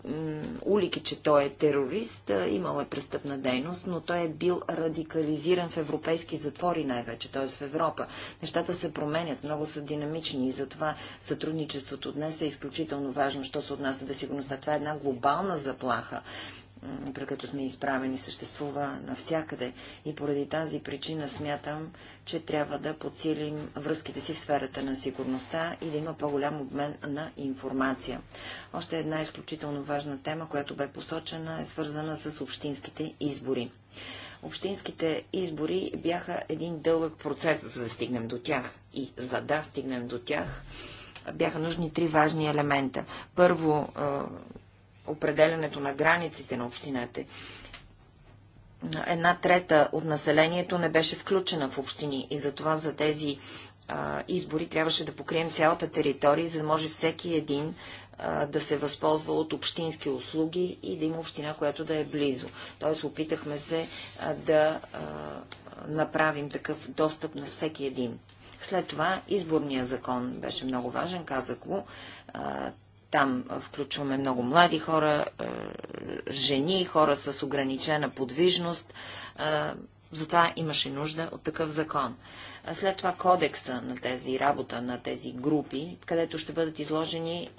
улики, че той е терорист. Имал е престъпна дейност, но той е бил радикализиран в европейски затвори най-вече, т.е. в Европа. Нещата се променят, много са динамични и затова сътрудничеството днес е изключително важно, що се отнася до сигурността. Това е една глобална заплаха при като сме изправени, съществува навсякъде. И поради тази причина смятам, че трябва да подсилим връзките си в сферата на сигурността и да има по-голям обмен на информация. Още една изключително важна тема, която бе посочена, е свързана с общинските избори. Общинските избори бяха един дълъг процес, за да стигнем до тях. И за да стигнем до тях, бяха нужни три важни елемента. Първо, е, определянето на границите на общината. Една трета от населението не беше включена в общини и затова за тези а, избори трябваше да покрием цялата територия, за да може всеки един а, да се възползва от общински услуги и да има община, която да е близо. Тоест опитахме се а, да а, направим такъв достъп на всеки един. След това изборния закон беше много важен, казах го. Там включваме много млади хора, жени, хора с ограничена подвижност. Затова имаше нужда от такъв закон. А след това кодекса на тези работа, на тези групи, където ще бъдат изложени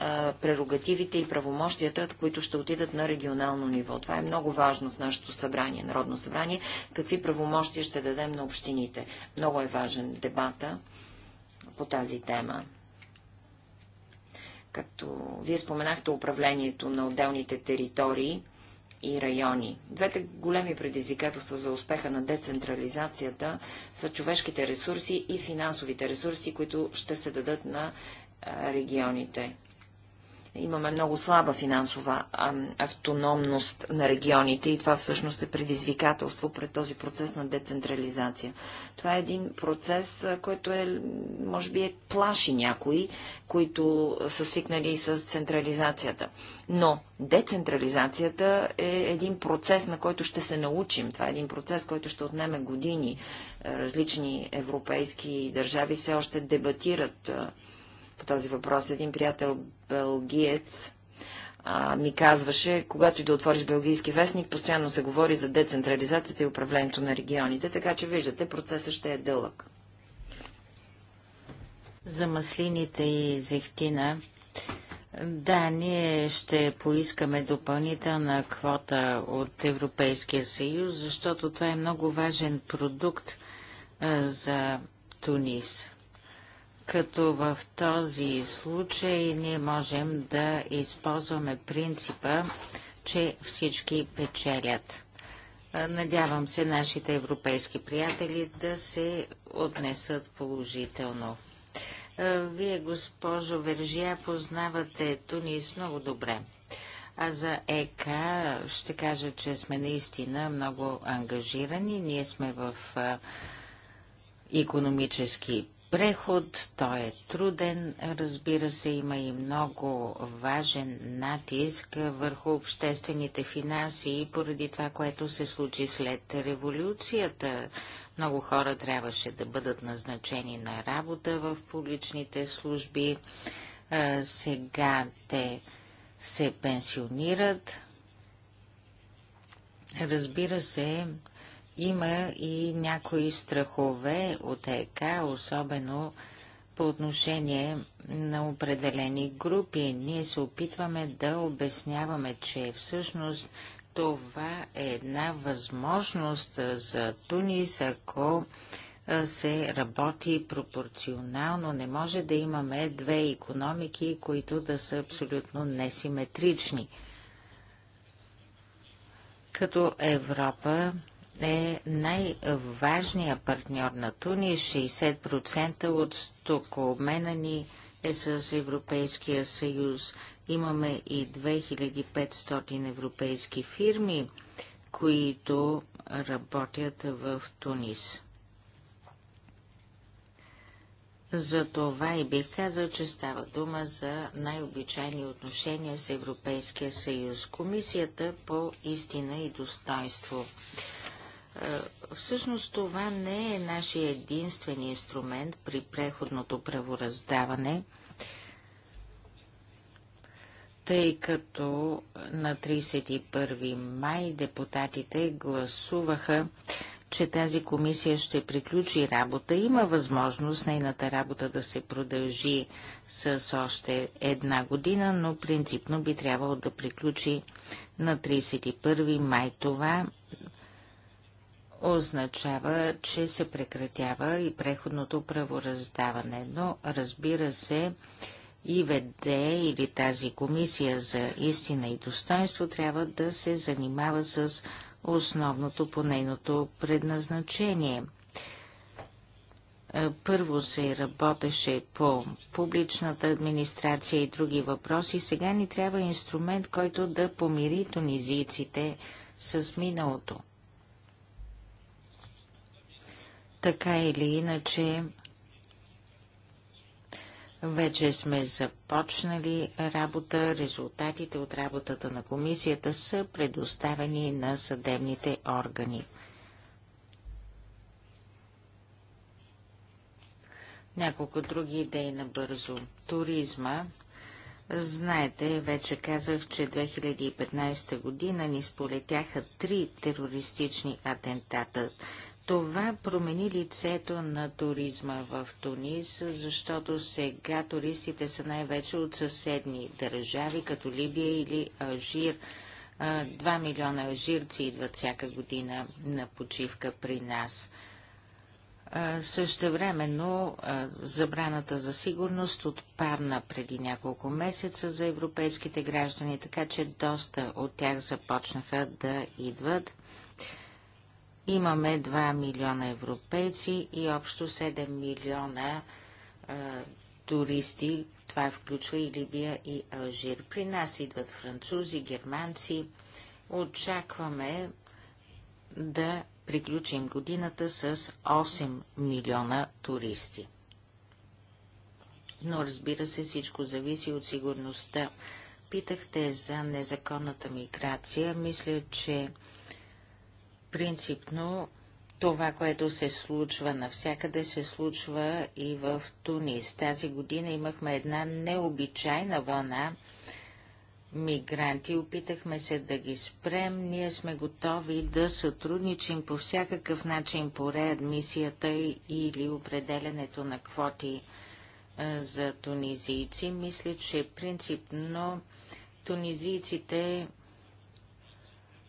прерогативите и правомощията, които ще отидат на регионално ниво. Това е много важно в нашето събрание, Народно събрание, какви правомощия ще дадем на общините. Много е важен дебата по тази тема като вие споменахте управлението на отделните територии и райони. Двете големи предизвикателства за успеха на децентрализацията са човешките ресурси и финансовите ресурси, които ще се дадат на регионите. Имаме много слаба финансова автономност на регионите и това всъщност е предизвикателство пред този процес на децентрализация. Това е един процес, който е, може би, е плаши някои, които са свикнали с централизацията. Но децентрализацията е един процес, на който ще се научим. Това е един процес, който ще отнеме години. Различни европейски държави все още дебатират по този въпрос. Един приятел бългиец а, ми казваше, когато и да отвориш белгийски вестник, постоянно се говори за децентрализацията и управлението на регионите, така че виждате, процесът ще е дълъг. За маслините и зехтина да, ние ще поискаме допълнителна квота от Европейския съюз, защото това е много важен продукт за Тунис като в този случай ние можем да използваме принципа, че всички печелят. Надявам се нашите европейски приятели да се отнесат положително. Вие, госпожо Вержия, познавате Тунис много добре. А за ЕК ще кажа, че сме наистина много ангажирани. Ние сме в економически преход, той е труден, разбира се, има и много важен натиск върху обществените финанси и поради това, което се случи след революцията. Много хора трябваше да бъдат назначени на работа в публичните служби. Сега те се пенсионират. Разбира се, има и някои страхове от ЕК, особено по отношение на определени групи. Ние се опитваме да обясняваме, че всъщност това е една възможност за Тунис, ако се работи пропорционално. Не може да имаме две економики, които да са абсолютно несиметрични. Като Европа е най-важният партньор на Тунис. 60% от стокообмена ни е с Европейския съюз. Имаме и 2500 европейски фирми, които работят в Тунис. За това и бих казал, че става дума за най-обичайни отношения с Европейския съюз. Комисията по истина и достоинство. Е, всъщност това не е нашия единствен инструмент при преходното правораздаване, тъй като на 31 май депутатите гласуваха, че тази комисия ще приключи работа. Има възможност нейната работа да се продължи с още една година, но принципно би трябвало да приключи на 31 май. Това означава, че се прекратява и преходното правораздаване. Но, разбира се, ИВД или тази комисия за истина и достоинство трябва да се занимава с основното по нейното предназначение. Първо се работеше по публичната администрация и други въпроси. Сега ни трябва инструмент, който да помири тунизийците с миналото. Така или иначе, вече сме започнали работа. Резултатите от работата на комисията са предоставени на съдебните органи. Няколко други идеи набързо. Туризма. Знаете, вече казах, че 2015 година ни сполетяха три терористични атентата. Това промени лицето на туризма в Тунис, защото сега туристите са най-вече от съседни държави, като Либия или Алжир. Два милиона алжирци идват всяка година на почивка при нас. Същевременно забраната за сигурност отпадна преди няколко месеца за европейските граждани, така че доста от тях започнаха да идват. Имаме 2 милиона европейци и общо 7 милиона е, туристи. Това включва и Либия и Алжир. При нас идват французи, германци. Очакваме да приключим годината с 8 милиона туристи. Но разбира се, всичко зависи от сигурността. Питахте за незаконната миграция. Мисля, че Принципно това, което се случва навсякъде, се случва и в Тунис. Тази година имахме една необичайна вълна мигранти. Опитахме се да ги спрем. Ние сме готови да сътрудничим по всякакъв начин по реадмисията или определенето на квоти за тунизийци. Мисля, че принципно тунизийците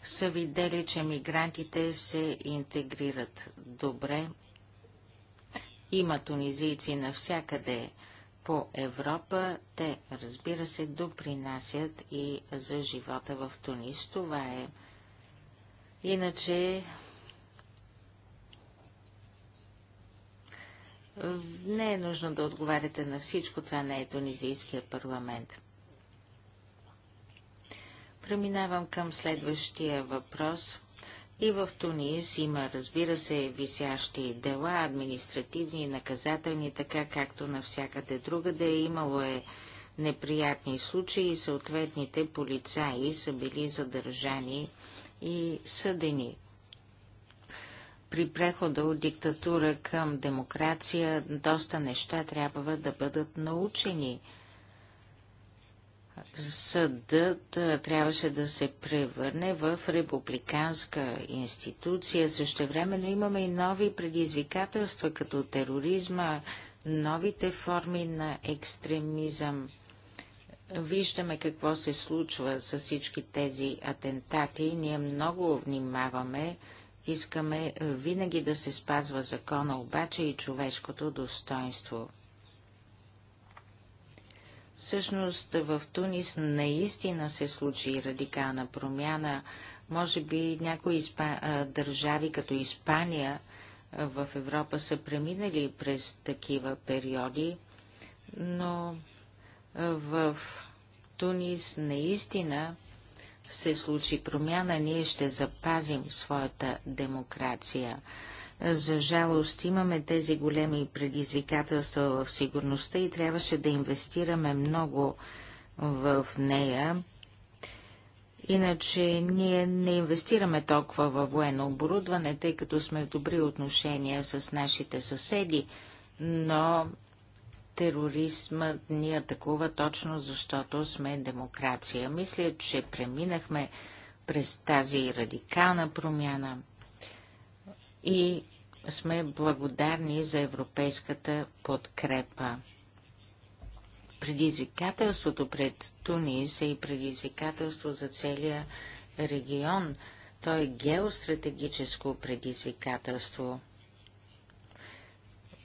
са видели, че мигрантите се интегрират добре. Има тунизийци навсякъде по Европа. Те, разбира се, допринасят и за живота в Тунис. Това е. Иначе Не е нужно да отговаряте на всичко, това не е тунизийския парламент. Преминавам към следващия въпрос. И в Тунис има, разбира се, висящи дела, административни и наказателни, така както навсякъде другаде. Да имало е неприятни случаи и съответните полицаи са били задържани и съдени. При прехода от диктатура към демокрация доста неща трябва да бъдат научени – съдът трябваше да се превърне в републиканска институция. Също времено имаме и нови предизвикателства, като тероризма, новите форми на екстремизъм. Виждаме какво се случва с всички тези атентати. Ние много внимаваме. Искаме винаги да се спазва закона, обаче и човешкото достоинство. Всъщност в Тунис наистина се случи радикална промяна. Може би някои изпа... държави, като Испания, в Европа са преминали през такива периоди, но в Тунис наистина се случи промяна, ние ще запазим своята демокрация. За жалост имаме тези големи предизвикателства в сигурността и трябваше да инвестираме много в нея. Иначе ние не инвестираме толкова във военно оборудване, тъй като сме в добри отношения с нашите съседи, но тероризмът ни атакува точно защото сме демокрация. Мисля, че преминахме през тази радикална промяна – и сме благодарни за европейската подкрепа. Предизвикателството пред Тунис е и предизвикателство за целия регион. То е геостратегическо предизвикателство.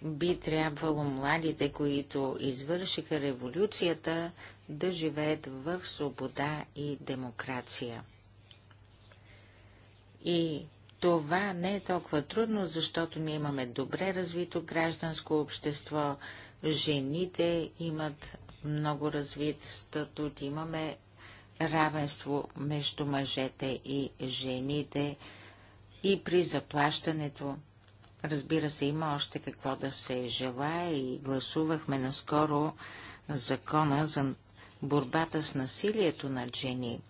Би трябвало младите, които извършиха революцията, да живеят в свобода и демокрация. И това не е толкова трудно, защото ние имаме добре развито гражданско общество, жените имат много развит статут, имаме равенство между мъжете и жените и при заплащането. Разбира се, има още какво да се желая и гласувахме наскоро закона за борбата с насилието над жени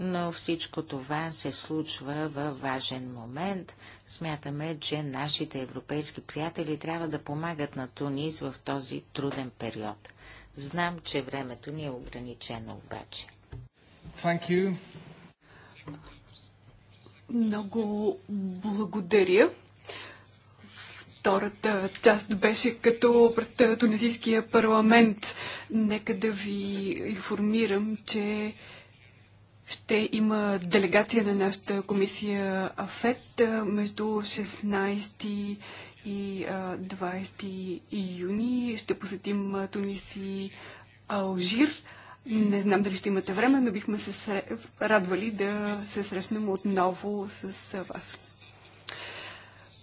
но всичко това се случва във важен момент. Смятаме, че нашите европейски приятели трябва да помагат на Тунис в този труден период. Знам, че времето ни е ограничено обаче. Thank you. Много благодаря. Втората част беше като пред Тунизийския парламент. Нека да ви информирам, че ще има делегация на нашата комисия АФЕТ между 16 и 20 юни. Ще посетим Тунис и Алжир. Не знам дали ще имате време, но бихме се радвали да се срещнем отново с вас.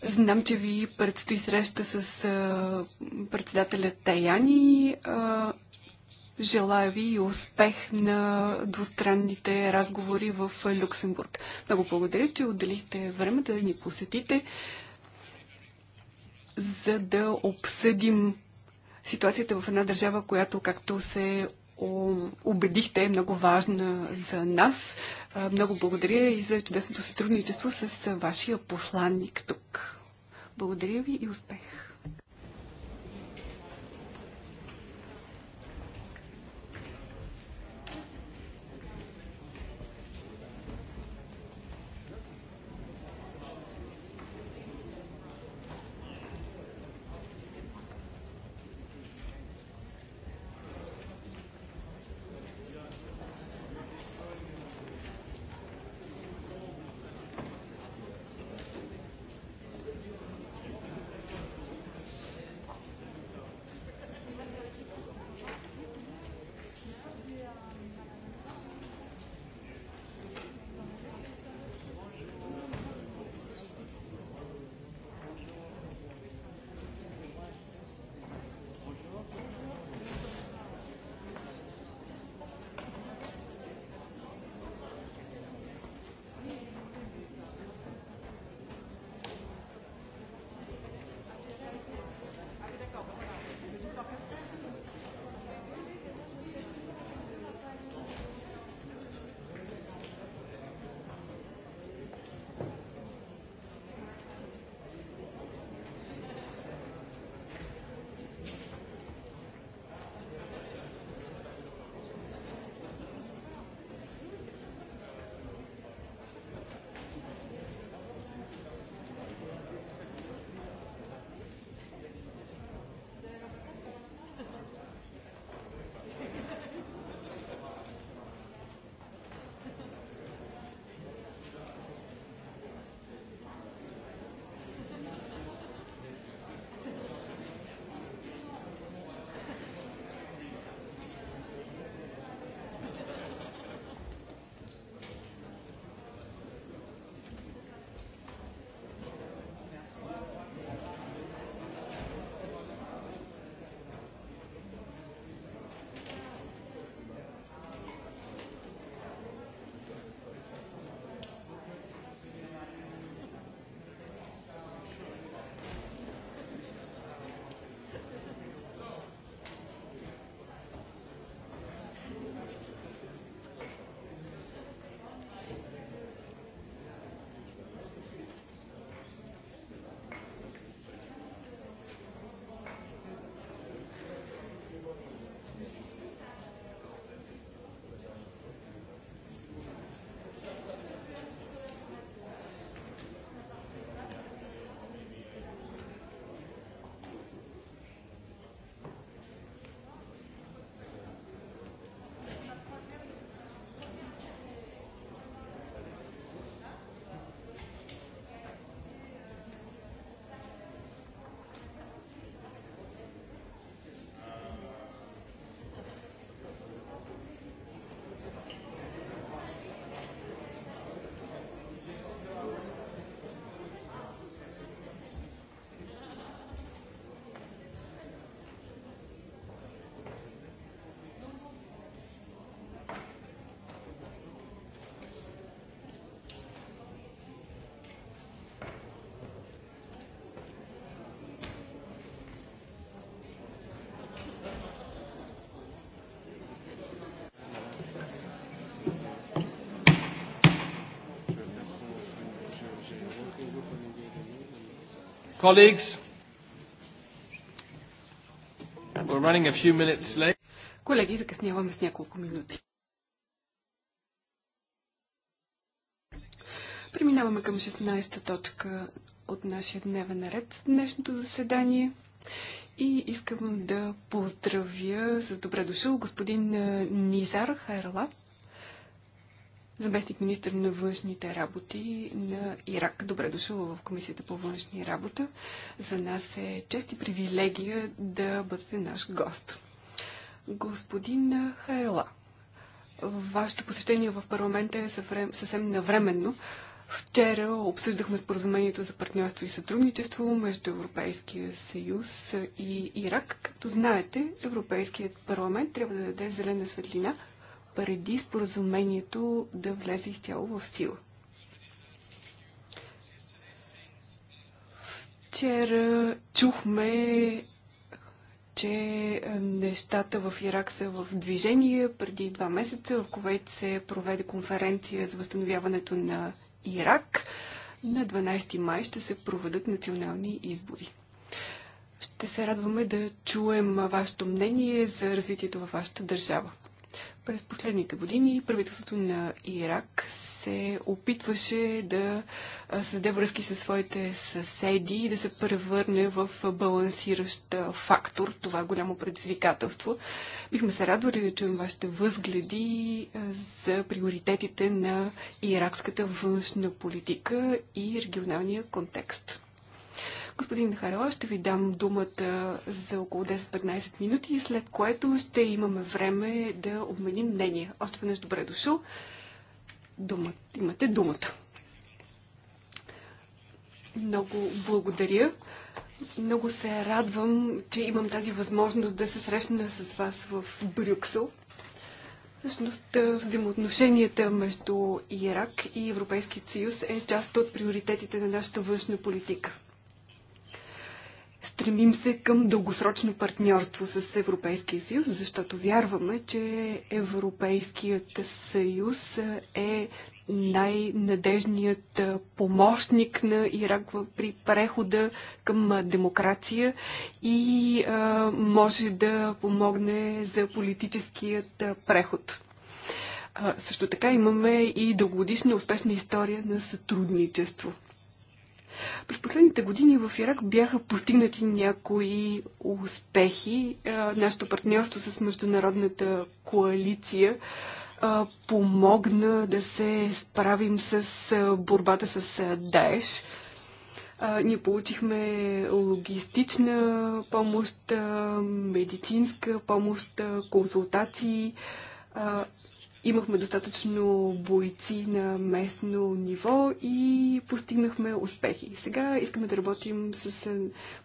Знам, че ви предстои среща с председателя Таяни Желая ви успех на двустранните разговори в Люксембург. Много благодаря, че отделихте време да ни посетите, за да обсъдим ситуацията в една държава, която, както се убедихте, е много важна за нас. Много благодаря и за чудесното сътрудничество с вашия посланник тук. Благодаря ви и успех! Колеги, закъсняваме с няколко минути. Преминаваме към 16-та точка от нашия дневен наред днешното заседание. И искам да поздравя с добре дошъл господин Низар Хайрала, заместник министр на външните работи на Ирак. Добре дошъл в Комисията по външни работа. За нас е чест и привилегия да бъдете наш гост. Господин Хайла, вашето посещение в парламента е съвсем навременно. Вчера обсъждахме споразумението за партньорство и сътрудничество между Европейския съюз и Ирак. Както знаете, Европейският парламент трябва да даде зелена светлина преди споразумението да влезе изцяло в сила. Вчера чухме, че нещата в Ирак са в движение. Преди два месеца в Ковейт се проведе конференция за възстановяването на Ирак. На 12 май ще се проведат национални избори. Ще се радваме да чуем вашето мнение за развитието във вашата държава. През последните години правителството на Ирак се опитваше да създаде връзки със своите съседи и да се превърне в балансиращ фактор. Това голямо предизвикателство. Бихме се радвали да чуем вашите възгледи за приоритетите на иракската външна политика и регионалния контекст. Господин Харола, ще ви дам думата за около 10-15 минути, след което ще имаме време да обменим мнение. Още веднъж добре дошъл. Дума, имате думата. Много благодаря. Много се радвам, че имам тази възможност да се срещна с вас в Брюксел. Всъщност, взаимоотношенията между Ирак и Европейският съюз е част от приоритетите на нашата външна политика. Стремим се към дългосрочно партньорство с Европейския съюз, защото вярваме, че Европейският съюз е най-надежният помощник на Ирак при прехода към демокрация и а, може да помогне за политическият преход. А, също така имаме и дългогодишна успешна история на сътрудничество – през последните години в Ирак бяха постигнати някои успехи. Нашето партньорство с международната коалиция помогна да се справим с борбата с Даеш. Ние получихме логистична помощ, медицинска помощ, консултации Имахме достатъчно бойци на местно ниво и постигнахме успехи. Сега искаме да работим с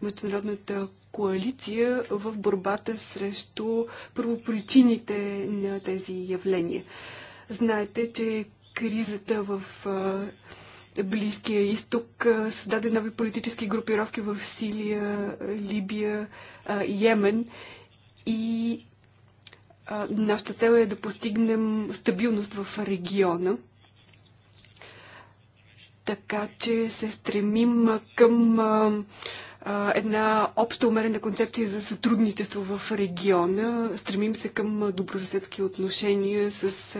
международната коалиция в борбата срещу първопричините на тези явления. Знаете, че кризата в Близкия изток създаде нови политически групировки в Силия, Либия, Йемен и Нашата цел е да постигнем стабилност в региона, така че се стремим към една обща умерена концепция за сътрудничество в региона. Стремим се към добросъседски отношения с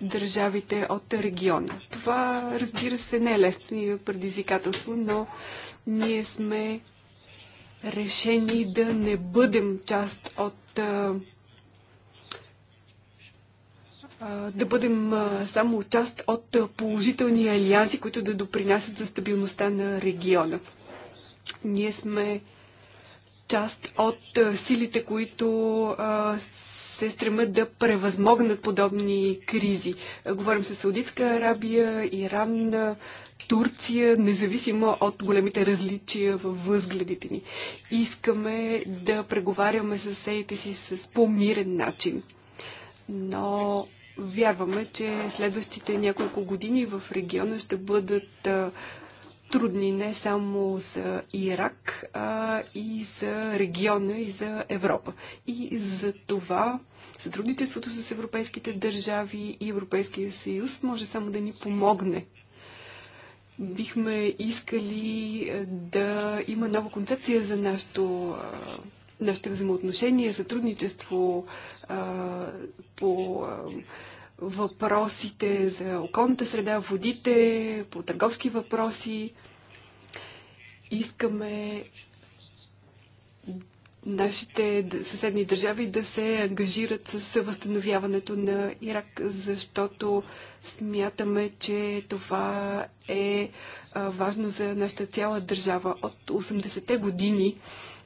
държавите от региона. Това, разбира се, не е лесно и е предизвикателство, но ние сме решени да не бъдем част от да бъдем само част от положителни алианси, които да допринасят за стабилността на региона. Ние сме част от силите, които се стремят да превъзмогнат подобни кризи. Говорим с Саудитска Арабия, Иран, Турция, независимо от големите различия във възгледите ни. Искаме да преговаряме с сеите си с по-мирен начин. Но Вярваме, че следващите няколко години в региона ще бъдат трудни не само за Ирак, а и за региона и за Европа. И за това сътрудничеството с европейските държави и Европейския съюз може само да ни помогне. Бихме искали да има нова концепция за нашето нашите взаимоотношения, сътрудничество а, по а, въпросите за околната среда, водите, по търговски въпроси. Искаме нашите съседни държави да се ангажират с възстановяването на Ирак, защото смятаме, че това е важно за нашата цяла държава. От 80-те години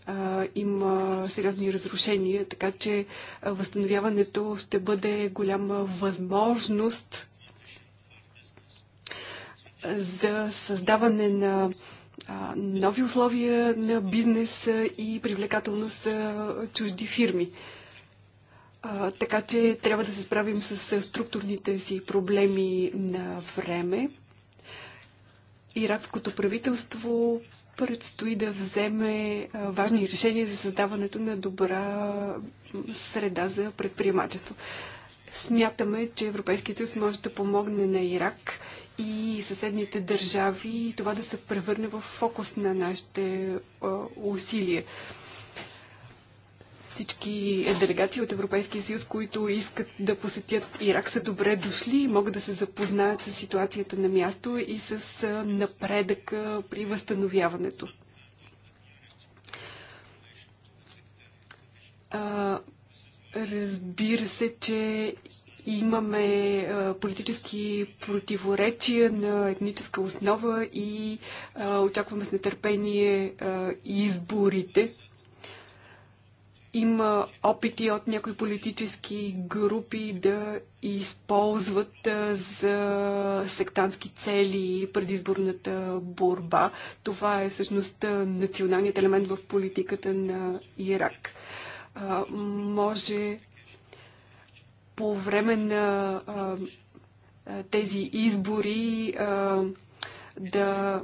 а, има сериозни разрушения, така че възстановяването ще бъде голяма възможност за създаване на а, нови условия на бизнес и привлекателност за чужди фирми. А, така че трябва да се справим с структурните си проблеми на време. Иракското правителство предстои да вземе важни решения за създаването на добра среда за предприемачество. Смятаме, че Европейският съюз може да помогне на Ирак и съседните държави и това да се превърне в фокус на нашите усилия. Всички делегации от Европейския съюз, които искат да посетят Ирак, са добре дошли и могат да се запознаят с ситуацията на място и с напредъка при възстановяването. А, разбира се, че имаме а, политически противоречия на етническа основа и а, очакваме с нетърпение а, изборите. Има опити от някои политически групи да използват за сектантски цели предизборната борба. Това е всъщност националният елемент в политиката на Ирак. Може по време на тези избори да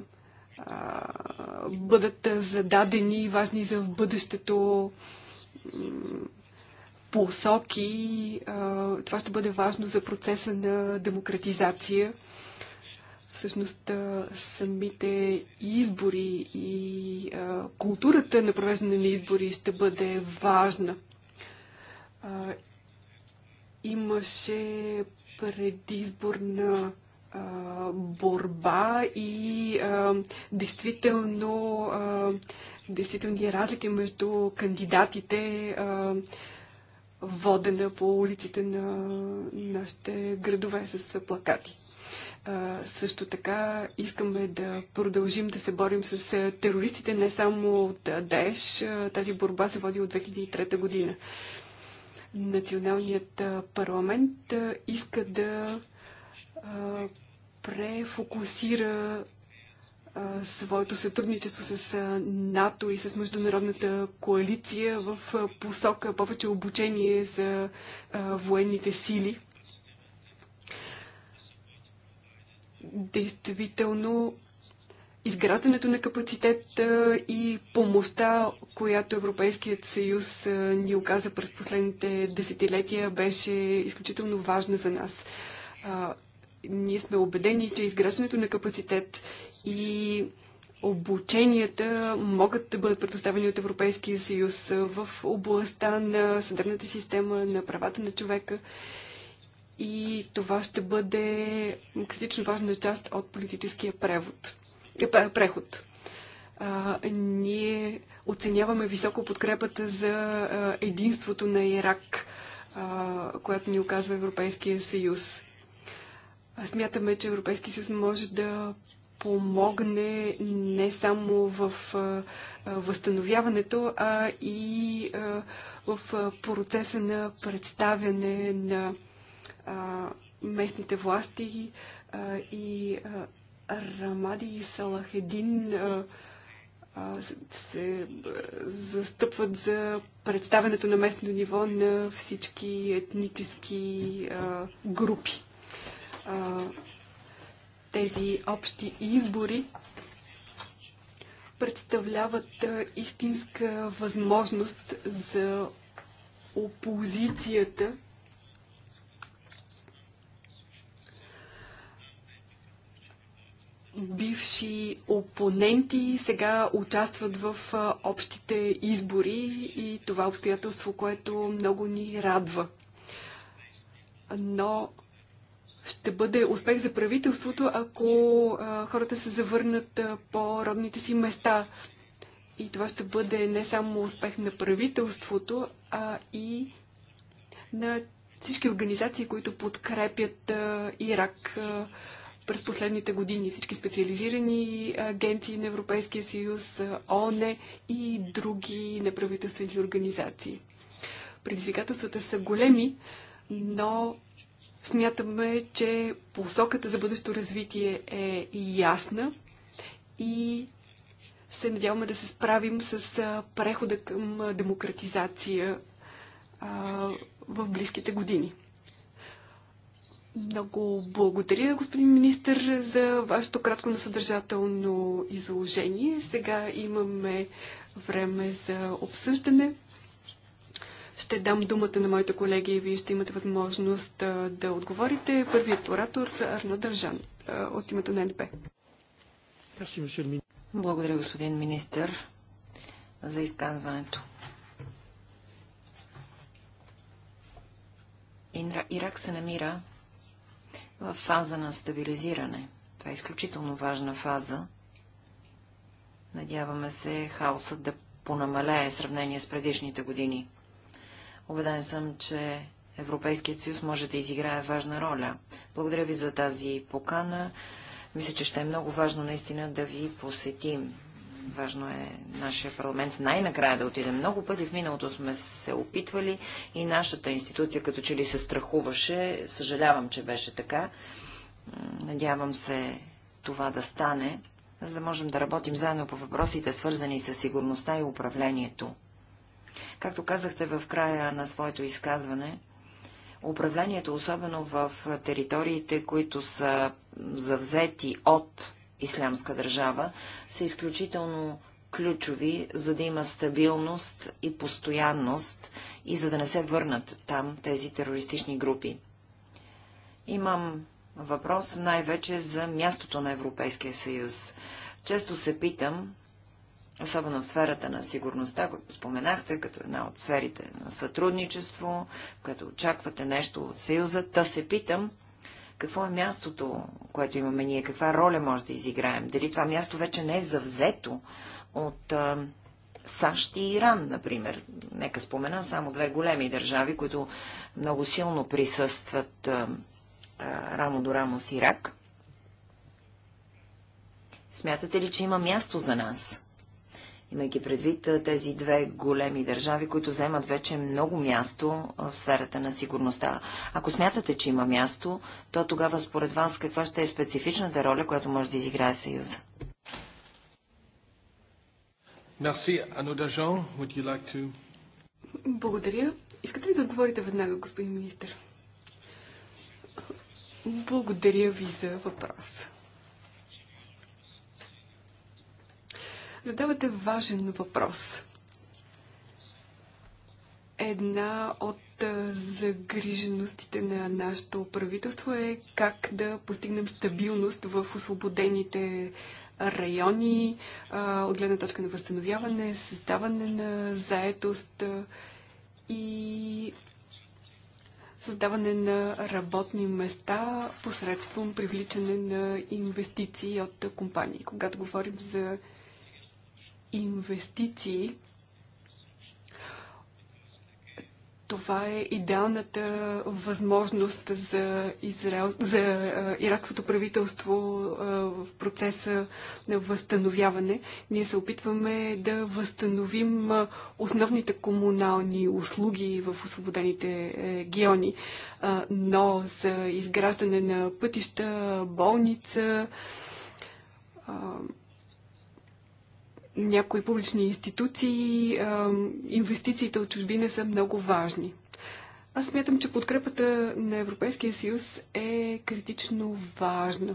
бъдат зададени важни за бъдещето посоки. Това ще бъде важно за процеса на демократизация. Всъщност самите избори и културата на провеждане на избори ще бъде важна. Имаше предизборна борба и действително действителни разлики между кандидатите, водена по улиците на нашите градове с плакати. Също така искаме да продължим да се борим с терористите, не само от ДЕш. Тази борба се води от 2003 година. Националният парламент иска да префокусира а, своето сътрудничество с а, НАТО и с международната коалиция в а, посока повече обучение за а, военните сили. Действително, изграждането на капацитет и помощта, която Европейският съюз ни оказа през последните десетилетия, беше изключително важна за нас. Ние сме убедени, че изграждането на капацитет и обученията могат да бъдат предоставени от Европейския съюз в областта на съдебната система, на правата на човека. И това ще бъде критично важна част от политическия превод, е, преход. А, ние оценяваме високо подкрепата за единството на Ирак, а, която ни оказва Европейския съюз Смятаме, че Европейски съюз може да помогне не само в възстановяването, а и в процеса на представяне на местните власти и Рамади и Салахедин се застъпват за представянето на местно ниво на всички етнически групи а, тези общи избори представляват а, истинска възможност за опозицията бивши опоненти сега участват в общите избори и това обстоятелство, което много ни радва. Но ще бъде успех за правителството, ако хората се завърнат по родните си места. И това ще бъде не само успех на правителството, а и на всички организации, които подкрепят Ирак през последните години. Всички специализирани агенции на Европейския съюз, ОНЕ и други неправителствени организации. Предизвикателствата са големи, но Смятаме, че посоката за бъдещо развитие е ясна и се надяваме да се справим с прехода към демократизация в близките години. Много благодаря, господин министр, за вашето кратко насъдържателно изложение. Сега имаме време за обсъждане. Ще дам думата на моите колеги и вие ще имате възможност да отговорите. Първият оратор Арно Държан от името на НП. Благодаря, господин министър, за изказването. Ирак се намира в фаза на стабилизиране. Това е изключително важна фаза. Надяваме се хаосът да понамалее сравнение с предишните години. Обеден съм, че Европейският съюз може да изиграе важна роля. Благодаря ви за тази покана. Мисля, че ще е много важно наистина да ви посетим. Важно е нашия парламент най-накрая да отиде. Много пъти в миналото сме се опитвали и нашата институция като че ли се страхуваше. Съжалявам, че беше така. Надявам се това да стане, за да можем да работим заедно по въпросите, свързани с сигурността и управлението. Както казахте в края на своето изказване, управлението, особено в териториите, които са завзети от Ислямска държава, са изключително ключови, за да има стабилност и постоянност и за да не се върнат там тези терористични групи. Имам въпрос най-вече за мястото на Европейския съюз. Често се питам, особено в сферата на сигурността, което споменахте, като една от сферите на сътрудничество, като очаквате нещо от Съюза, да се питам, какво е мястото, което имаме ние, каква роля може да изиграем, дали това място вече не е завзето от а, САЩ и Иран, например. Нека спомена само две големи държави, които много силно присъстват а, а, рамо до рамо с Ирак. Смятате ли, че има място за нас? имайки предвид тези две големи държави, които заемат вече много място в сферата на сигурността. Ако смятате, че има място, то тогава според вас каква ще е специфичната роля, която може да изиграе Съюза? Merci, Would you like to... Благодаря. Искате ли да отговорите веднага, господин министр? Благодаря ви за въпроса. задавате важен въпрос. Една от загриженостите на нашето правителство е как да постигнем стабилност в освободените райони, от гледна точка на възстановяване, създаване на заетост и създаване на работни места посредством привличане на инвестиции от компании. Когато говорим за инвестиции. Това е идеалната възможност за, Израел, за иракското правителство в процеса на възстановяване. Ние се опитваме да възстановим основните комунални услуги в освободените е, региони, но за изграждане на пътища, болница, някои публични институции, инвестициите от чужбина са много важни. Аз смятам, че подкрепата на Европейския съюз е критично важна.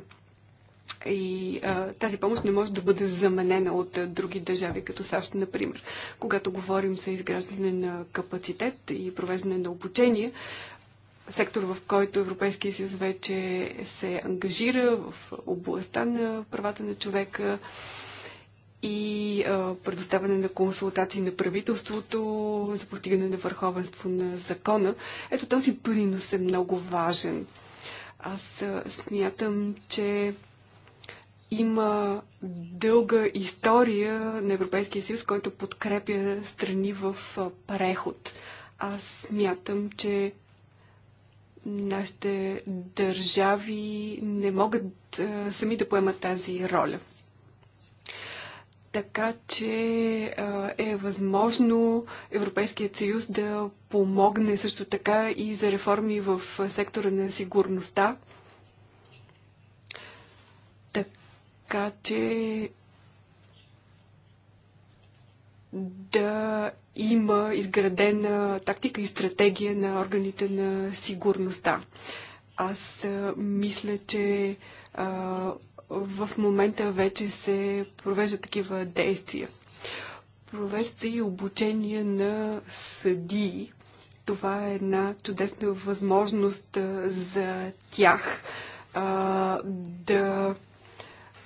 И а, тази помощ не може да бъде заменена от а, други държави, като САЩ, например. Когато говорим за изграждане на капацитет и провеждане на обучение, сектор, в който Европейския съюз вече се ангажира в областта на правата на човека, и а, предоставяне на консултации на правителството за постигане на върховенство на закона. Ето този принос е много важен. Аз а, смятам, че има дълга история на Европейския съюз, който подкрепя страни в а, преход. Аз смятам, че нашите държави не могат а, сами да поемат тази роля така че е възможно Европейският съюз да помогне също така и за реформи в сектора на сигурността. Така че да има изградена тактика и стратегия на органите на сигурността. Аз мисля, че в момента вече се провеждат такива действия. Провеждат се и обучение на съдии. Това е една чудесна възможност за тях а, да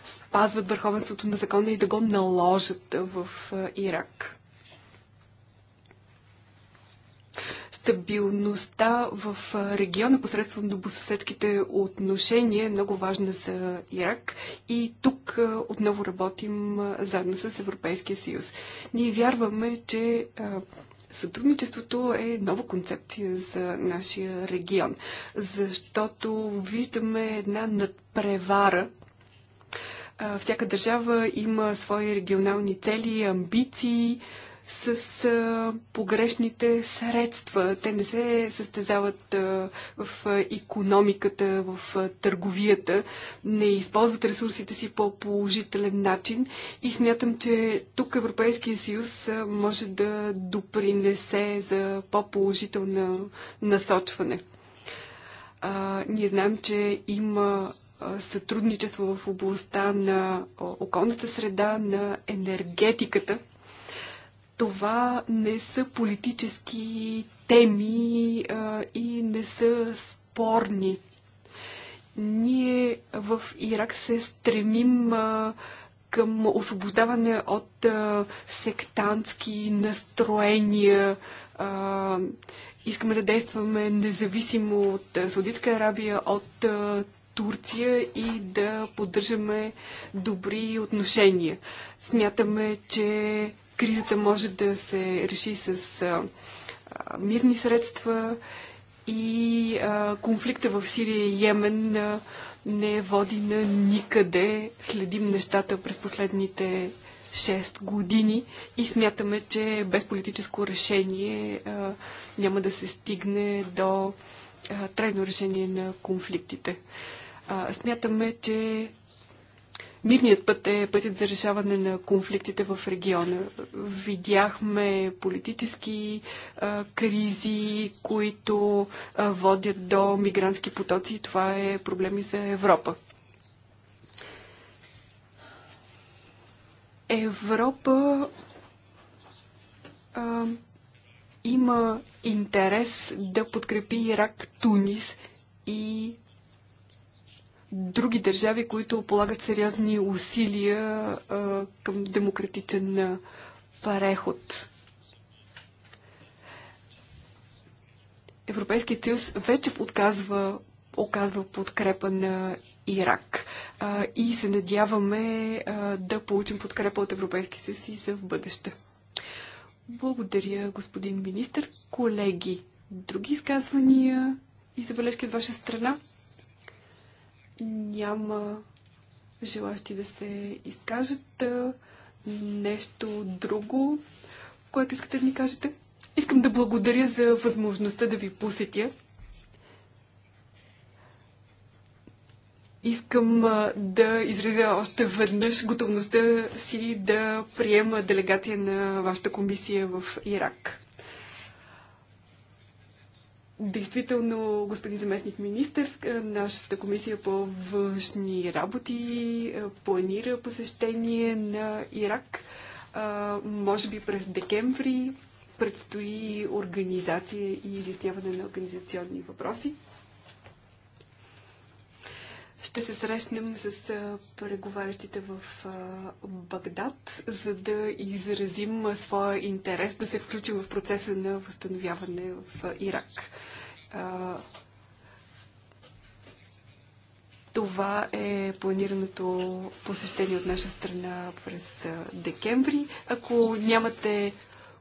спазват върховенството на закона и да го наложат в Ирак. стабилността в региона посредством добосъседските отношения е много важна за Ирак и тук отново работим заедно с Европейския съюз. Ние вярваме, че сътрудничеството е нова концепция за нашия регион, защото виждаме една надпревара всяка държава има свои регионални цели, амбиции, с а, погрешните средства. Те не се състезават а, в економиката, в а, търговията, не използват ресурсите си по положителен начин и смятам, че тук Европейския съюз а, може да допринесе за по-положително насочване. А, ние знаем, че има сътрудничество в областта на околната среда, на енергетиката това не са политически теми а, и не са спорни. Ние в Ирак се стремим а, към освобождаване от а, сектантски настроения. А, искаме да действаме независимо от Саудитска Арабия, от а, Турция и да поддържаме добри отношения. Смятаме, че кризата може да се реши с мирни средства и конфликта в Сирия и Йемен не води на никъде. Следим нещата през последните 6 години и смятаме, че без политическо решение а, няма да се стигне до а, трайно решение на конфликтите. А, смятаме, че Мирният път е пътят за решаване на конфликтите в региона. Видяхме политически а, кризи, които а, водят до мигрантски потоци и това е проблеми за Европа. Европа а, има интерес да подкрепи Ирак, Тунис и други държави, които полагат сериозни усилия а, към демократичен преход. Европейският съюз вече подказва, оказва подкрепа на Ирак а, и се надяваме а, да получим подкрепа от Европейския съюз и за в бъдеще. Благодаря, господин министр. Колеги, други изказвания и забележки от ваша страна? Няма желащи да се изкажат. Нещо друго, което искате да ни кажете? Искам да благодаря за възможността да ви посетя. Искам да изразя още веднъж готовността си да приема делегация на вашата комисия в Ирак. Действително, господин заместник министр, е, нашата комисия по външни работи е, планира посещение на Ирак. Е, може би през декември предстои организация и изясняване на организационни въпроси. Ще се срещнем с преговарящите в Багдад, за да изразим своя интерес да се включим в процеса на възстановяване в Ирак. Това е планираното посещение от наша страна през декември. Ако нямате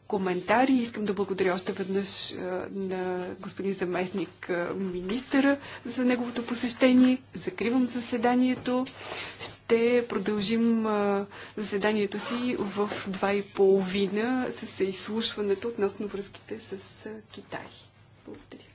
коментари. Искам да благодаря още веднъж на господин заместник министъра за неговото посещение. Закривам заседанието. Ще продължим заседанието си в 2.30 с изслушването относно връзките с Китай. Благодаря.